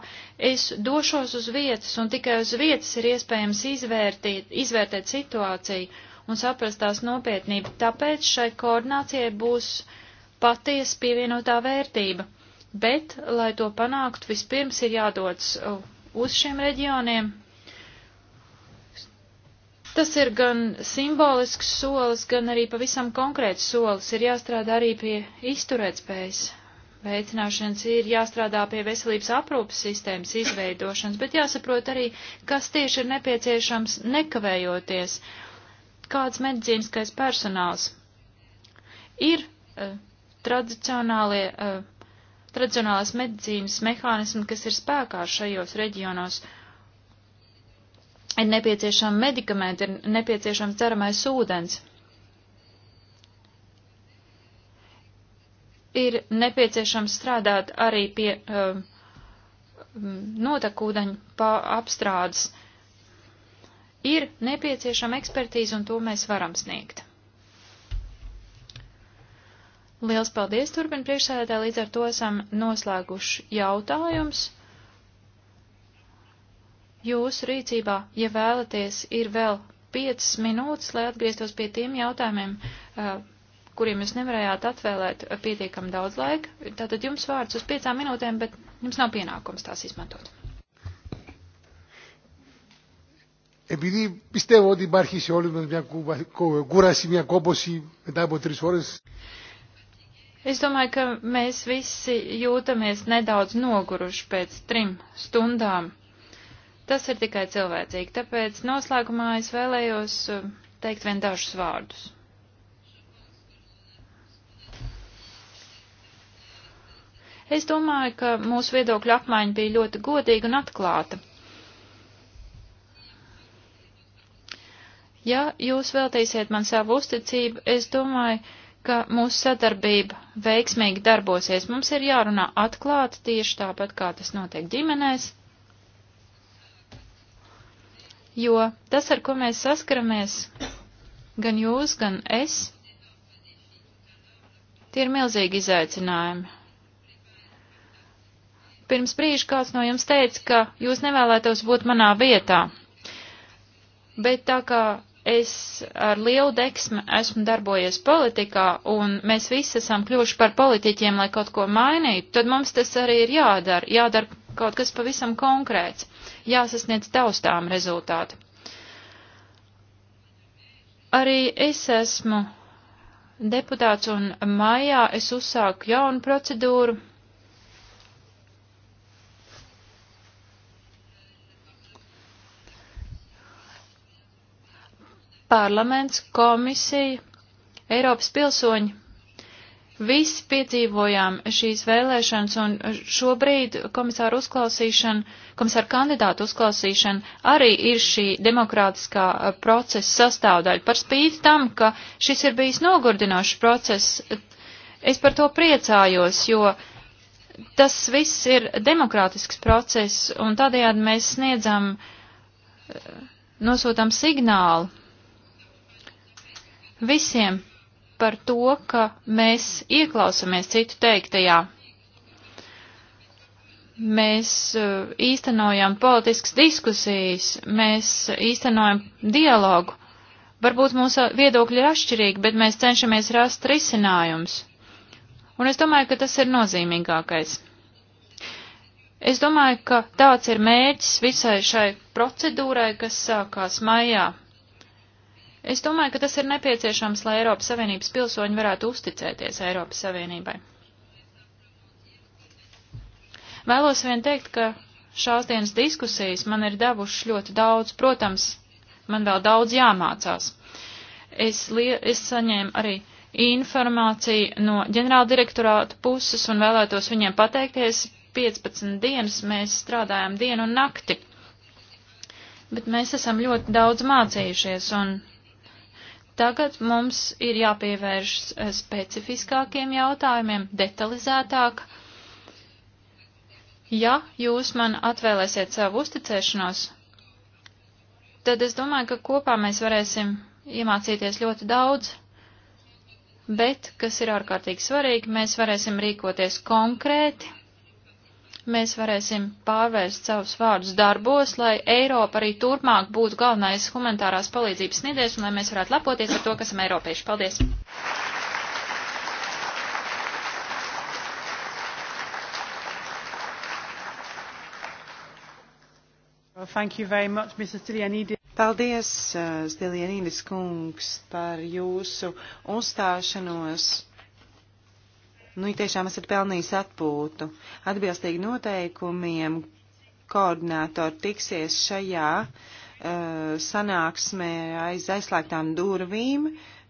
es došos uz vietas, un tikai uz vietas ir iespējams izvērtīt, izvērtēt situāciju un saprast tās nopietnību. Tāpēc šai koordinācijai būs patiesa pievienotā vērtība. Bet, lai to panāktu, vispirms ir jādodas eh, uz šiem reģioniem, Tas ir gan simbolisks solis, gan arī pavisam konkrēts solis. Ir jāstrādā arī pie izturētspējas veicināšanas, ir jāstrādā pie veselības aprūpas sistēmas izveidošanas, bet jāsaprot arī, kas tieši ir nepieciešams nekavējoties, kāds medicīniskais personāls. Ir uh, tradicionālie, uh, tradicionālās medicīnas mehānismi, kas ir spēkā šajos reģionos. Uh, ir nepieciešami medikamenti, ir nepieciešams ceramais ūdens. Ir nepieciešams strādāt arī pie um, notekūdeņu apstrādes. Ir nepieciešama ekspertīze, un to mēs varam sniegt. Liels paldies, turpin priekšsēdētāji, līdz ar to esam noslēguši jautājums. Jūsu rīcībā, ja vēlaties, ir vēl 5 minūtes, lai atgrieztos pie tiem jautājumiem, kuriem jūs nevarējāt atvēlēt pietiekam daudz laika. Tātad jums vārds uz 5 minūtēm, bet jums nav pienākums tās izmantot. Επειδή πιστεύω ότι υπάρχει σε όλους μας μια κούραση, μια κόπωση μετά από τρεις ώρες. Es domāju, ka mēs visi jūtamies nedaudz noguruši pēc trim stundām Tas ir tikai cilvēcīgi, tāpēc noslēgumā es vēlējos eh, teikt vien dažus vārdus. Es domāju, ka mūsu viedokļu apmaiņa bija ļoti godīga un atklāta. Ja jūs veltīsiet man savu uzticību, es domāju, ka mūsu sadarbība veiksmīgi darbosies. Mums ir jārunā atklāti tieši tāpat, kā tas notiek ģimenēs jo tas, ar ko mēs saskaramies, gan jūs, gan es, tie ir milzīgi izaicinājumi. Pirms brīža kāds no jums teica, ka jūs nevēlētos būt manā vietā, bet tā kā es ar lielu deksmi esmu darbojies politikā, un mēs visi esam kļuvuši par politiķiem, lai kaut ko mainītu, tad mums tas arī ir jādara, jādara kaut kas pavisam konkrēts jāsasniedz taustām rezultāti. Arī es esmu deputāts un maijā es uzsāku jaunu procedūru. Parlaments, komisija, Eiropas pilsoņi Visi piedzīvojām šīs vēlēšanas un šobrīd komisāra uzklausīšana, komisāra kandidātu uzklausīšana arī ir šī demokrātiskā uh, procesa sastāvdaļa. Par spīti tam, ka šis ir bijis nogurdinošs process, es par to priecājos, jo tas viss ir demokrātisks process un tādējādi mēs sniedzam, uh, nosūtam signālu visiem par to, ka mēs ieklausamies citu teiktajā. Mēs eh, īstenojam politiskas diskusijas, mēs īstenojam dialogu. Varbūt mūsu viedokļi ir atšķirīgi, bet mēs cenšamies rast risinājums. Un es domāju, ka tas ir nozīmīgākais. Es domāju, ka tāds ir mērķis visai šai procedūrai, kas sākās maijā Es domāju, ka tas ir nepieciešams, lai Eiropas Savienības pilsoņi varētu uzticēties Eiropas Savienībai. Vēlos vien teikt, ka šās dienas diskusijas man ir devušas ļoti daudz, protams, man vēl daudz jāmācās. Es, es saņēmu arī informāciju no ģenerāldirektorāta puses un vēlētos viņiem pateikties. 15 dienas mēs strādājam dienu un nakti bet mēs esam ļoti daudz mācījušies, un Tagad mums ir jāpievērš eh, specifiskākiem jautājumiem, detalizētāk. Ja jūs man atvēlēsiet savu uzticēšanos, tad es domāju, ka kopā mēs varēsim iemācīties ļoti daudz, bet, kas ir ārkārtīgi svarīgi, mēs varēsim rīkoties konkrēti mēs varēsim pārvērst savus vārdus darbos, lai Eiropa arī turpmāk būtu galvenais humanitārās palīdzības sniedzējs un lai mēs varētu lepoties ar to, kas esam eiropieši. Paldies! Well, much, Paldies, uh, Stilienīdis kungs, par jūsu uzstāšanos. Nu, ja tiešām esat pelnījis atpūtu. Atbilstīgi noteikumiem koordinātori tiksies šajā uh, sanāksmē aiz aizslēgtām durvīm.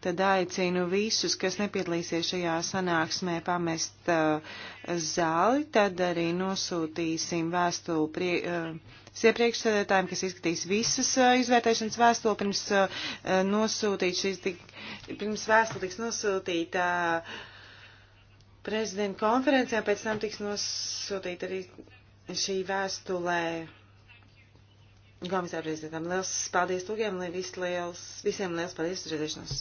Tad aicinu visus, kas nepiedalīsies šajā sanāksmē, pamest uh, zāli. Tad arī nosūtīsim vēstuli prie, uh, eh, iepriekšsēdētājiem, kas izskatīs visas uh, izvērtēšanas vēstuli pirms uh, nosūtīt šīs tik, pirms vēstuli tiks nosūtīta. Uh, prezidenta konferencijā, pēc tam tiks nosūtīta arī šī vēstulē komisāra prezidentam. Liels paldies tūkiem, liels, visiem liels paldies uz redzēšanos!